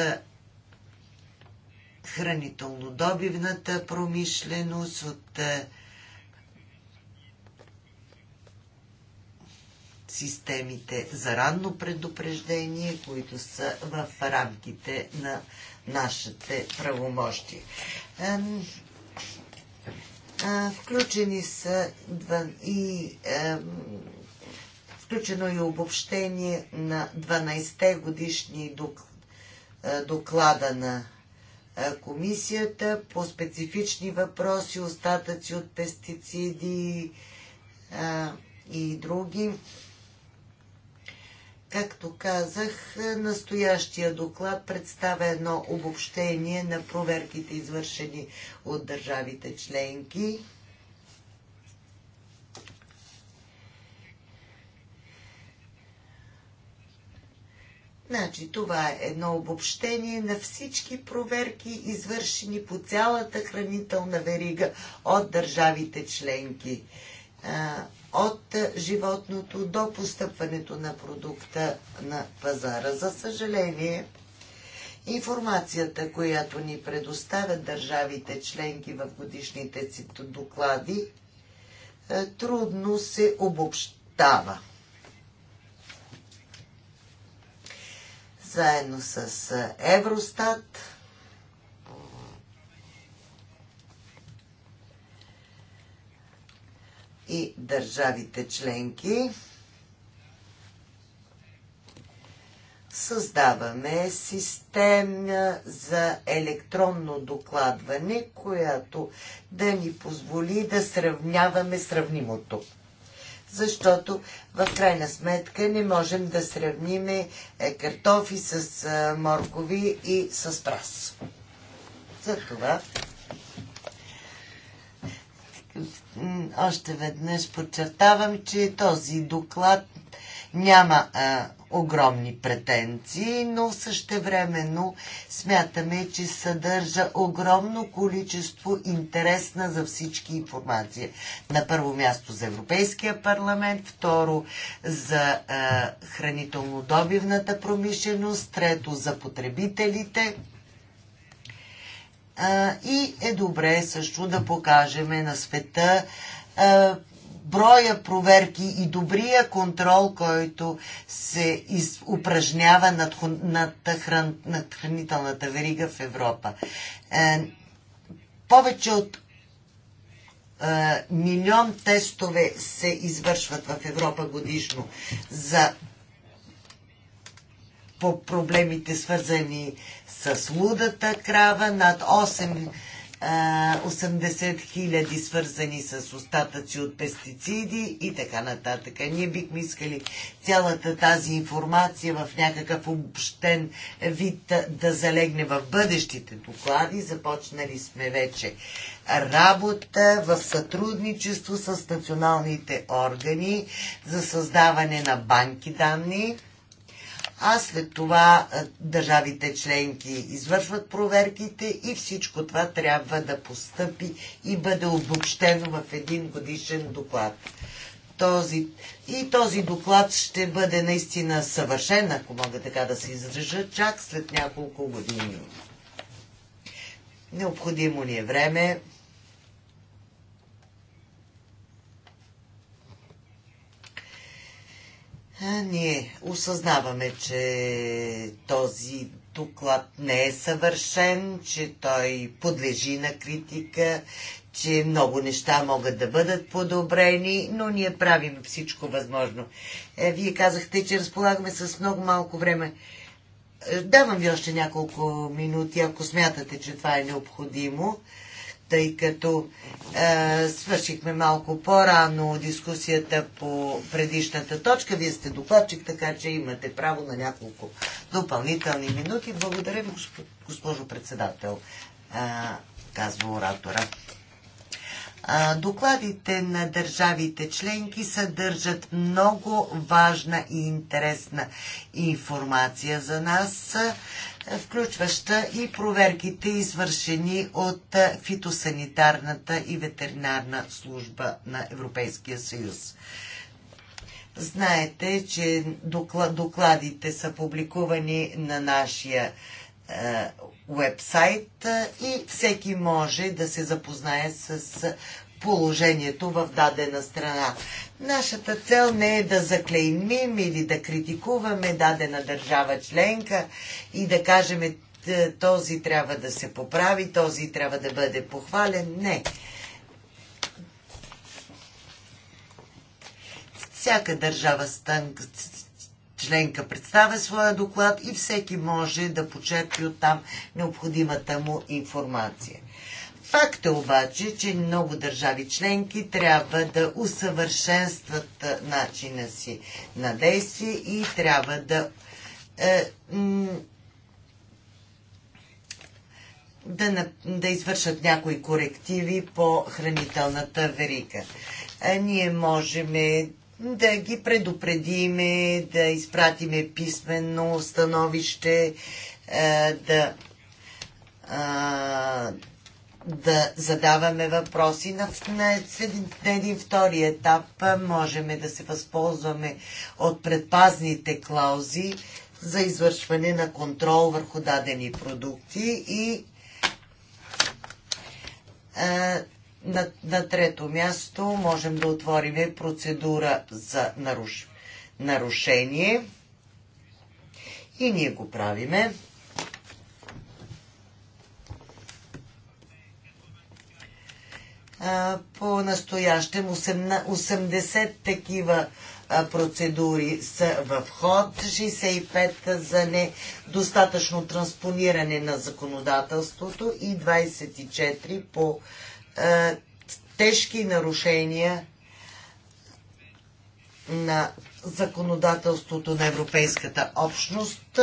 A: хранително-добивната промишленост, от е, системите за ранно предупреждение, които са в рамките на нашите правомощи. Включени са и включено и е обобщение на 12-те годишни е, доклада на комисията по специфични въпроси, остатъци от пестициди а, и други. Както казах, настоящия доклад представя едно обобщение на проверките, извършени от държавите членки. Значи, това е едно обобщение на всички проверки, извършени по цялата хранителна верига от държавите членки. От животното до постъпването на продукта на пазара. За съжаление, информацията, която ни предоставят държавите членки в годишните си доклади, трудно се обобщава. заедно с Евростат. и държавите членки. Създаваме система за електронно докладване, която да ни позволи да сравняваме сравнимото защото в крайна сметка не можем да сравним е, картофи с е, моркови и с прас. Затова още веднъж подчертавам, че този доклад няма а, огромни претенции, но същевременно смятаме, че съдържа огромно количество интересна за всички информация. На първо място за Европейския парламент, второ за а, хранително-добивната промишленост, трето за потребителите и е добре също да покажеме на света броя проверки и добрия контрол, който се из, упражнява над, над, хран, над хранителната верига в Европа. Е, повече от е, милион тестове се извършват в Европа годишно за по проблемите свързани с лудата крава, над 8 80 хиляди свързани с остатъци от пестициди и така нататък. Ние бихме искали цялата тази информация в някакъв общен вид да залегне в бъдещите доклади. Започнали сме вече работа в сътрудничество с националните органи за създаване на банки данни а след това държавите членки извършват проверките и всичко това трябва да постъпи и бъде обобщено в един годишен доклад. Този, и този доклад ще бъде наистина съвършен, ако мога така да се изрежа, чак след няколко години. Необходимо ни е време Ние осъзнаваме, че този доклад не е съвършен, че той подлежи на критика, че много неща могат да бъдат подобрени, но ние правим всичко възможно. Е, вие казахте, че разполагаме с много малко време. Давам ви още няколко минути, ако смятате, че това е необходимо тъй като е, свършихме малко по-рано дискусията по предишната точка. Вие сте докладчик, така че имате право на няколко допълнителни минути. Благодаря ви, госпожо председател, е, казва оратора. Докладите на държавите членки съдържат много важна и интересна информация за нас, включваща и проверките, извършени от фитосанитарната и ветеринарна служба на Европейския съюз. Знаете, че докладите са публикувани на нашия вебсайт и всеки може да се запознае с положението в дадена страна. Нашата цел не е да заклеймим или да критикуваме дадена държава членка и да кажем е, този трябва да се поправи, този трябва да бъде похвален. Не. Всяка държава членка представя своя доклад и всеки може да почерпи от там необходимата му информация. Факт е обаче, че много държави членки трябва да усъвършенстват начина си на действие и трябва да е, да, да извършат някои корективи по хранителната верига. А ние можем да ги предупредиме, да изпратиме писменно становище, е, да, е, да задаваме въпроси. На, на, на един втори етап е, можем да се възползваме от предпазните клаузи за извършване на контрол върху дадени продукти и на, на трето място можем да отворим процедура за наруш, нарушение. И ние го правиме. По настоящем 80 такива процедури са в ход, 65 за недостатъчно транспониране на законодателството и 24 по е, тежки нарушения на законодателството на Европейската общност,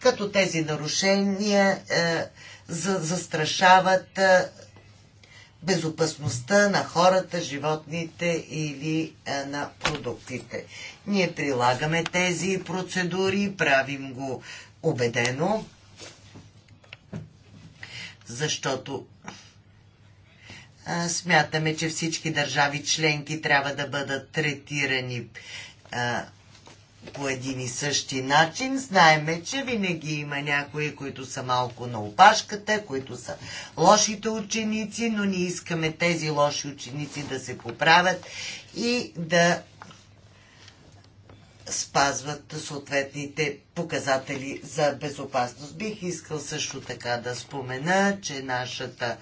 A: като тези нарушения е, застрашават е, безопасността на хората, животните или на продуктите. Ние прилагаме тези процедури, правим го убедено, защото смятаме, че всички държави членки трябва да бъдат третирани по един и същи начин. Знаеме, че винаги има някои, които са малко на опашката, които са лошите ученици, но ние искаме тези лоши ученици да се поправят и да спазват съответните показатели за безопасност. Бих искал също така да спомена, че нашата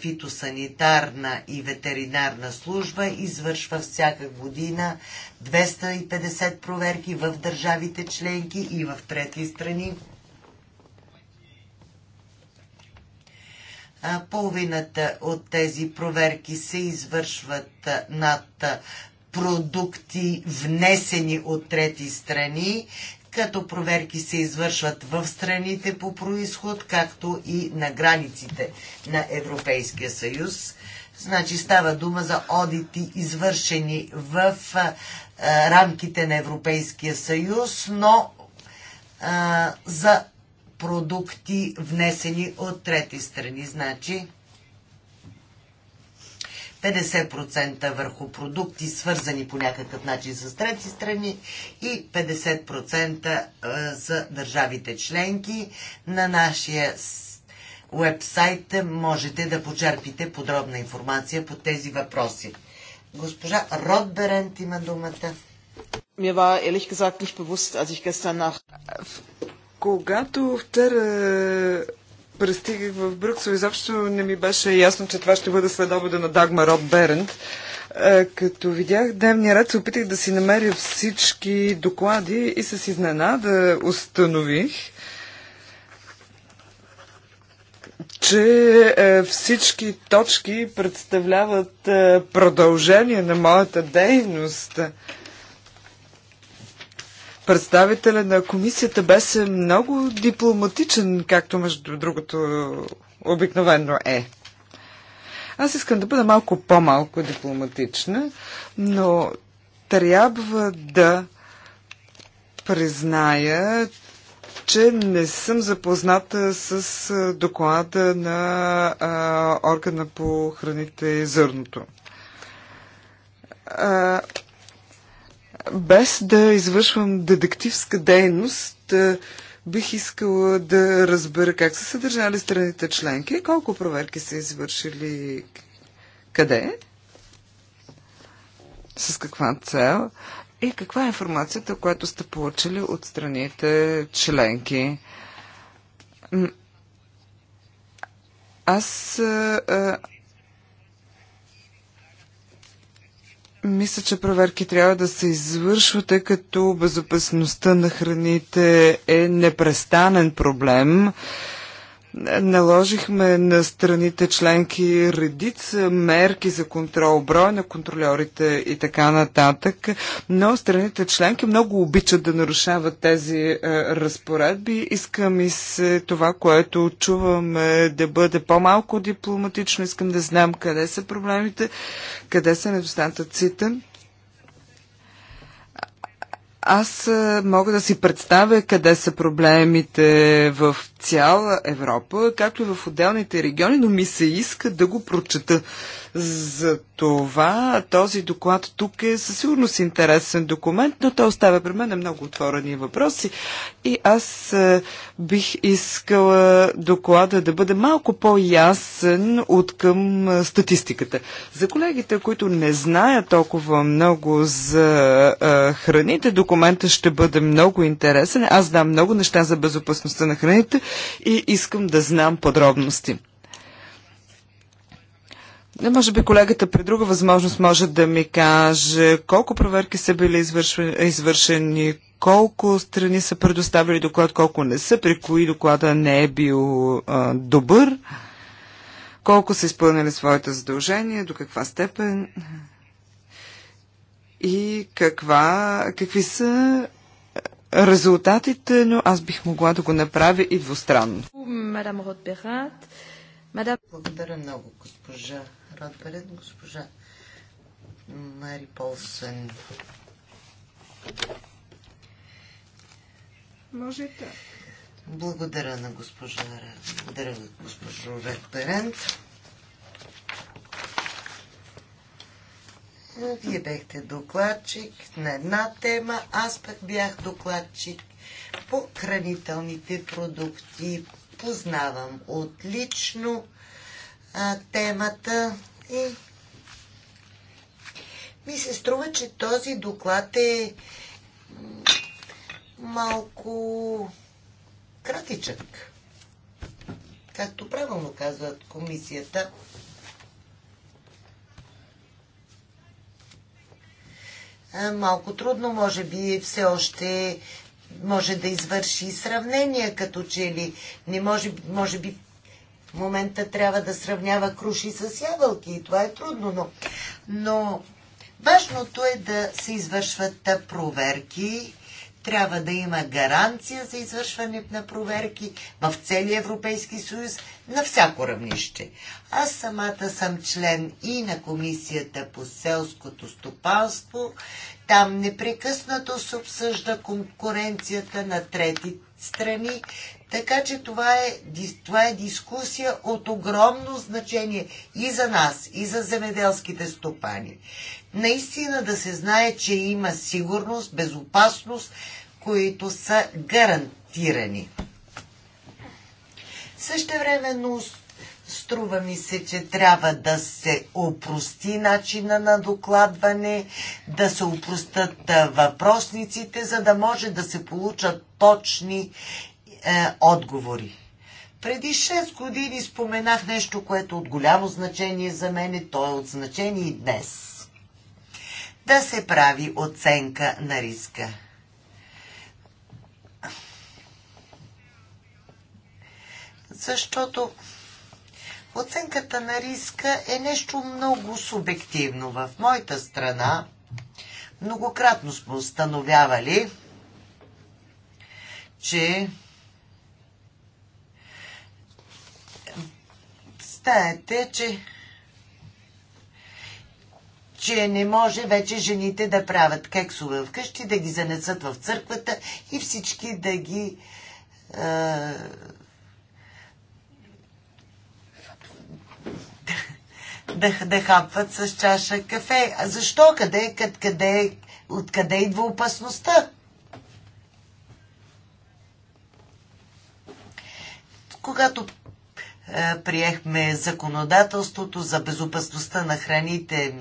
A: фитосанитарна и ветеринарна служба извършва всяка година 250 проверки в държавите членки и в трети страни. Половината от тези проверки се извършват над продукти, внесени от трети страни като проверки се извършват в страните по происход, както и на границите на Европейския съюз. Значи става дума за одити, извършени в а, рамките на Европейския съюз, но а, за продукти, внесени от трети страни. Значи 50% върху продукти, свързани по някакъв начин с трети страни и 50% е, за държавите членки. На нашия вебсайт можете да почерпите подробна информация по тези въпроси. Госпожа Ротберент има думата. Ми ва, елих gesagt nicht bewusst, als ich Когато
D: вчера пристигах в Брюксел, изобщо не ми беше ясно, че това ще бъде след обеда на Дагма Роб Беренд. Е, като видях дневния ред, се опитах да си намеря всички доклади и с изненада установих, че е, всички точки представляват е, продължение на моята дейност представителя на комисията беше много дипломатичен, както между другото обикновено е. Аз искам да бъда малко по-малко дипломатична, но трябва да призная, че не съм запозната с доклада на а, органа по храните и зърното. А, без да извършвам детективска дейност, бих искала да разбера как са съдържали страните членки, колко проверки са извършили къде, с каква цел и каква е информацията, която сте получили от страните членки. Аз а, Мисля, че проверки трябва да се извършват, тъй като безопасността на храните е непрестанен проблем. Наложихме на страните членки редица мерки за контрол, брой на контролерите и така нататък, но страните членки много обичат да нарушават тези е, разпоредби. Искам и се това, което чуваме да бъде по-малко дипломатично. Искам да знам къде са проблемите, къде са недостатъците. Аз е, мога да си представя къде са проблемите в цяла Европа, както и в отделните региони, но ми се иска да го прочета. За това този доклад тук е със сигурност интересен документ, но той оставя при мен много отворени въпроси и аз е, бих искала доклада да бъде малко по-ясен от към е, статистиката. За колегите, които не знаят толкова много за е, храните, документа ще бъде много интересен. Аз дам много неща за безопасността на храните, и искам да знам подробности. Не Може би колегата при друга възможност може да ми каже колко проверки са били извършени, колко страни са предоставили доклад, колко не са, при кои доклада не е бил а, добър, колко са изпълнили своите задължения, до каква степен и каква, какви са резултатите, но аз бих могла да го направя и двустранно.
A: Благодаря много, госпожа Ротберет, госпожа Мари Полсен. Можете. Благодаря на госпожа, благодаря на госпожо Вие бехте докладчик на една тема, аз пък бях докладчик по хранителните продукти. Познавам отлично а, темата и ми се струва, че този доклад е малко кратичък. Както правилно казват комисията, Е, малко трудно, може би все още може да извърши сравнение, като че ли не може, може би в момента трябва да сравнява круши с ябълки и това е трудно, но, но важното е да се извършват проверки трябва да има гаранция за извършване на проверки в целия Европейски съюз на всяко равнище. Аз самата съм член и на Комисията по селското стопанство. Там непрекъснато се обсъжда конкуренцията на трети страни, така че това е, това е дискусия от огромно значение и за нас, и за земеделските стопани наистина да се знае, че има сигурност, безопасност, които са гарантирани. Същевременно струва ми се, че трябва да се опрости начина на докладване, да се опростат въпросниците, за да може да се получат точни е, отговори. Преди 6 години споменах нещо, което е от голямо значение за мен, то е от значение и днес да се прави оценка на риска. Защото оценката на риска е нещо много субективно. В моята страна многократно сме установявали, че знаете, че че не може вече жените да правят кексове вкъщи, да ги занесат в църквата и всички да ги е, да, да хапват с чаша кафе. А защо? Къде, къд, къде, откъде идва опасността? Когато приехме законодателството за безопасността на храните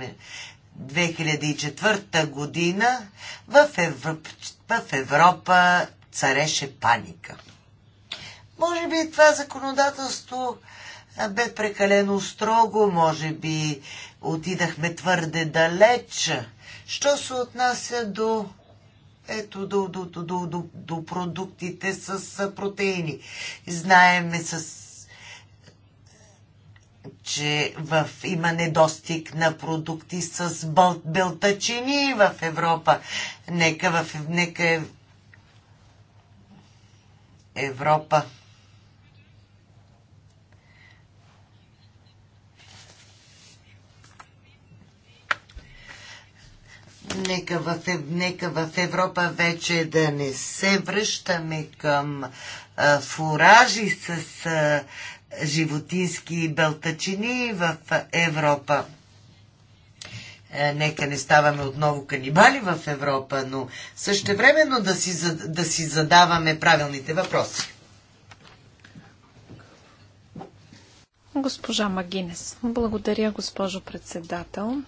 A: 2004 година в Европа, в Европа цареше паника. Може би това законодателство бе прекалено строго, може би отидахме твърде далеч. Що се отнася до ето до, до, до, до, до, до продуктите с протеини. Знаеме с че в, има недостиг на продукти с бъл, бълтачини в Европа. Нека в нека е, Европа нека в, нека в Европа вече да не се връщаме към а, фуражи с а, животински белтачини в Европа. Е, нека не ставаме отново канибали в Европа, но времено да си, да си задаваме правилните въпроси.
B: Госпожа Магинес. Благодаря, госпожо председател.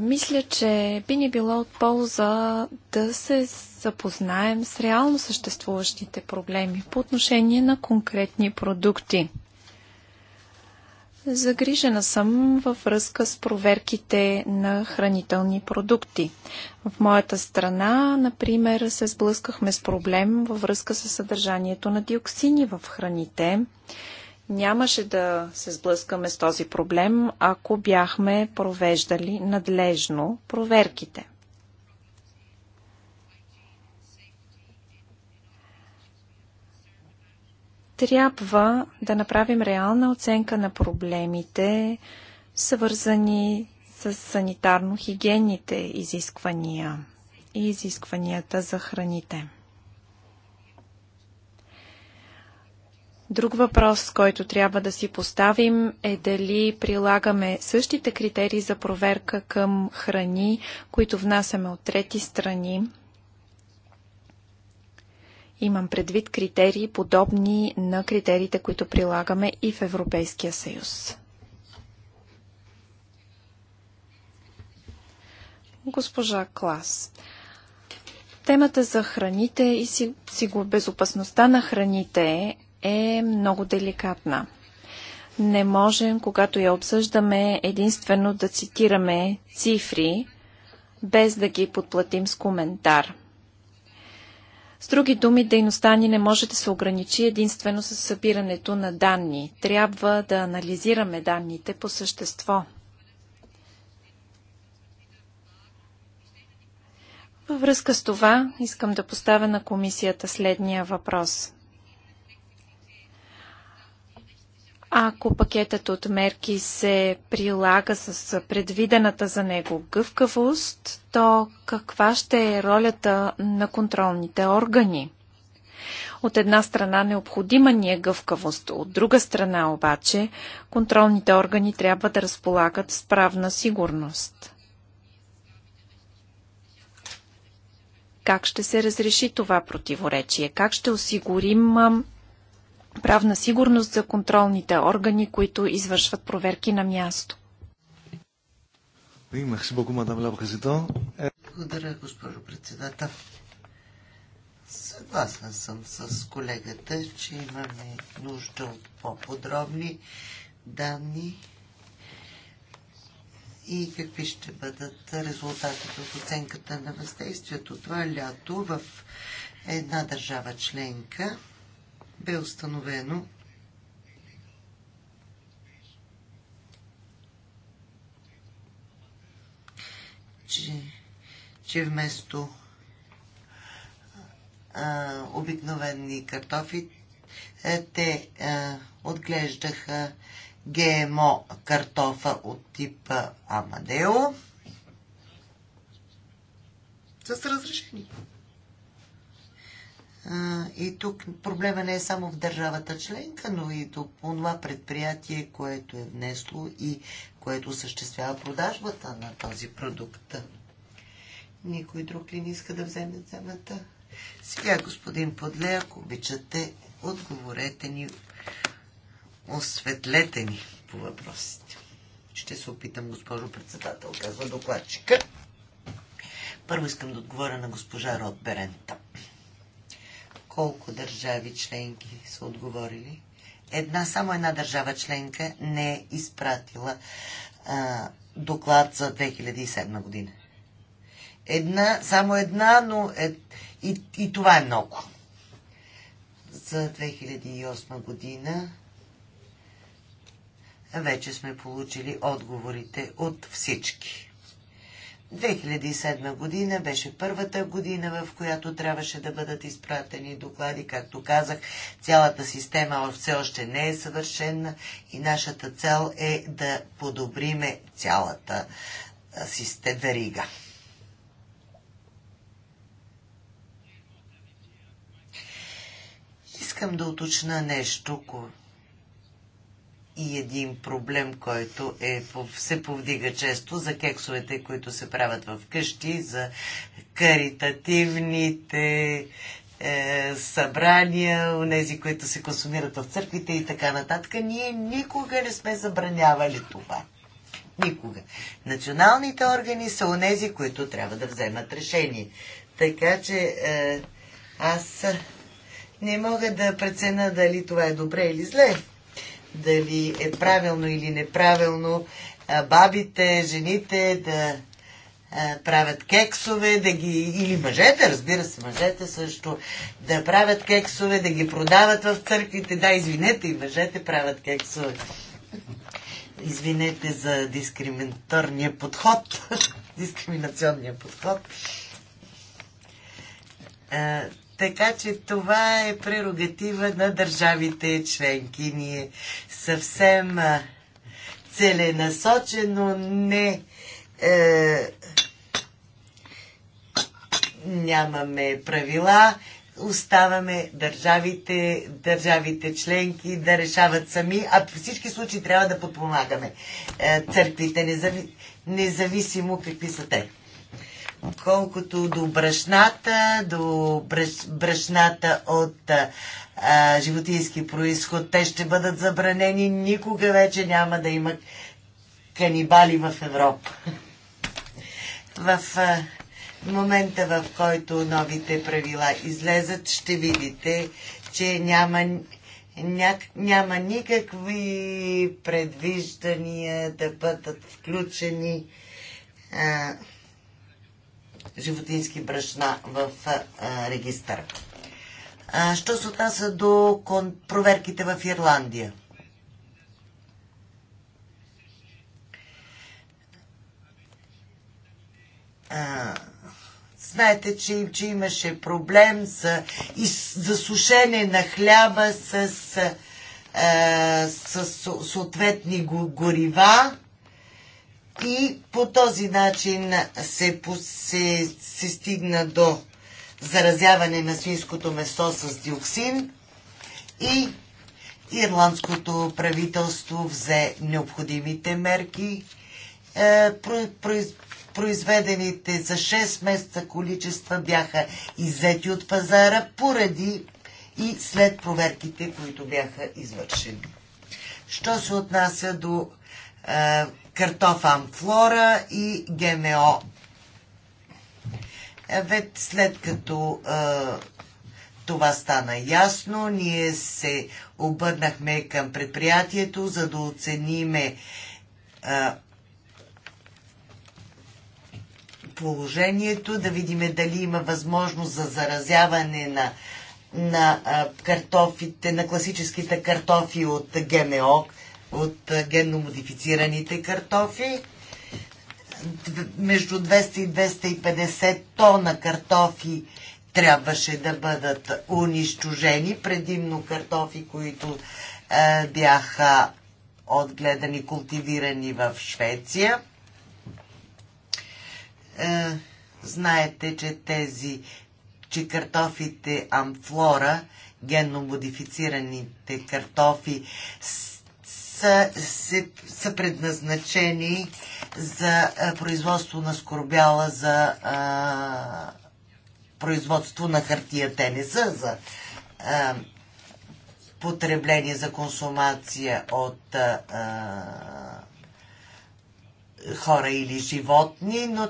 B: Мисля, че би ни било от полза да се запознаем с реално съществуващите проблеми по отношение на конкретни продукти. Загрижена съм във връзка с проверките на хранителни продукти. В моята страна, например, се сблъскахме с проблем във връзка с съдържанието на диоксини в храните. Нямаше да се сблъскаме с този проблем, ако бяхме провеждали надлежно проверките. Трябва да направим реална оценка на проблемите, свързани с санитарно-хигиенните изисквания и изискванията за храните. Друг въпрос, който трябва да си поставим е дали прилагаме същите критерии за проверка към храни, които внасяме от трети страни. Имам предвид критерии, подобни на критериите, които прилагаме и в Европейския съюз. Госпожа Клас, темата за храните и безопасността на храните е, е много деликатна. Не можем, когато я обсъждаме, единствено да цитираме цифри, без да ги подплатим с коментар. С други думи, дейността ни не може да се ограничи единствено с събирането на данни. Трябва да анализираме данните по същество. Във връзка с това искам да поставя на комисията следния въпрос. Ако пакетът от мерки се прилага с предвидената за него гъвкавост, то каква ще е ролята на контролните органи? От една страна необходима ни е гъвкавост, от друга страна обаче контролните органи трябва да разполагат с правна сигурност. Как ще се разреши това противоречие? Как ще осигурим правна сигурност за контролните органи, които извършват проверки на
A: място. Благодаря, госпожо председател. Съгласна съм с колегата, че имаме нужда от по-подробни данни и какви ще бъдат резултатите от оценката на въздействието. Това лято в една държава членка бе установено, че, че вместо а, обикновени картофи, е, те а, отглеждаха ГМО картофа от типа Амадео с разрешение. И тук проблема не е само в държавата членка, но и до това предприятие, което е внесло и което съществява продажбата на този продукт. Никой друг ли не иска да вземе темата? Сега, господин Подле, ако обичате, отговорете ни, осветлете ни по въпросите. Ще се опитам, госпожо председател, казва докладчика. Първо искам да отговоря на госпожа Рот Берента колко държави членки са отговорили. Една, само една държава членка не е изпратила а, доклад за 2007 година. Една, само една, но е, и, и това е много. За 2008 година вече сме получили отговорите от всички. 2007 година беше първата година, в която трябваше да бъдат изпратени доклади. Както казах, цялата система все още не е съвършена и нашата цел е да подобриме цялата верига. Искам да уточна нещо, и един проблем, който е, се повдига често за кексовете, които се правят в къщи, за каритативните е, събрания, тези, които се консумират в църквите и така нататък. Ние никога не сме забранявали това. Никога. Националните органи са онези, които трябва да вземат решение. Така че е, аз не мога да преценя дали това е добре или зле дали е правилно или неправилно бабите, жените да правят кексове, да ги, или мъжете, разбира се, мъжете също, да правят кексове, да ги продават в църквите. Да, извинете, и мъжете правят кексове. Извинете за дискриминаторния подход, дискриминационния подход. Така че това е прерогатива на държавите членки. Ние съвсем целенасочено не е, нямаме правила, оставаме държавите, държавите членки да решават сами, а при всички случаи трябва да подпомагаме е, църквите, независимо какви са те отколкото до брашната, до брашната от а, животински происход. Те ще бъдат забранени. Никога вече няма да има канибали в Европа. В а, момента, в който новите правила излезат, ще видите, че няма, ня, няма никакви предвиждания да бъдат включени. А, животински брашна в регистър. Що се отнася до проверките в Ирландия? А, знаете, че, че имаше проблем за, засушене на хляба с, а, с съответни горива и по този начин се, се, се стигна до заразяване на свинското месо с диоксин и ирландското правителство взе необходимите мерки. Е, произведените за 6 месеца количества бяха иззети от пазара поради и след проверките, които бяха извършени. Що се отнася до е, картоф амфлора и ГМО. Вед след като а, това стана ясно, ние се обърнахме към предприятието, за да оцениме а, положението, да видим дали има възможност за заразяване на, на а, картофите, на класическите картофи от ГМО от генно модифицираните картофи. Между 200 и 250 тона картофи трябваше да бъдат унищожени, предимно картофи, които е, бяха отгледани, култивирани в Швеция. Е, знаете, че тези, че картофите амфлора, генно модифицираните картофи, са, се, са предназначени за производство на скорбяла за а, производство на хартия. Те не са за а, потребление за консумация от а, хора или животни, но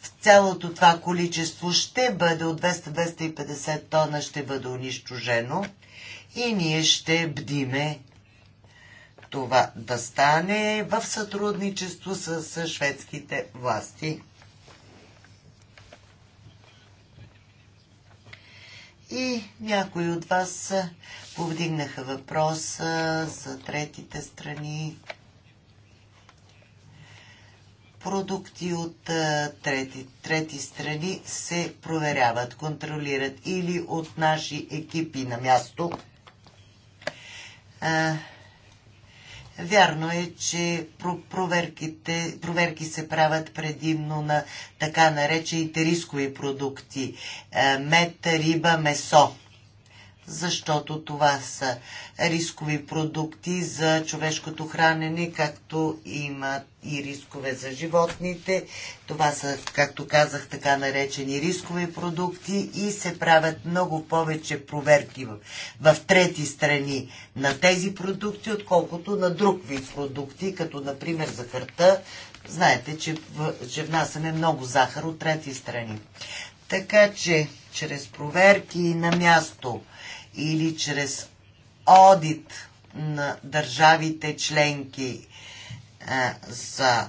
A: в цялото това количество ще бъде от 200-250 тона ще бъде унищожено и ние ще бдиме това да стане в сътрудничество с шведските власти. И някои от вас повдигнаха въпроса за третите страни, продукти от трети, трети страни се проверяват, контролират или от наши екипи на място. Вярно е, че проверките, проверки се правят предимно на така наречените рискови продукти. Е, мед, риба, месо защото това са рискови продукти за човешкото хранене, както има и рискове за животните. Това са, както казах, така наречени рискови продукти и се правят много повече проверки в, в трети страни на тези продукти, отколкото на друг вид продукти, като например захарта. Знаете, че, че внасяме много захар от трети страни. Така че, чрез проверки на място, или чрез одит на държавите членки а, е, за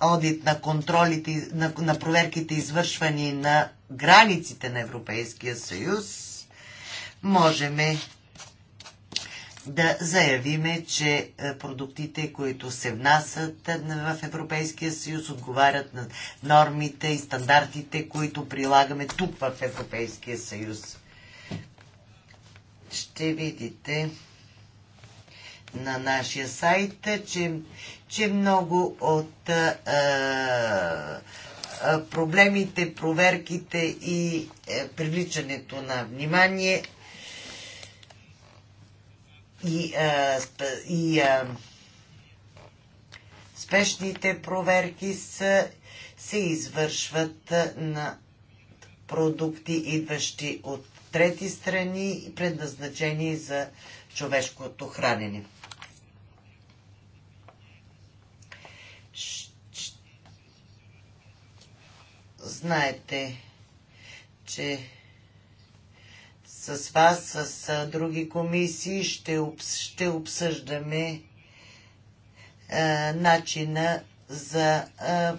A: одит на контролите, на, на проверките извършвани на границите на Европейския съюз, можем да заявиме, че е, продуктите, които се внасят е, в Европейския съюз, отговарят на нормите и стандартите, които прилагаме тук в Европейския съюз ще видите на нашия сайт, че, че много от а, а, проблемите, проверките и а, е, привличането на внимание и, а, и а, спешните проверки са, се извършват на продукти, идващи от трети страни, предназначени за човешкото хранене. Знаете, че с вас, с други комисии ще, обс, ще обсъждаме а, начина за а,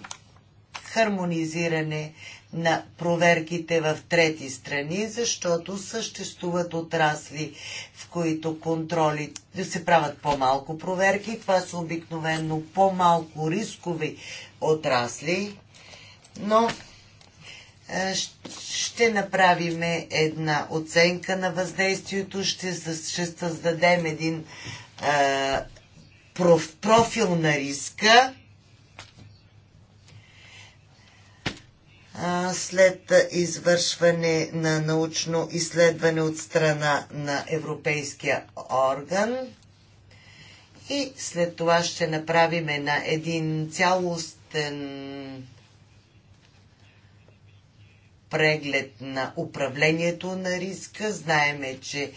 A: хармонизиране на проверките в трети страни, защото съществуват отрасли, в които контроли се правят по-малко проверки. Това са обикновено по-малко рискови отрасли, но е, ще направим една оценка на въздействието, ще, ще създадем един е, профил на риска след извършване на научно изследване от страна на Европейския орган. И след това ще направим на един цялостен преглед на управлението на риска. Знаеме, че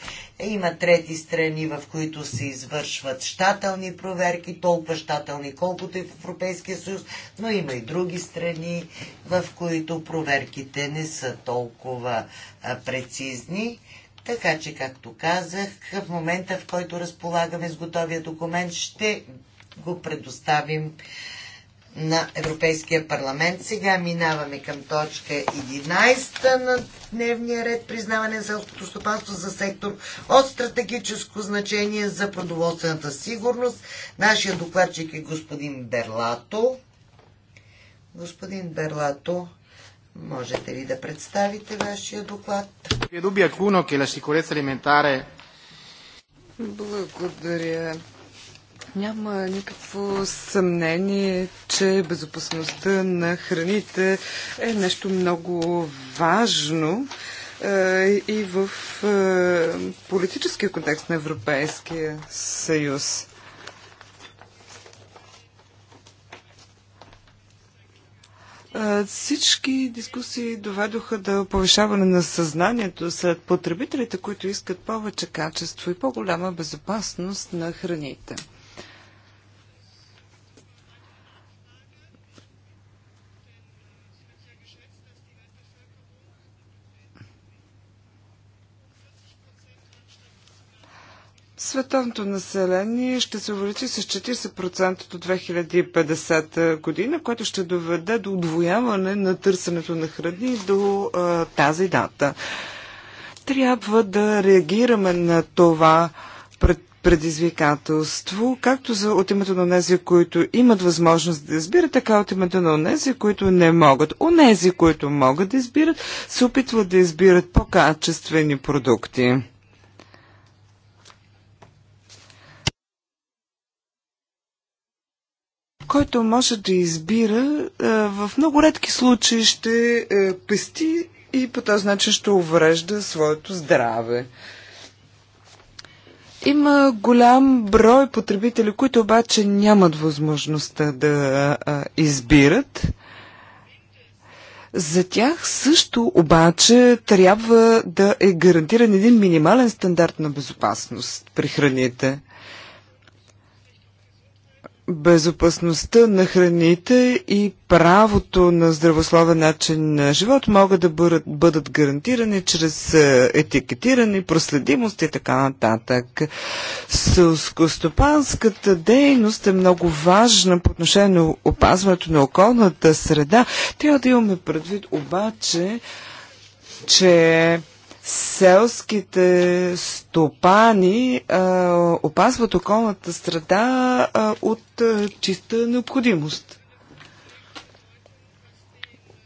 A: има трети страни, в които се извършват щателни проверки, толкова щателни, колкото и в Европейския съюз, но има и други страни, в които проверките не са толкова прецизни. Така че, както казах, в момента, в който разполагаме с готовия документ, ще го предоставим на Европейския парламент. Сега минаваме към точка 11 на дневния ред признаване за автостопанство за сектор от стратегическо значение за продоволствената сигурност. Нашия докладчик е господин Берлато. Господин Берлато, можете ли да представите вашия доклад? Благодаря. Няма никакво
D: съмнение, че безопасността на храните е нещо много важно е, и в е, политическия контекст на Европейския съюз. Е, всички дискусии доведоха до повишаване на съзнанието сред потребителите, които искат повече качество и по-голяма безопасност на храните. Световното население ще се увеличи с 40% до 2050 година, което ще доведе до удвояване на търсенето на храни до а, тази дата. Трябва да реагираме на това пред предизвикателство, както за, от името на онези, които имат възможност да избират, така от името на онези, които не могат. Онези, които могат да избират, се опитват да избират по-качествени продукти. който може да избира, е, в много редки случаи ще е, пести и по този начин ще уврежда своето здраве. Има голям брой потребители, които обаче нямат възможността да е, избират. За тях също обаче трябва да е гарантиран един минимален стандарт на безопасност при храните безопасността на храните и правото на здравословен начин на живот могат да бъдат, бъдат гарантирани чрез е, етикетиране, проследимост и така нататък. Селскостопанската дейност е много важна по отношение на опазването на околната среда. Трябва да имаме предвид обаче, че селските стопани опазват околната среда от чиста необходимост.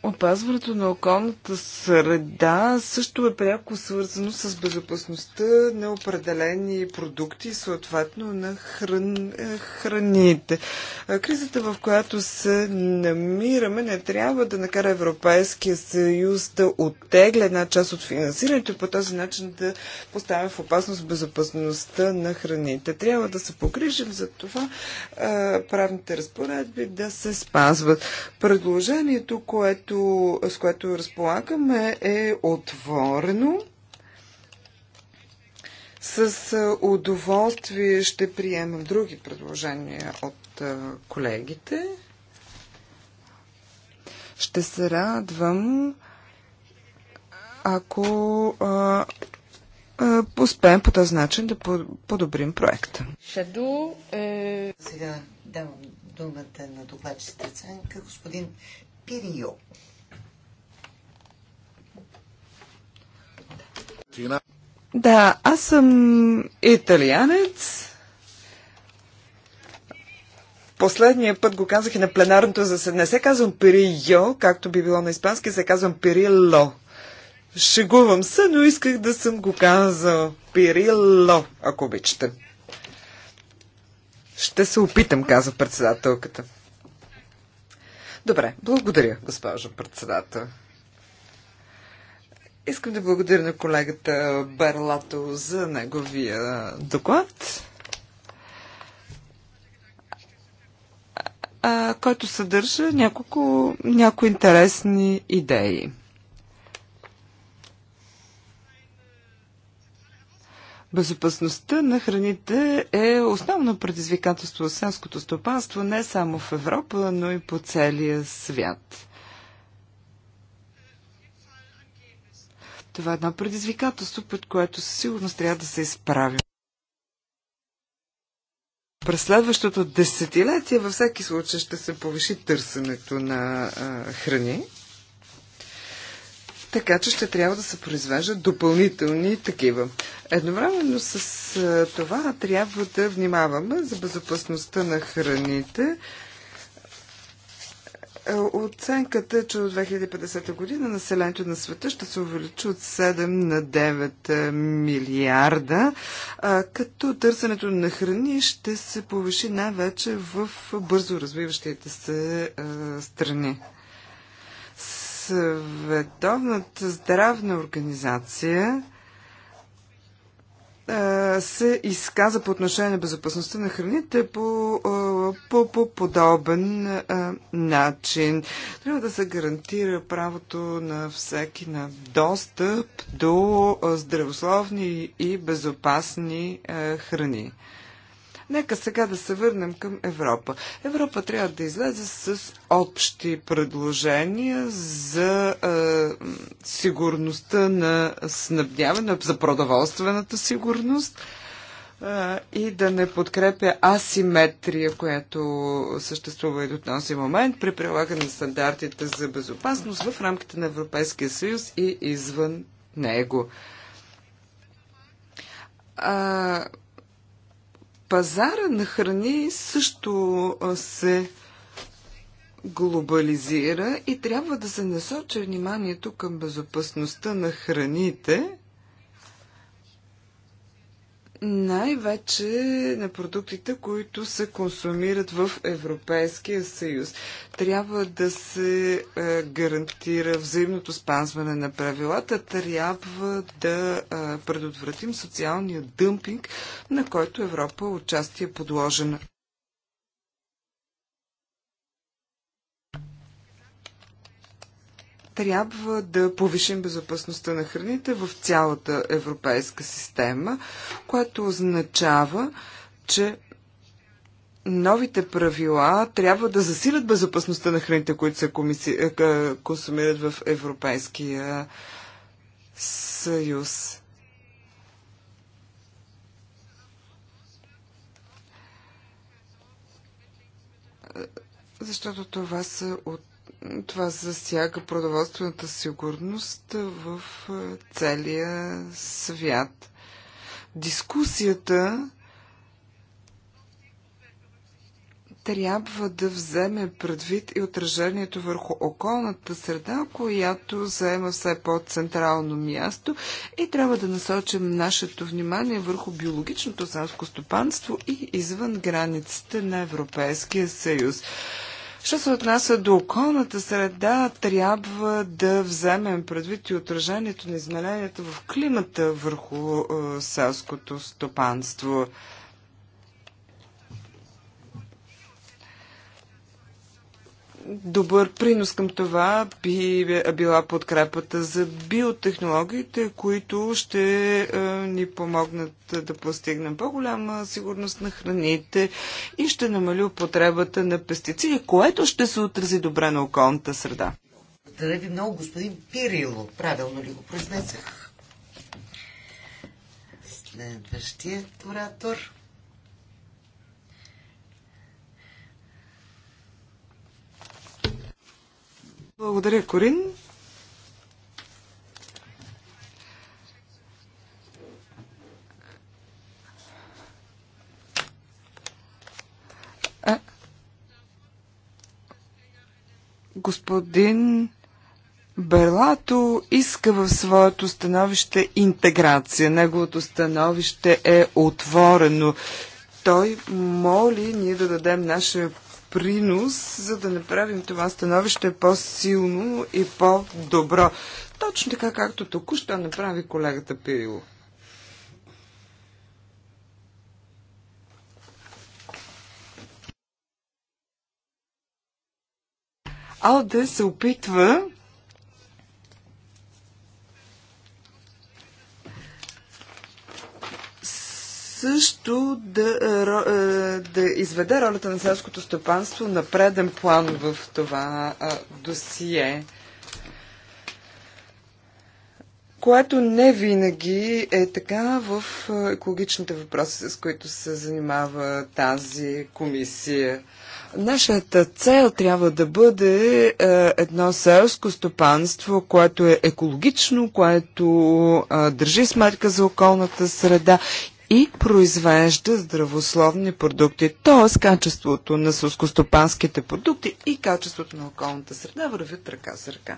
D: Опазването на околната среда също е пряко свързано с безопасността на определени продукти съответно на хран... Е, храните. Е, кризата, в която се намираме, не трябва да накара Европейския съюз да оттегля една част от финансирането и по този начин да поставя в опасност безопасността на храните. Трябва да се погрижим за това е, правните разпоредби да се спазват. Предложението, което което, с което разполагаме, е отворено. С удоволствие ще приемам други предложения от колегите. Ще се радвам, ако успеем по този начин да подобрим проекта.
A: Шаду, е... Сега давам думата на докладчите ценка, Господин Пирио.
D: Да, аз съм италианец. Последния път го казах и на пленарното заседание. Не се казвам Перио, както би било на испански, се казвам Перило. Шегувам се, но исках да съм го казал. Перило, ако обичате. Ще се опитам, каза председателката. Добре, благодаря, госпожо председател. Искам да благодаря на колегата Барлато за неговия доклад, който съдържа няколко, някои интересни идеи. Безопасността на храните е основно предизвикателство в селското стопанство не само в Европа, но и по целия свят. Това е едно предизвикателство, пред което със сигурност трябва да се изправим. През следващото десетилетие във всеки случай ще се повиши търсенето на а, храни така че ще трябва да се произвеждат допълнителни такива. Едновременно с това трябва да внимаваме за безопасността на храните. Е, оценката е, че от 2050 година населението на света ще се увеличи от 7 на 9 е, милиарда, е, като търсенето на храни ще се повиши най-вече в бързо развиващите се страни. Световната здравна организация се изказа по отношение на безопасността на храните по, по, по подобен начин. Трябва да се гарантира правото на всеки на достъп до здравословни и безопасни храни. Нека сега да се върнем към Европа. Европа трябва да излезе с общи предложения за е, сигурността на снабдяване, за продоволствената сигурност е, и да не подкрепя асиметрия, която съществува и до този момент при прилагане на стандартите за безопасност в рамките на Европейския съюз и извън него. А, Пазара на храни също се глобализира и трябва да се насочи вниманието към безопасността на храните най-вече на продуктите, които се консумират в Европейския съюз. Трябва да се е, гарантира взаимното спазване на правилата, трябва да е, предотвратим социалния дъмпинг, на който Европа участие е подложена. трябва да повишим безопасността на храните в цялата европейска система, което означава, че новите правила трябва да засилят безопасността на храните, които се комиси... Е, консумират в Европейския съюз. Е, защото това са от това засяга продоволствената сигурност в е, целия свят. Дискусията трябва да вземе предвид и отражението върху околната среда, която заема все по-централно място и трябва да насочим нашето внимание върху биологичното селско стопанство и извън границите на Европейския съюз. Що се отнася до околната среда, трябва да вземем предвид и отражението на измененията в климата върху е, селското стопанство. Добър принос към това би била подкрепата за биотехнологиите, които ще е, ни помогнат да постигнем по-голяма сигурност на храните и ще намали употребата на пестициди, което ще се отрази добре на околната среда.
A: Благодаря ви много, господин Пирило. Правилно ли го произнесах? Следващият оратор.
D: Благодаря, Корин. господин Берлато иска в своето становище интеграция. Неговото становище е отворено. Той моли ние да дадем нашия принос, за да направим това становище по-силно и по-добро. Точно така, както току-що направи колегата Пирило. Алде се опитва също да, е, е, да изведе ролята на селското стопанство на преден план в това е, досие, което не винаги е така в екологичните въпроси, с които се занимава тази комисия. Нашата цел трябва да бъде е, едно селско стопанство, което е екологично, което е, държи сметка за околната среда и произвежда здравословни продукти. Тоест качеството на сълскостопанските продукти и качеството на околната среда вървят ръка за ръка.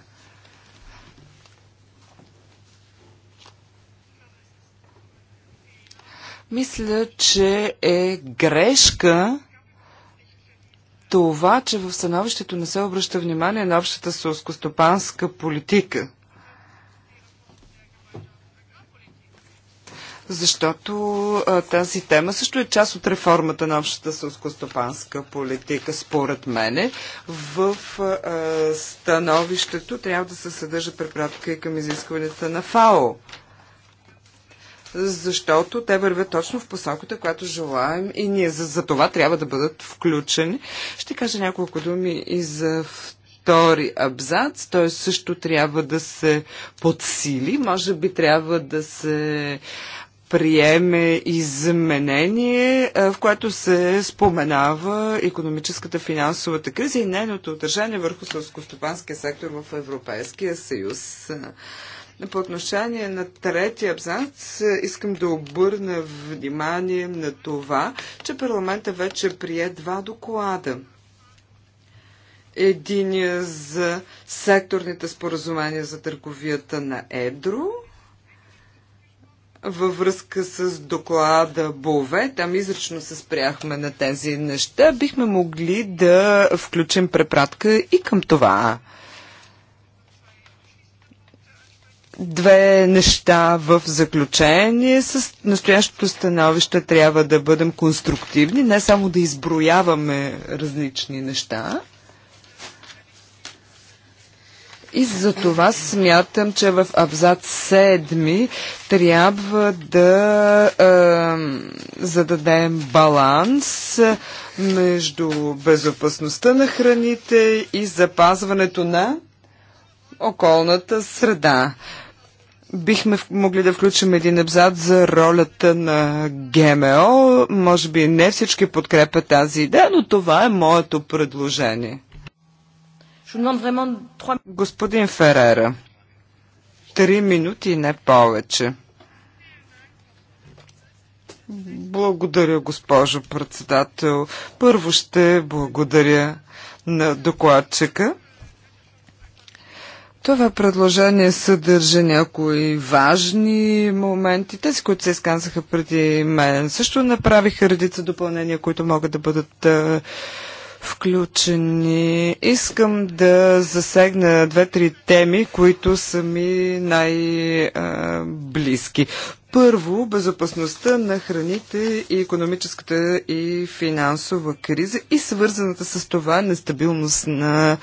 D: Мисля, че е грешка това, че в становището не се обръща внимание на общата сълскостопанска политика. защото а, тази тема също е част от реформата на общата сълскостопанска политика, според мене. В а, становището трябва да се съдържа препратка и към изискването на ФАО защото те вървят точно в посоката, която желаем и ние за, за това трябва да бъдат включени. Ще кажа няколко думи и за втори абзац. Той също трябва да се подсили, може би трябва да се приеме изменение, в което се споменава економическата финансовата криза и нейното отражение върху сълскостопанския сектор в Европейския съюз. По отношение на третия абзац искам да обърна внимание на това, че парламента вече прие два доклада. Единия за секторните споразумения за търговията на Едро – във връзка с доклада Бове, там изрично се спряхме на тези неща, бихме могли да включим препратка и към това. Две неща в заключение. С настоящото становище трябва да бъдем конструктивни, не само да изброяваме различни неща. И за това смятам, че в абзац 7 трябва да е, зададем баланс между безопасността на храните и запазването на околната среда. Бихме могли да включим един абзац за ролята на ГМО. Може би не всички подкрепят тази идея, но това е моето предложение. Господин Ферера, три минути, не повече. Благодаря, госпожо председател. Първо ще благодаря на докладчика. Това предложение съдържа някои важни моменти. Тези, които се изказаха преди мен, също направиха редица допълнения, които могат да бъдат включени. Искам да засегна две-три теми, които са ми най-близки. Първо, безопасността на храните и економическата и финансова криза и свързаната с това нестабилност на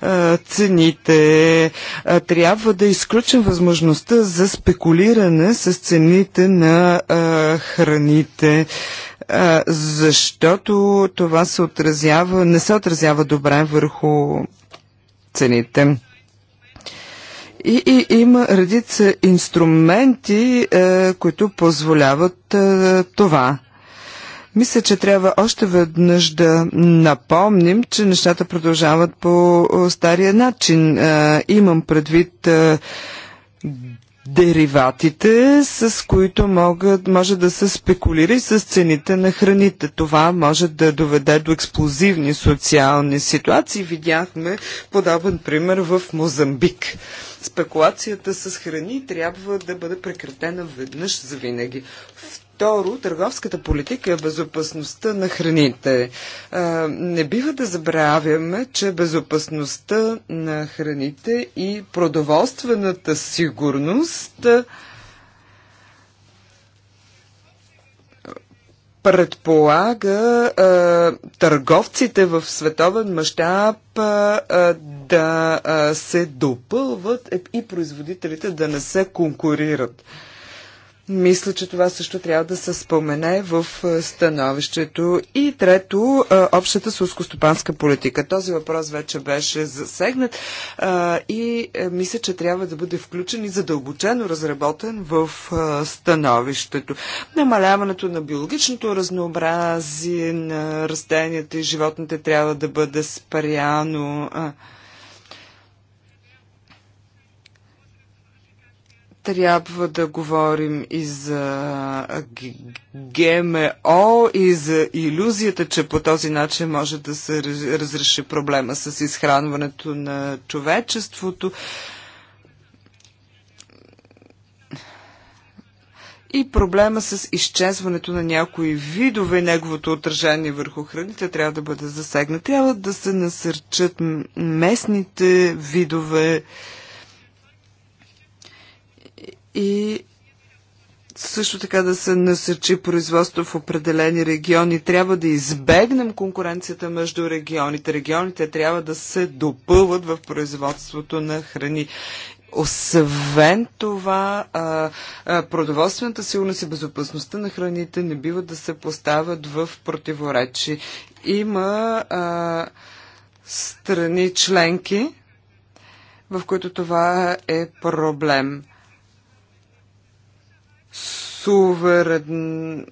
D: а, цените. А, трябва да изключим възможността за спекулиране с цените на а, храните защото това се отразява, не се отразява добре върху цените. И, и има редица инструменти, а, е, които позволяват а, е, това. Мисля, че трябва още веднъж да напомним, че нещата продължават по е, стария начин. А, имам предвид а, дериватите, с които могат, може да се спекулира и с цените на храните. Това може да доведе до експлозивни социални ситуации. Видяхме подобен пример в Мозамбик. Спекулацията с храни трябва да бъде прекратена веднъж за винаги второ, търговската политика е безопасността на храните. Не бива да забравяме, че безопасността на храните и продоволствената сигурност предполага а, търговците в световен мащаб да а, се допълват и производителите да не се конкурират. Мисля, че това също трябва да се спомене в е, становището. И трето, е, общата сурско-стопанска политика. Този въпрос вече беше засегнат е, и мисля, че трябва да бъде включен и задълбочено разработен в становището. Намаляването на биологичното разнообразие на растенията и животните трябва да бъде спряно. трябва да говорим и за ГМО и за иллюзията, че по този начин може да се разреши проблема с изхранването на човечеството. И проблема с изчезването на някои видове и неговото отражение върху храните трябва да бъде засегнат. Трябва да се насърчат местните видове и също така да се насърчи производство в определени региони. Трябва да избегнем конкуренцията между регионите. Регионите трябва да се допълват в производството на храни. Освен това, продоволствената сигурност и безопасността на храните не бива да се поставят в противоречи. Има а, страни членки, в които това е проблем суверен...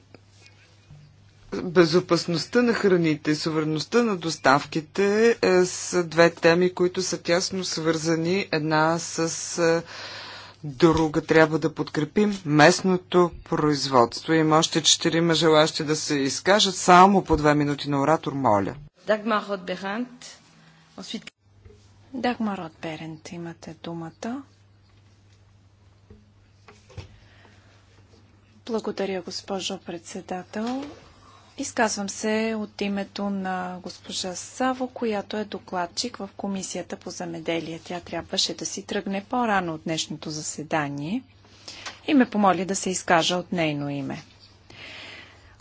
D: Безопасността на храните и суверенността на доставките е, са две теми, които са тясно свързани една с е, друга. Трябва да подкрепим местното производство. Има още четирима желащи да се изкажат. Само по две минути на оратор, моля.
B: Дагмар от Берент. Дагмар от Берент, имате думата. Благодаря, госпожо председател. Изказвам се от името на госпожа Саво, която е докладчик в Комисията по замеделие. Тя трябваше да си тръгне по-рано от днешното заседание и ме помоли да се изкажа от нейно име.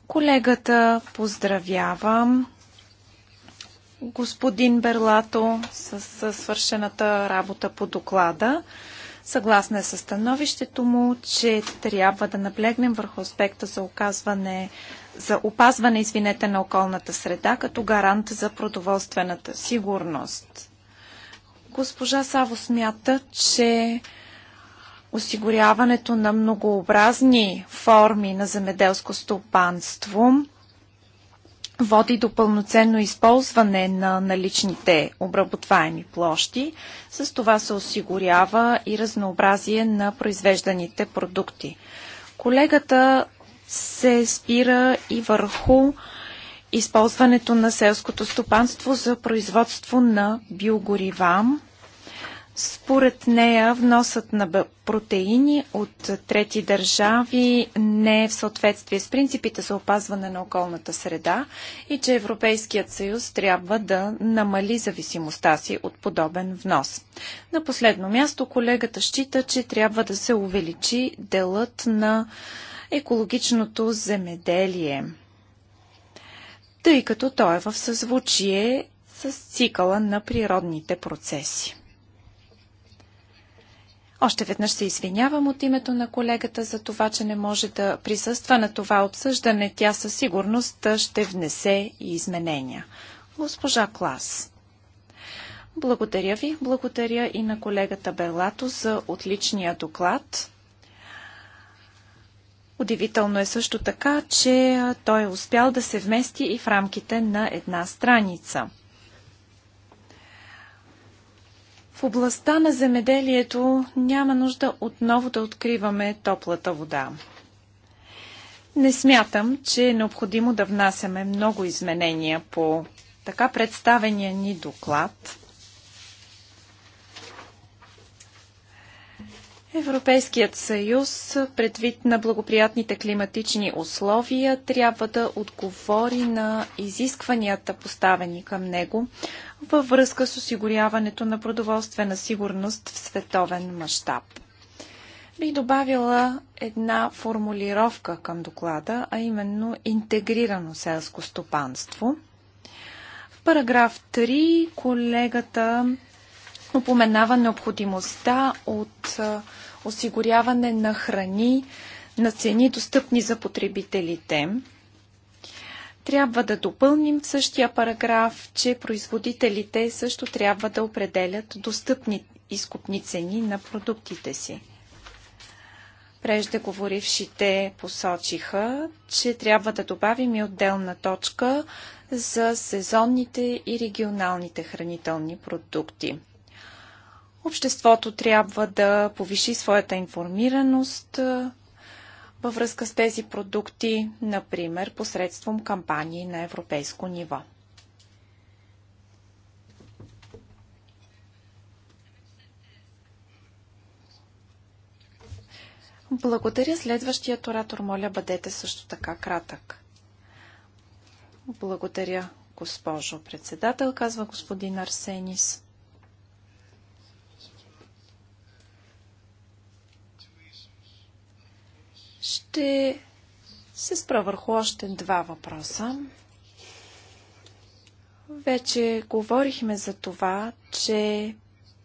B: Колегата поздравявам господин Берлато с свършената работа по доклада. Съгласна е със становището му, че трябва да наблегнем върху аспекта за оказване за опазване, извинете, на околната среда като гарант за продоволствената сигурност. Госпожа Саво смята, че осигуряването на многообразни форми на земеделско стопанство – води до пълноценно използване на наличните обработваеми площи. С това се осигурява и разнообразие на произвежданите продукти. Колегата се спира и върху използването на селското стопанство за производство на биогорива. Според нея вносът на протеини от трети държави не е в съответствие с принципите за опазване на околната среда и че Европейският съюз трябва да намали зависимостта си от подобен внос. На последно място колегата счита, че трябва да се увеличи делът на екологичното земеделие, тъй като то е в съзвучие с цикъла на природните процеси. Още веднъж се извинявам от името на колегата за това, че не може да присъства на това обсъждане. Тя със сигурност ще внесе и изменения. Госпожа Клас. Благодаря ви. Благодаря и на колегата Берлато за отличния доклад. Удивително е също така, че той е успял да се вмести и в рамките на една страница – В областта на земеделието няма нужда отново да откриваме топлата вода. Не смятам, че е необходимо да внасяме много изменения по така представения ни доклад. Европейският съюз, предвид на благоприятните климатични условия, трябва да отговори на изискванията поставени към него във връзка с осигуряването на продоволствена сигурност в световен мащаб. Бих добавила една формулировка към доклада, а именно интегрирано селско стопанство. В параграф 3 колегата упоменава необходимостта от осигуряване на храни на цени достъпни за потребителите. Трябва да допълним в същия параграф, че производителите също трябва да определят достъпни изкупни цени на продуктите си. Преждеговорившите посочиха, че трябва да добавим и отделна точка за сезонните и регионалните хранителни продукти. Обществото трябва да повиши своята информираност във връзка с тези продукти, например посредством кампании на европейско ниво. Благодаря. Следващият оратор, моля, бъдете също така кратък. Благодаря, госпожо председател, казва господин Арсенис. Ще се спра върху още два въпроса. Вече говорихме за това, че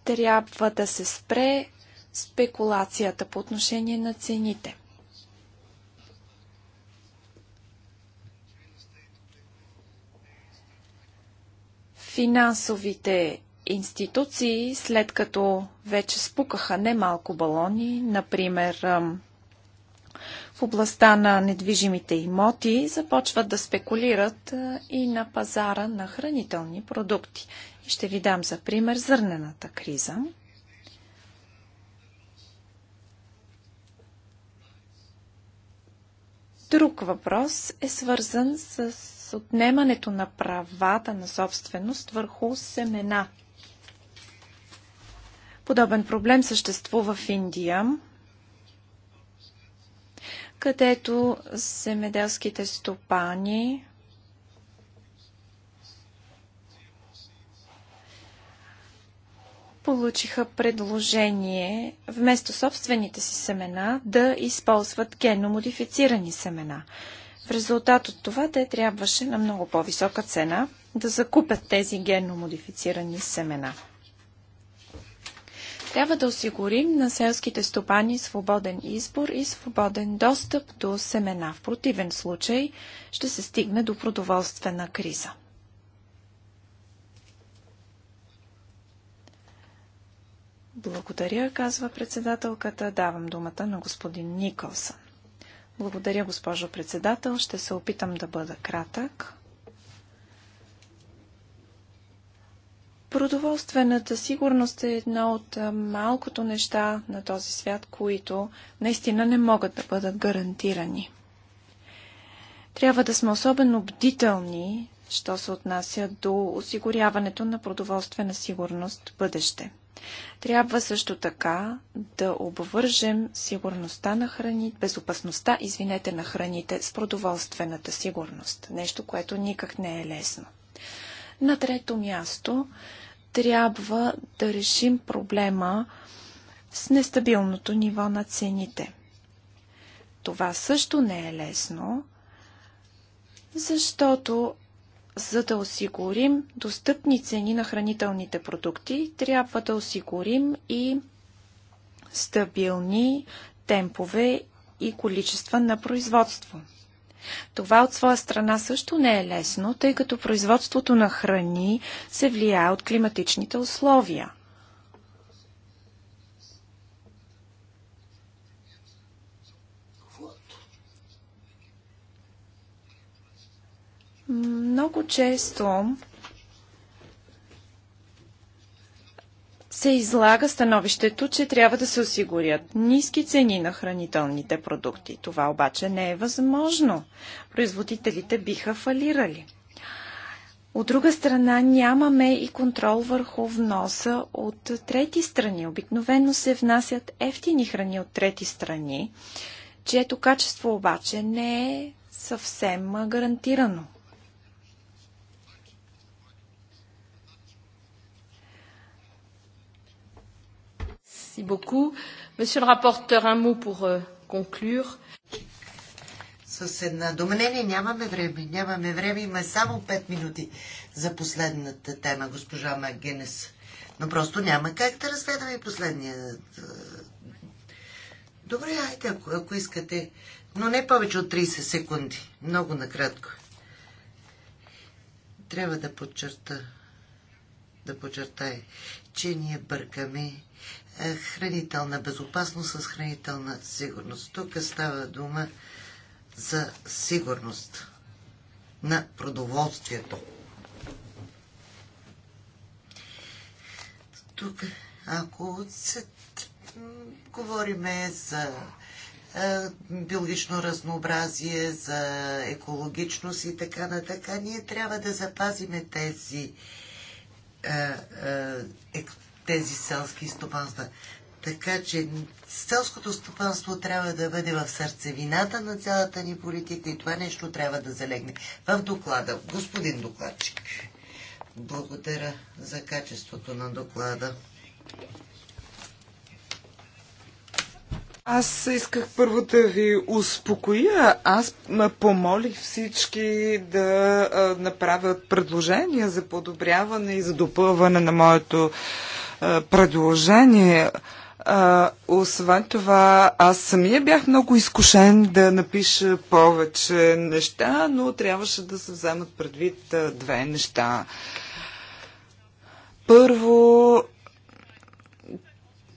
B: трябва да се спре спекулацията по отношение на цените. Финансовите институции, след като вече спукаха немалко балони, например в областта на недвижимите имоти започват да спекулират и на пазара на хранителни продукти. И ще ви дам за пример зърнената криза. Друг въпрос е свързан с отнемането на правата на собственост върху семена. Подобен проблем съществува в Индия където земеделските стопани получиха предложение вместо собствените си семена да използват генномодифицирани семена. В резултат от това те трябваше на много по-висока цена да закупят тези генномодифицирани семена. Трябва да осигурим на селските стопани свободен избор и свободен достъп до семена. В противен случай ще се стигне до продоволствена криза. Благодаря, казва председателката. Давам думата на господин Николсън. Благодаря, госпожо председател. Ще се опитам да бъда кратък. Продоволствената сигурност е едно от малкото неща на този свят, които наистина не могат да бъдат гарантирани. Трябва да сме особено бдителни, що се отнася до осигуряването на продоволствена сигурност в бъдеще. Трябва също така да обвържем сигурността на храните, безопасността, извинете, на храните с продоволствената сигурност. Нещо, което никак не е лесно. На трето място трябва да решим проблема с нестабилното ниво на цените. Това също не е лесно, защото за да осигурим достъпни цени на хранителните продукти, трябва да осигурим и стабилни темпове и количества на производство. Това от своя страна също не е лесно, тъй като производството на храни се влияе от климатичните условия. Много често се излага становището, че трябва да се осигурят ниски цени на хранителните продукти. Това обаче не е възможно. Производителите биха фалирали. От друга страна нямаме и контрол върху вноса от трети страни. Обикновено се внасят ефтини храни от трети страни, чието качество обаче не е съвсем гарантирано.
A: Merci beaucoup. Monsieur le rapporteur, un mot pour euh, conclure. С една доменение нямаме време. Нямаме време. Има само 5 минути за последната тема, госпожа Магенес. Но просто няма как да разгледаме последния. Е, добре, айде, ако, ако искате. Но не повече от 30 секунди. Много накратко. Трябва да подчерта. Да подчертая, че ние бъркаме е, хранителна безопасност с хранителна сигурност. Тук става дума за сигурност на продоволствието. Тук, ако се говориме за е, биологично разнообразие, за екологичност и така на така, ние трябва да запазиме тези тези селски стопанства. Така че селското стопанство трябва да бъде в сърцевината на цялата ни политика и това нещо трябва да залегне в доклада. Господин докладчик, благодаря за качеството на доклада.
D: Аз исках първо да ви успокоя. Аз помолих всички да направят предложения за подобряване и за допълване на моето предложение. А, освен това, аз самия бях много изкушен да напиша повече неща, но трябваше да се вземат предвид две неща. Първо,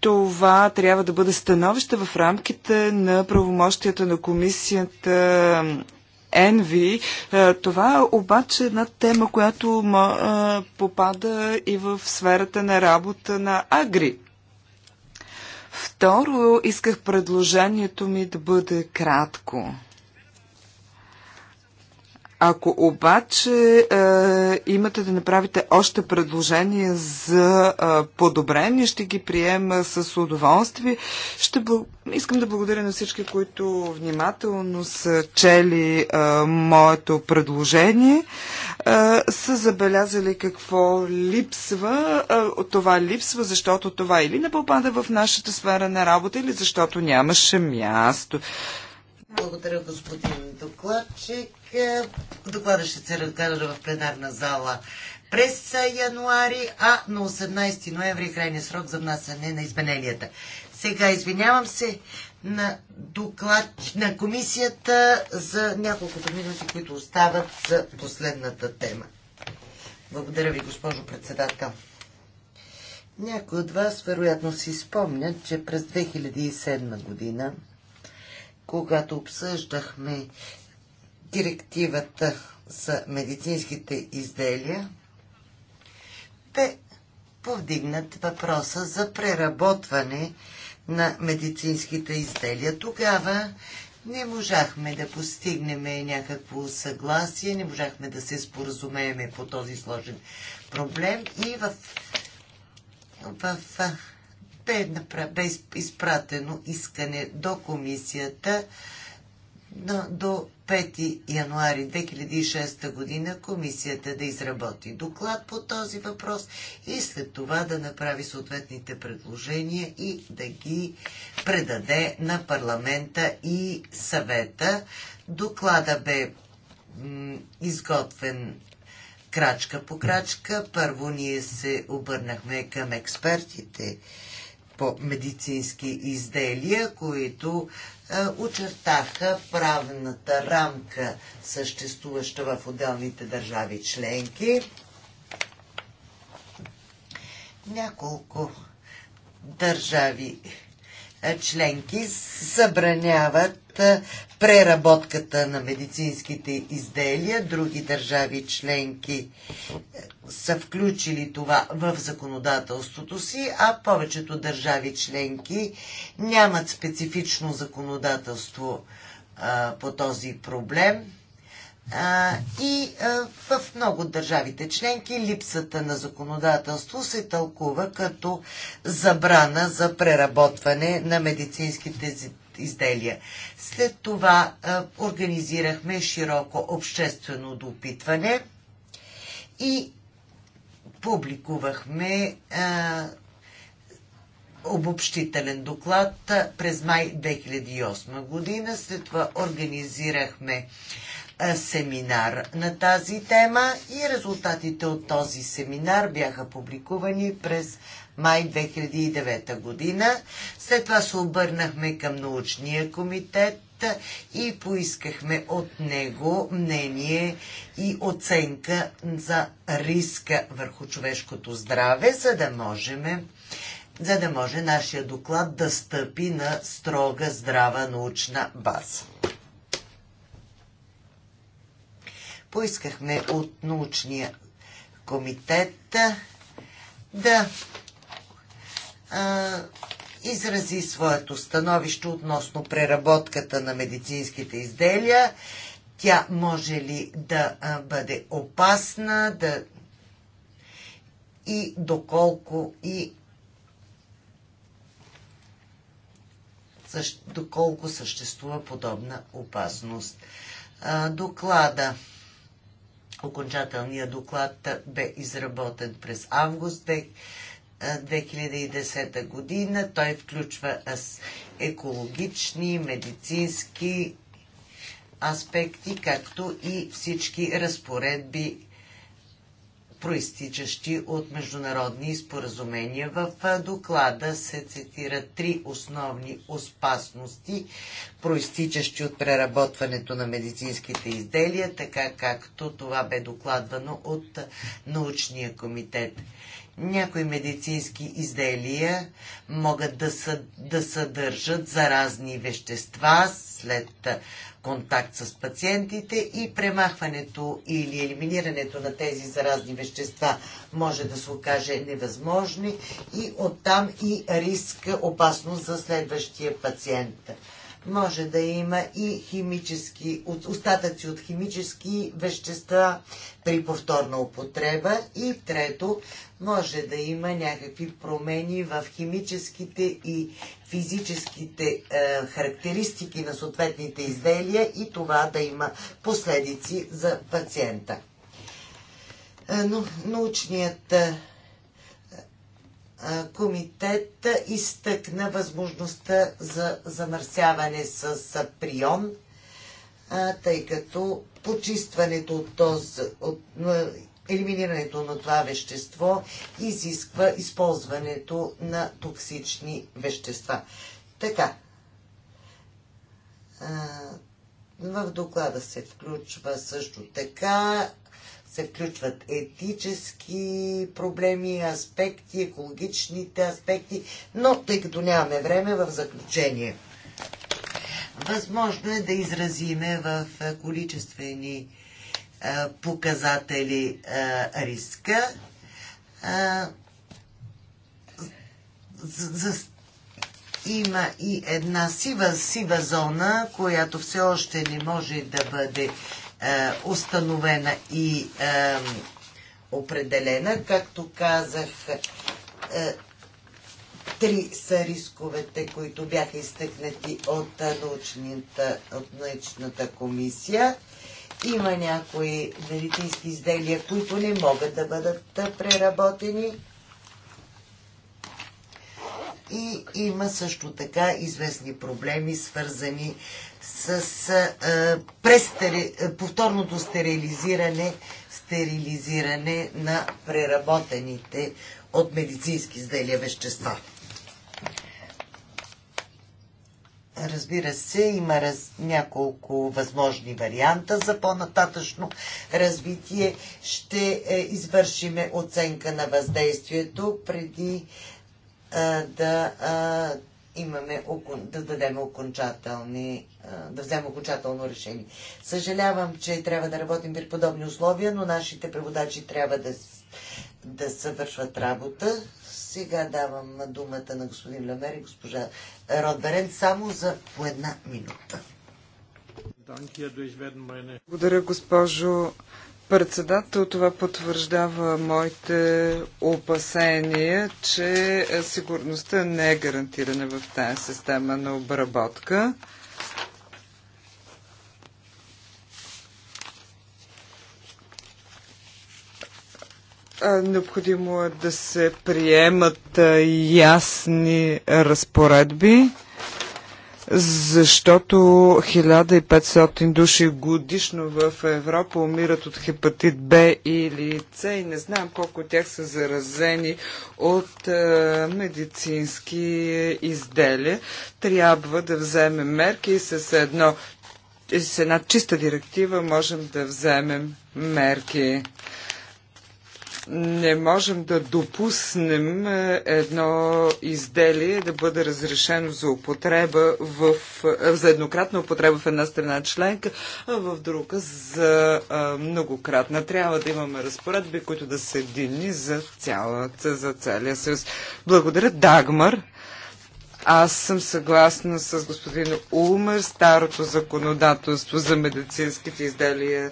D: това трябва да бъде становище в рамките на правомощията на комисията Енви. Е, това обаче е една тема, която е, попада и в сферата на работа на Агри. Второ, исках предложението ми да бъде кратко. Ако обаче е, имате да направите още предложения за е, подобрение, ще ги приема с удоволствие. Ще бъл... Искам да благодаря на всички, които внимателно са чели е, моето предложение, е, са забелязали какво липсва. Е, това липсва, защото това или не попада в нашата сфера на работа, или защото нямаше място.
A: Благодаря, господин докладчик. Е, Доклада ще се разгледа в пленарна зала през януари, а на 18 ноември е крайния срок за внасяне на измененията. Сега извинявам се на доклад на комисията за няколкото минути, които остават за последната тема. Благодаря ви, госпожо председател. Някои от вас вероятно си спомнят, че през 2007 година, когато обсъждахме директивата за медицинските изделия, те повдигнат въпроса за преработване на медицинските изделия. Тогава не можахме да постигнем някакво съгласие, не можахме да се споразумеем по този сложен проблем и в, в, бе, бе изпратено искане до комисията до, до 5 януари 2006 година комисията да изработи доклад по този въпрос и след това да направи съответните предложения и да ги предаде на парламента и съвета. Доклада бе изготвен крачка по крачка. Първо ние се обърнахме към експертите по медицински изделия, които е, очертаха правната рамка, съществуваща в отделните държави членки. Няколко държави е, членки събраняват. Е, преработката на медицинските изделия. Други държави членки е, са включили това в законодателството си, а повечето държави членки нямат специфично законодателство а, е, по този проблем. А, е, и а, в много от държавите членки липсата на законодателство се тълкува като забрана за преработване на медицинските изделия. След това организирахме широко обществено допитване и публикувахме обобщителен доклад през май 2008 година. След това организирахме семинар на тази тема и резултатите от този семинар бяха публикувани през май 2009 година. След това се обърнахме към научния комитет и поискахме от него мнение и оценка за риска върху човешкото здраве, за да можем за да може нашия доклад да стъпи на строга здрава научна база. Поискахме от научния комитет да изрази своето становище относно преработката на медицинските изделия. Тя може ли да бъде опасна да... и доколко и доколко съществува подобна опасност. Доклада Окончателният доклад бе изработен през август 2010 година. Той включва екологични, медицински аспекти, както и всички разпоредби, проистичащи от международни споразумения. В доклада се цитират три основни опасности, проистичащи от преработването на медицинските изделия, така както това бе докладвано от научния комитет някои медицински изделия могат да, съ, да съдържат заразни вещества след контакт с пациентите и премахването или елиминирането на тези заразни вещества може да се окаже невъзможни и оттам и риск опасност за следващия пациент може да има и химически, остатъци от химически вещества при повторна употреба. И трето, може да има някакви промени в химическите и физическите е, характеристики на съответните изделия и това да има последици за пациента. Е, но научният е, комитет изтъкна възможността за замърсяване с прион, тъй като почистването от този, от, елиминирането на това вещество изисква използването на токсични вещества. Така, в доклада се включва също така се включват етически проблеми, аспекти, екологичните аспекти, но тъй като нямаме време в заключение. Възможно е да изразиме в количествени показатели риска. За, има и една сива, сива зона, която все още не може да бъде е, установена и е, определена. Както казах, е, три са рисковете, които бяха изтъкнати от научната, от научната комисия. Има някои медицински нали, изделия, които не могат да бъдат преработени. И има също така известни проблеми, свързани с а, престери, повторното стерилизиране, стерилизиране на преработените от медицински изделия вещества. Разбира се, има раз... няколко възможни варианта за по-нататъчно развитие. Ще е, извършиме оценка на въздействието преди е, да е, имаме, да дадем окончателни да взема окончателно решение. Съжалявам, че трябва да работим при подобни условия, но нашите преводачи трябва да, да съвършват работа. Сега давам думата на господин Лемер и госпожа Родберен само за по една минута.
C: Благодаря,
D: госпожо председател. Това потвърждава моите опасения, че сигурността не е гарантирана в тази система на обработка. Необходимо е да се приемат ясни разпоредби, защото 1500 души годишно в Европа умират от хепатит Б или С и не знам колко от тях са заразени от медицински изделия. Трябва да вземем мерки с едно с една чиста директива можем да вземем мерки не можем да допуснем е, едно изделие да бъде разрешено за употреба в, е, за еднократна употреба в една страна членка, а в друга за е, многократна. Трябва да имаме разпоредби, които да са единни за, цялата, за целия съюз. Благодаря, Дагмар. Аз съм съгласна с господин Улмер, старото законодателство за медицинските изделия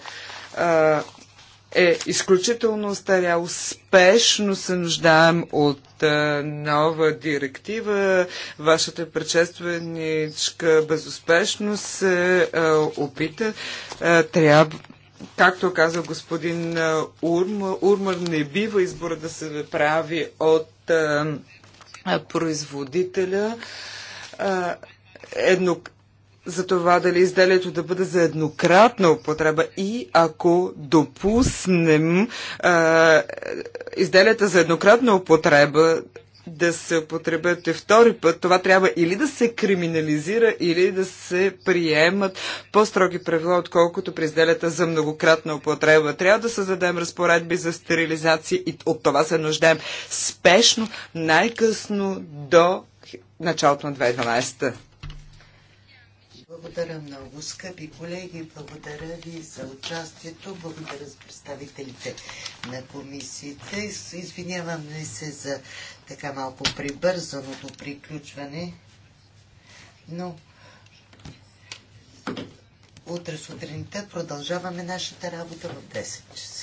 D: е изключително старя, успешно се нуждаем от а, е, нова директива. Вашата предшественичка безуспешно се а, е, опита. А, е, трябва, както каза господин Урма, Урмър не бива избора да се прави от а, производителя. А, едно, за това дали изделието да бъде за еднократна употреба и ако допуснем а, изделията за еднократна употреба да се употребят и втори път, това трябва или да се криминализира, или да се приемат по-строги правила, отколкото при изделията за многократна употреба. Трябва да създадем разпоредби за стерилизация и от това се нуждаем спешно, най-късно до началото на 2012.
A: Благодаря много, скъпи колеги. Благодаря ви за участието. Благодаря за представителите на комисиите. Извинявам ли се за така малко прибързаното приключване, но утре сутринта продължаваме нашата работа в 10 часа.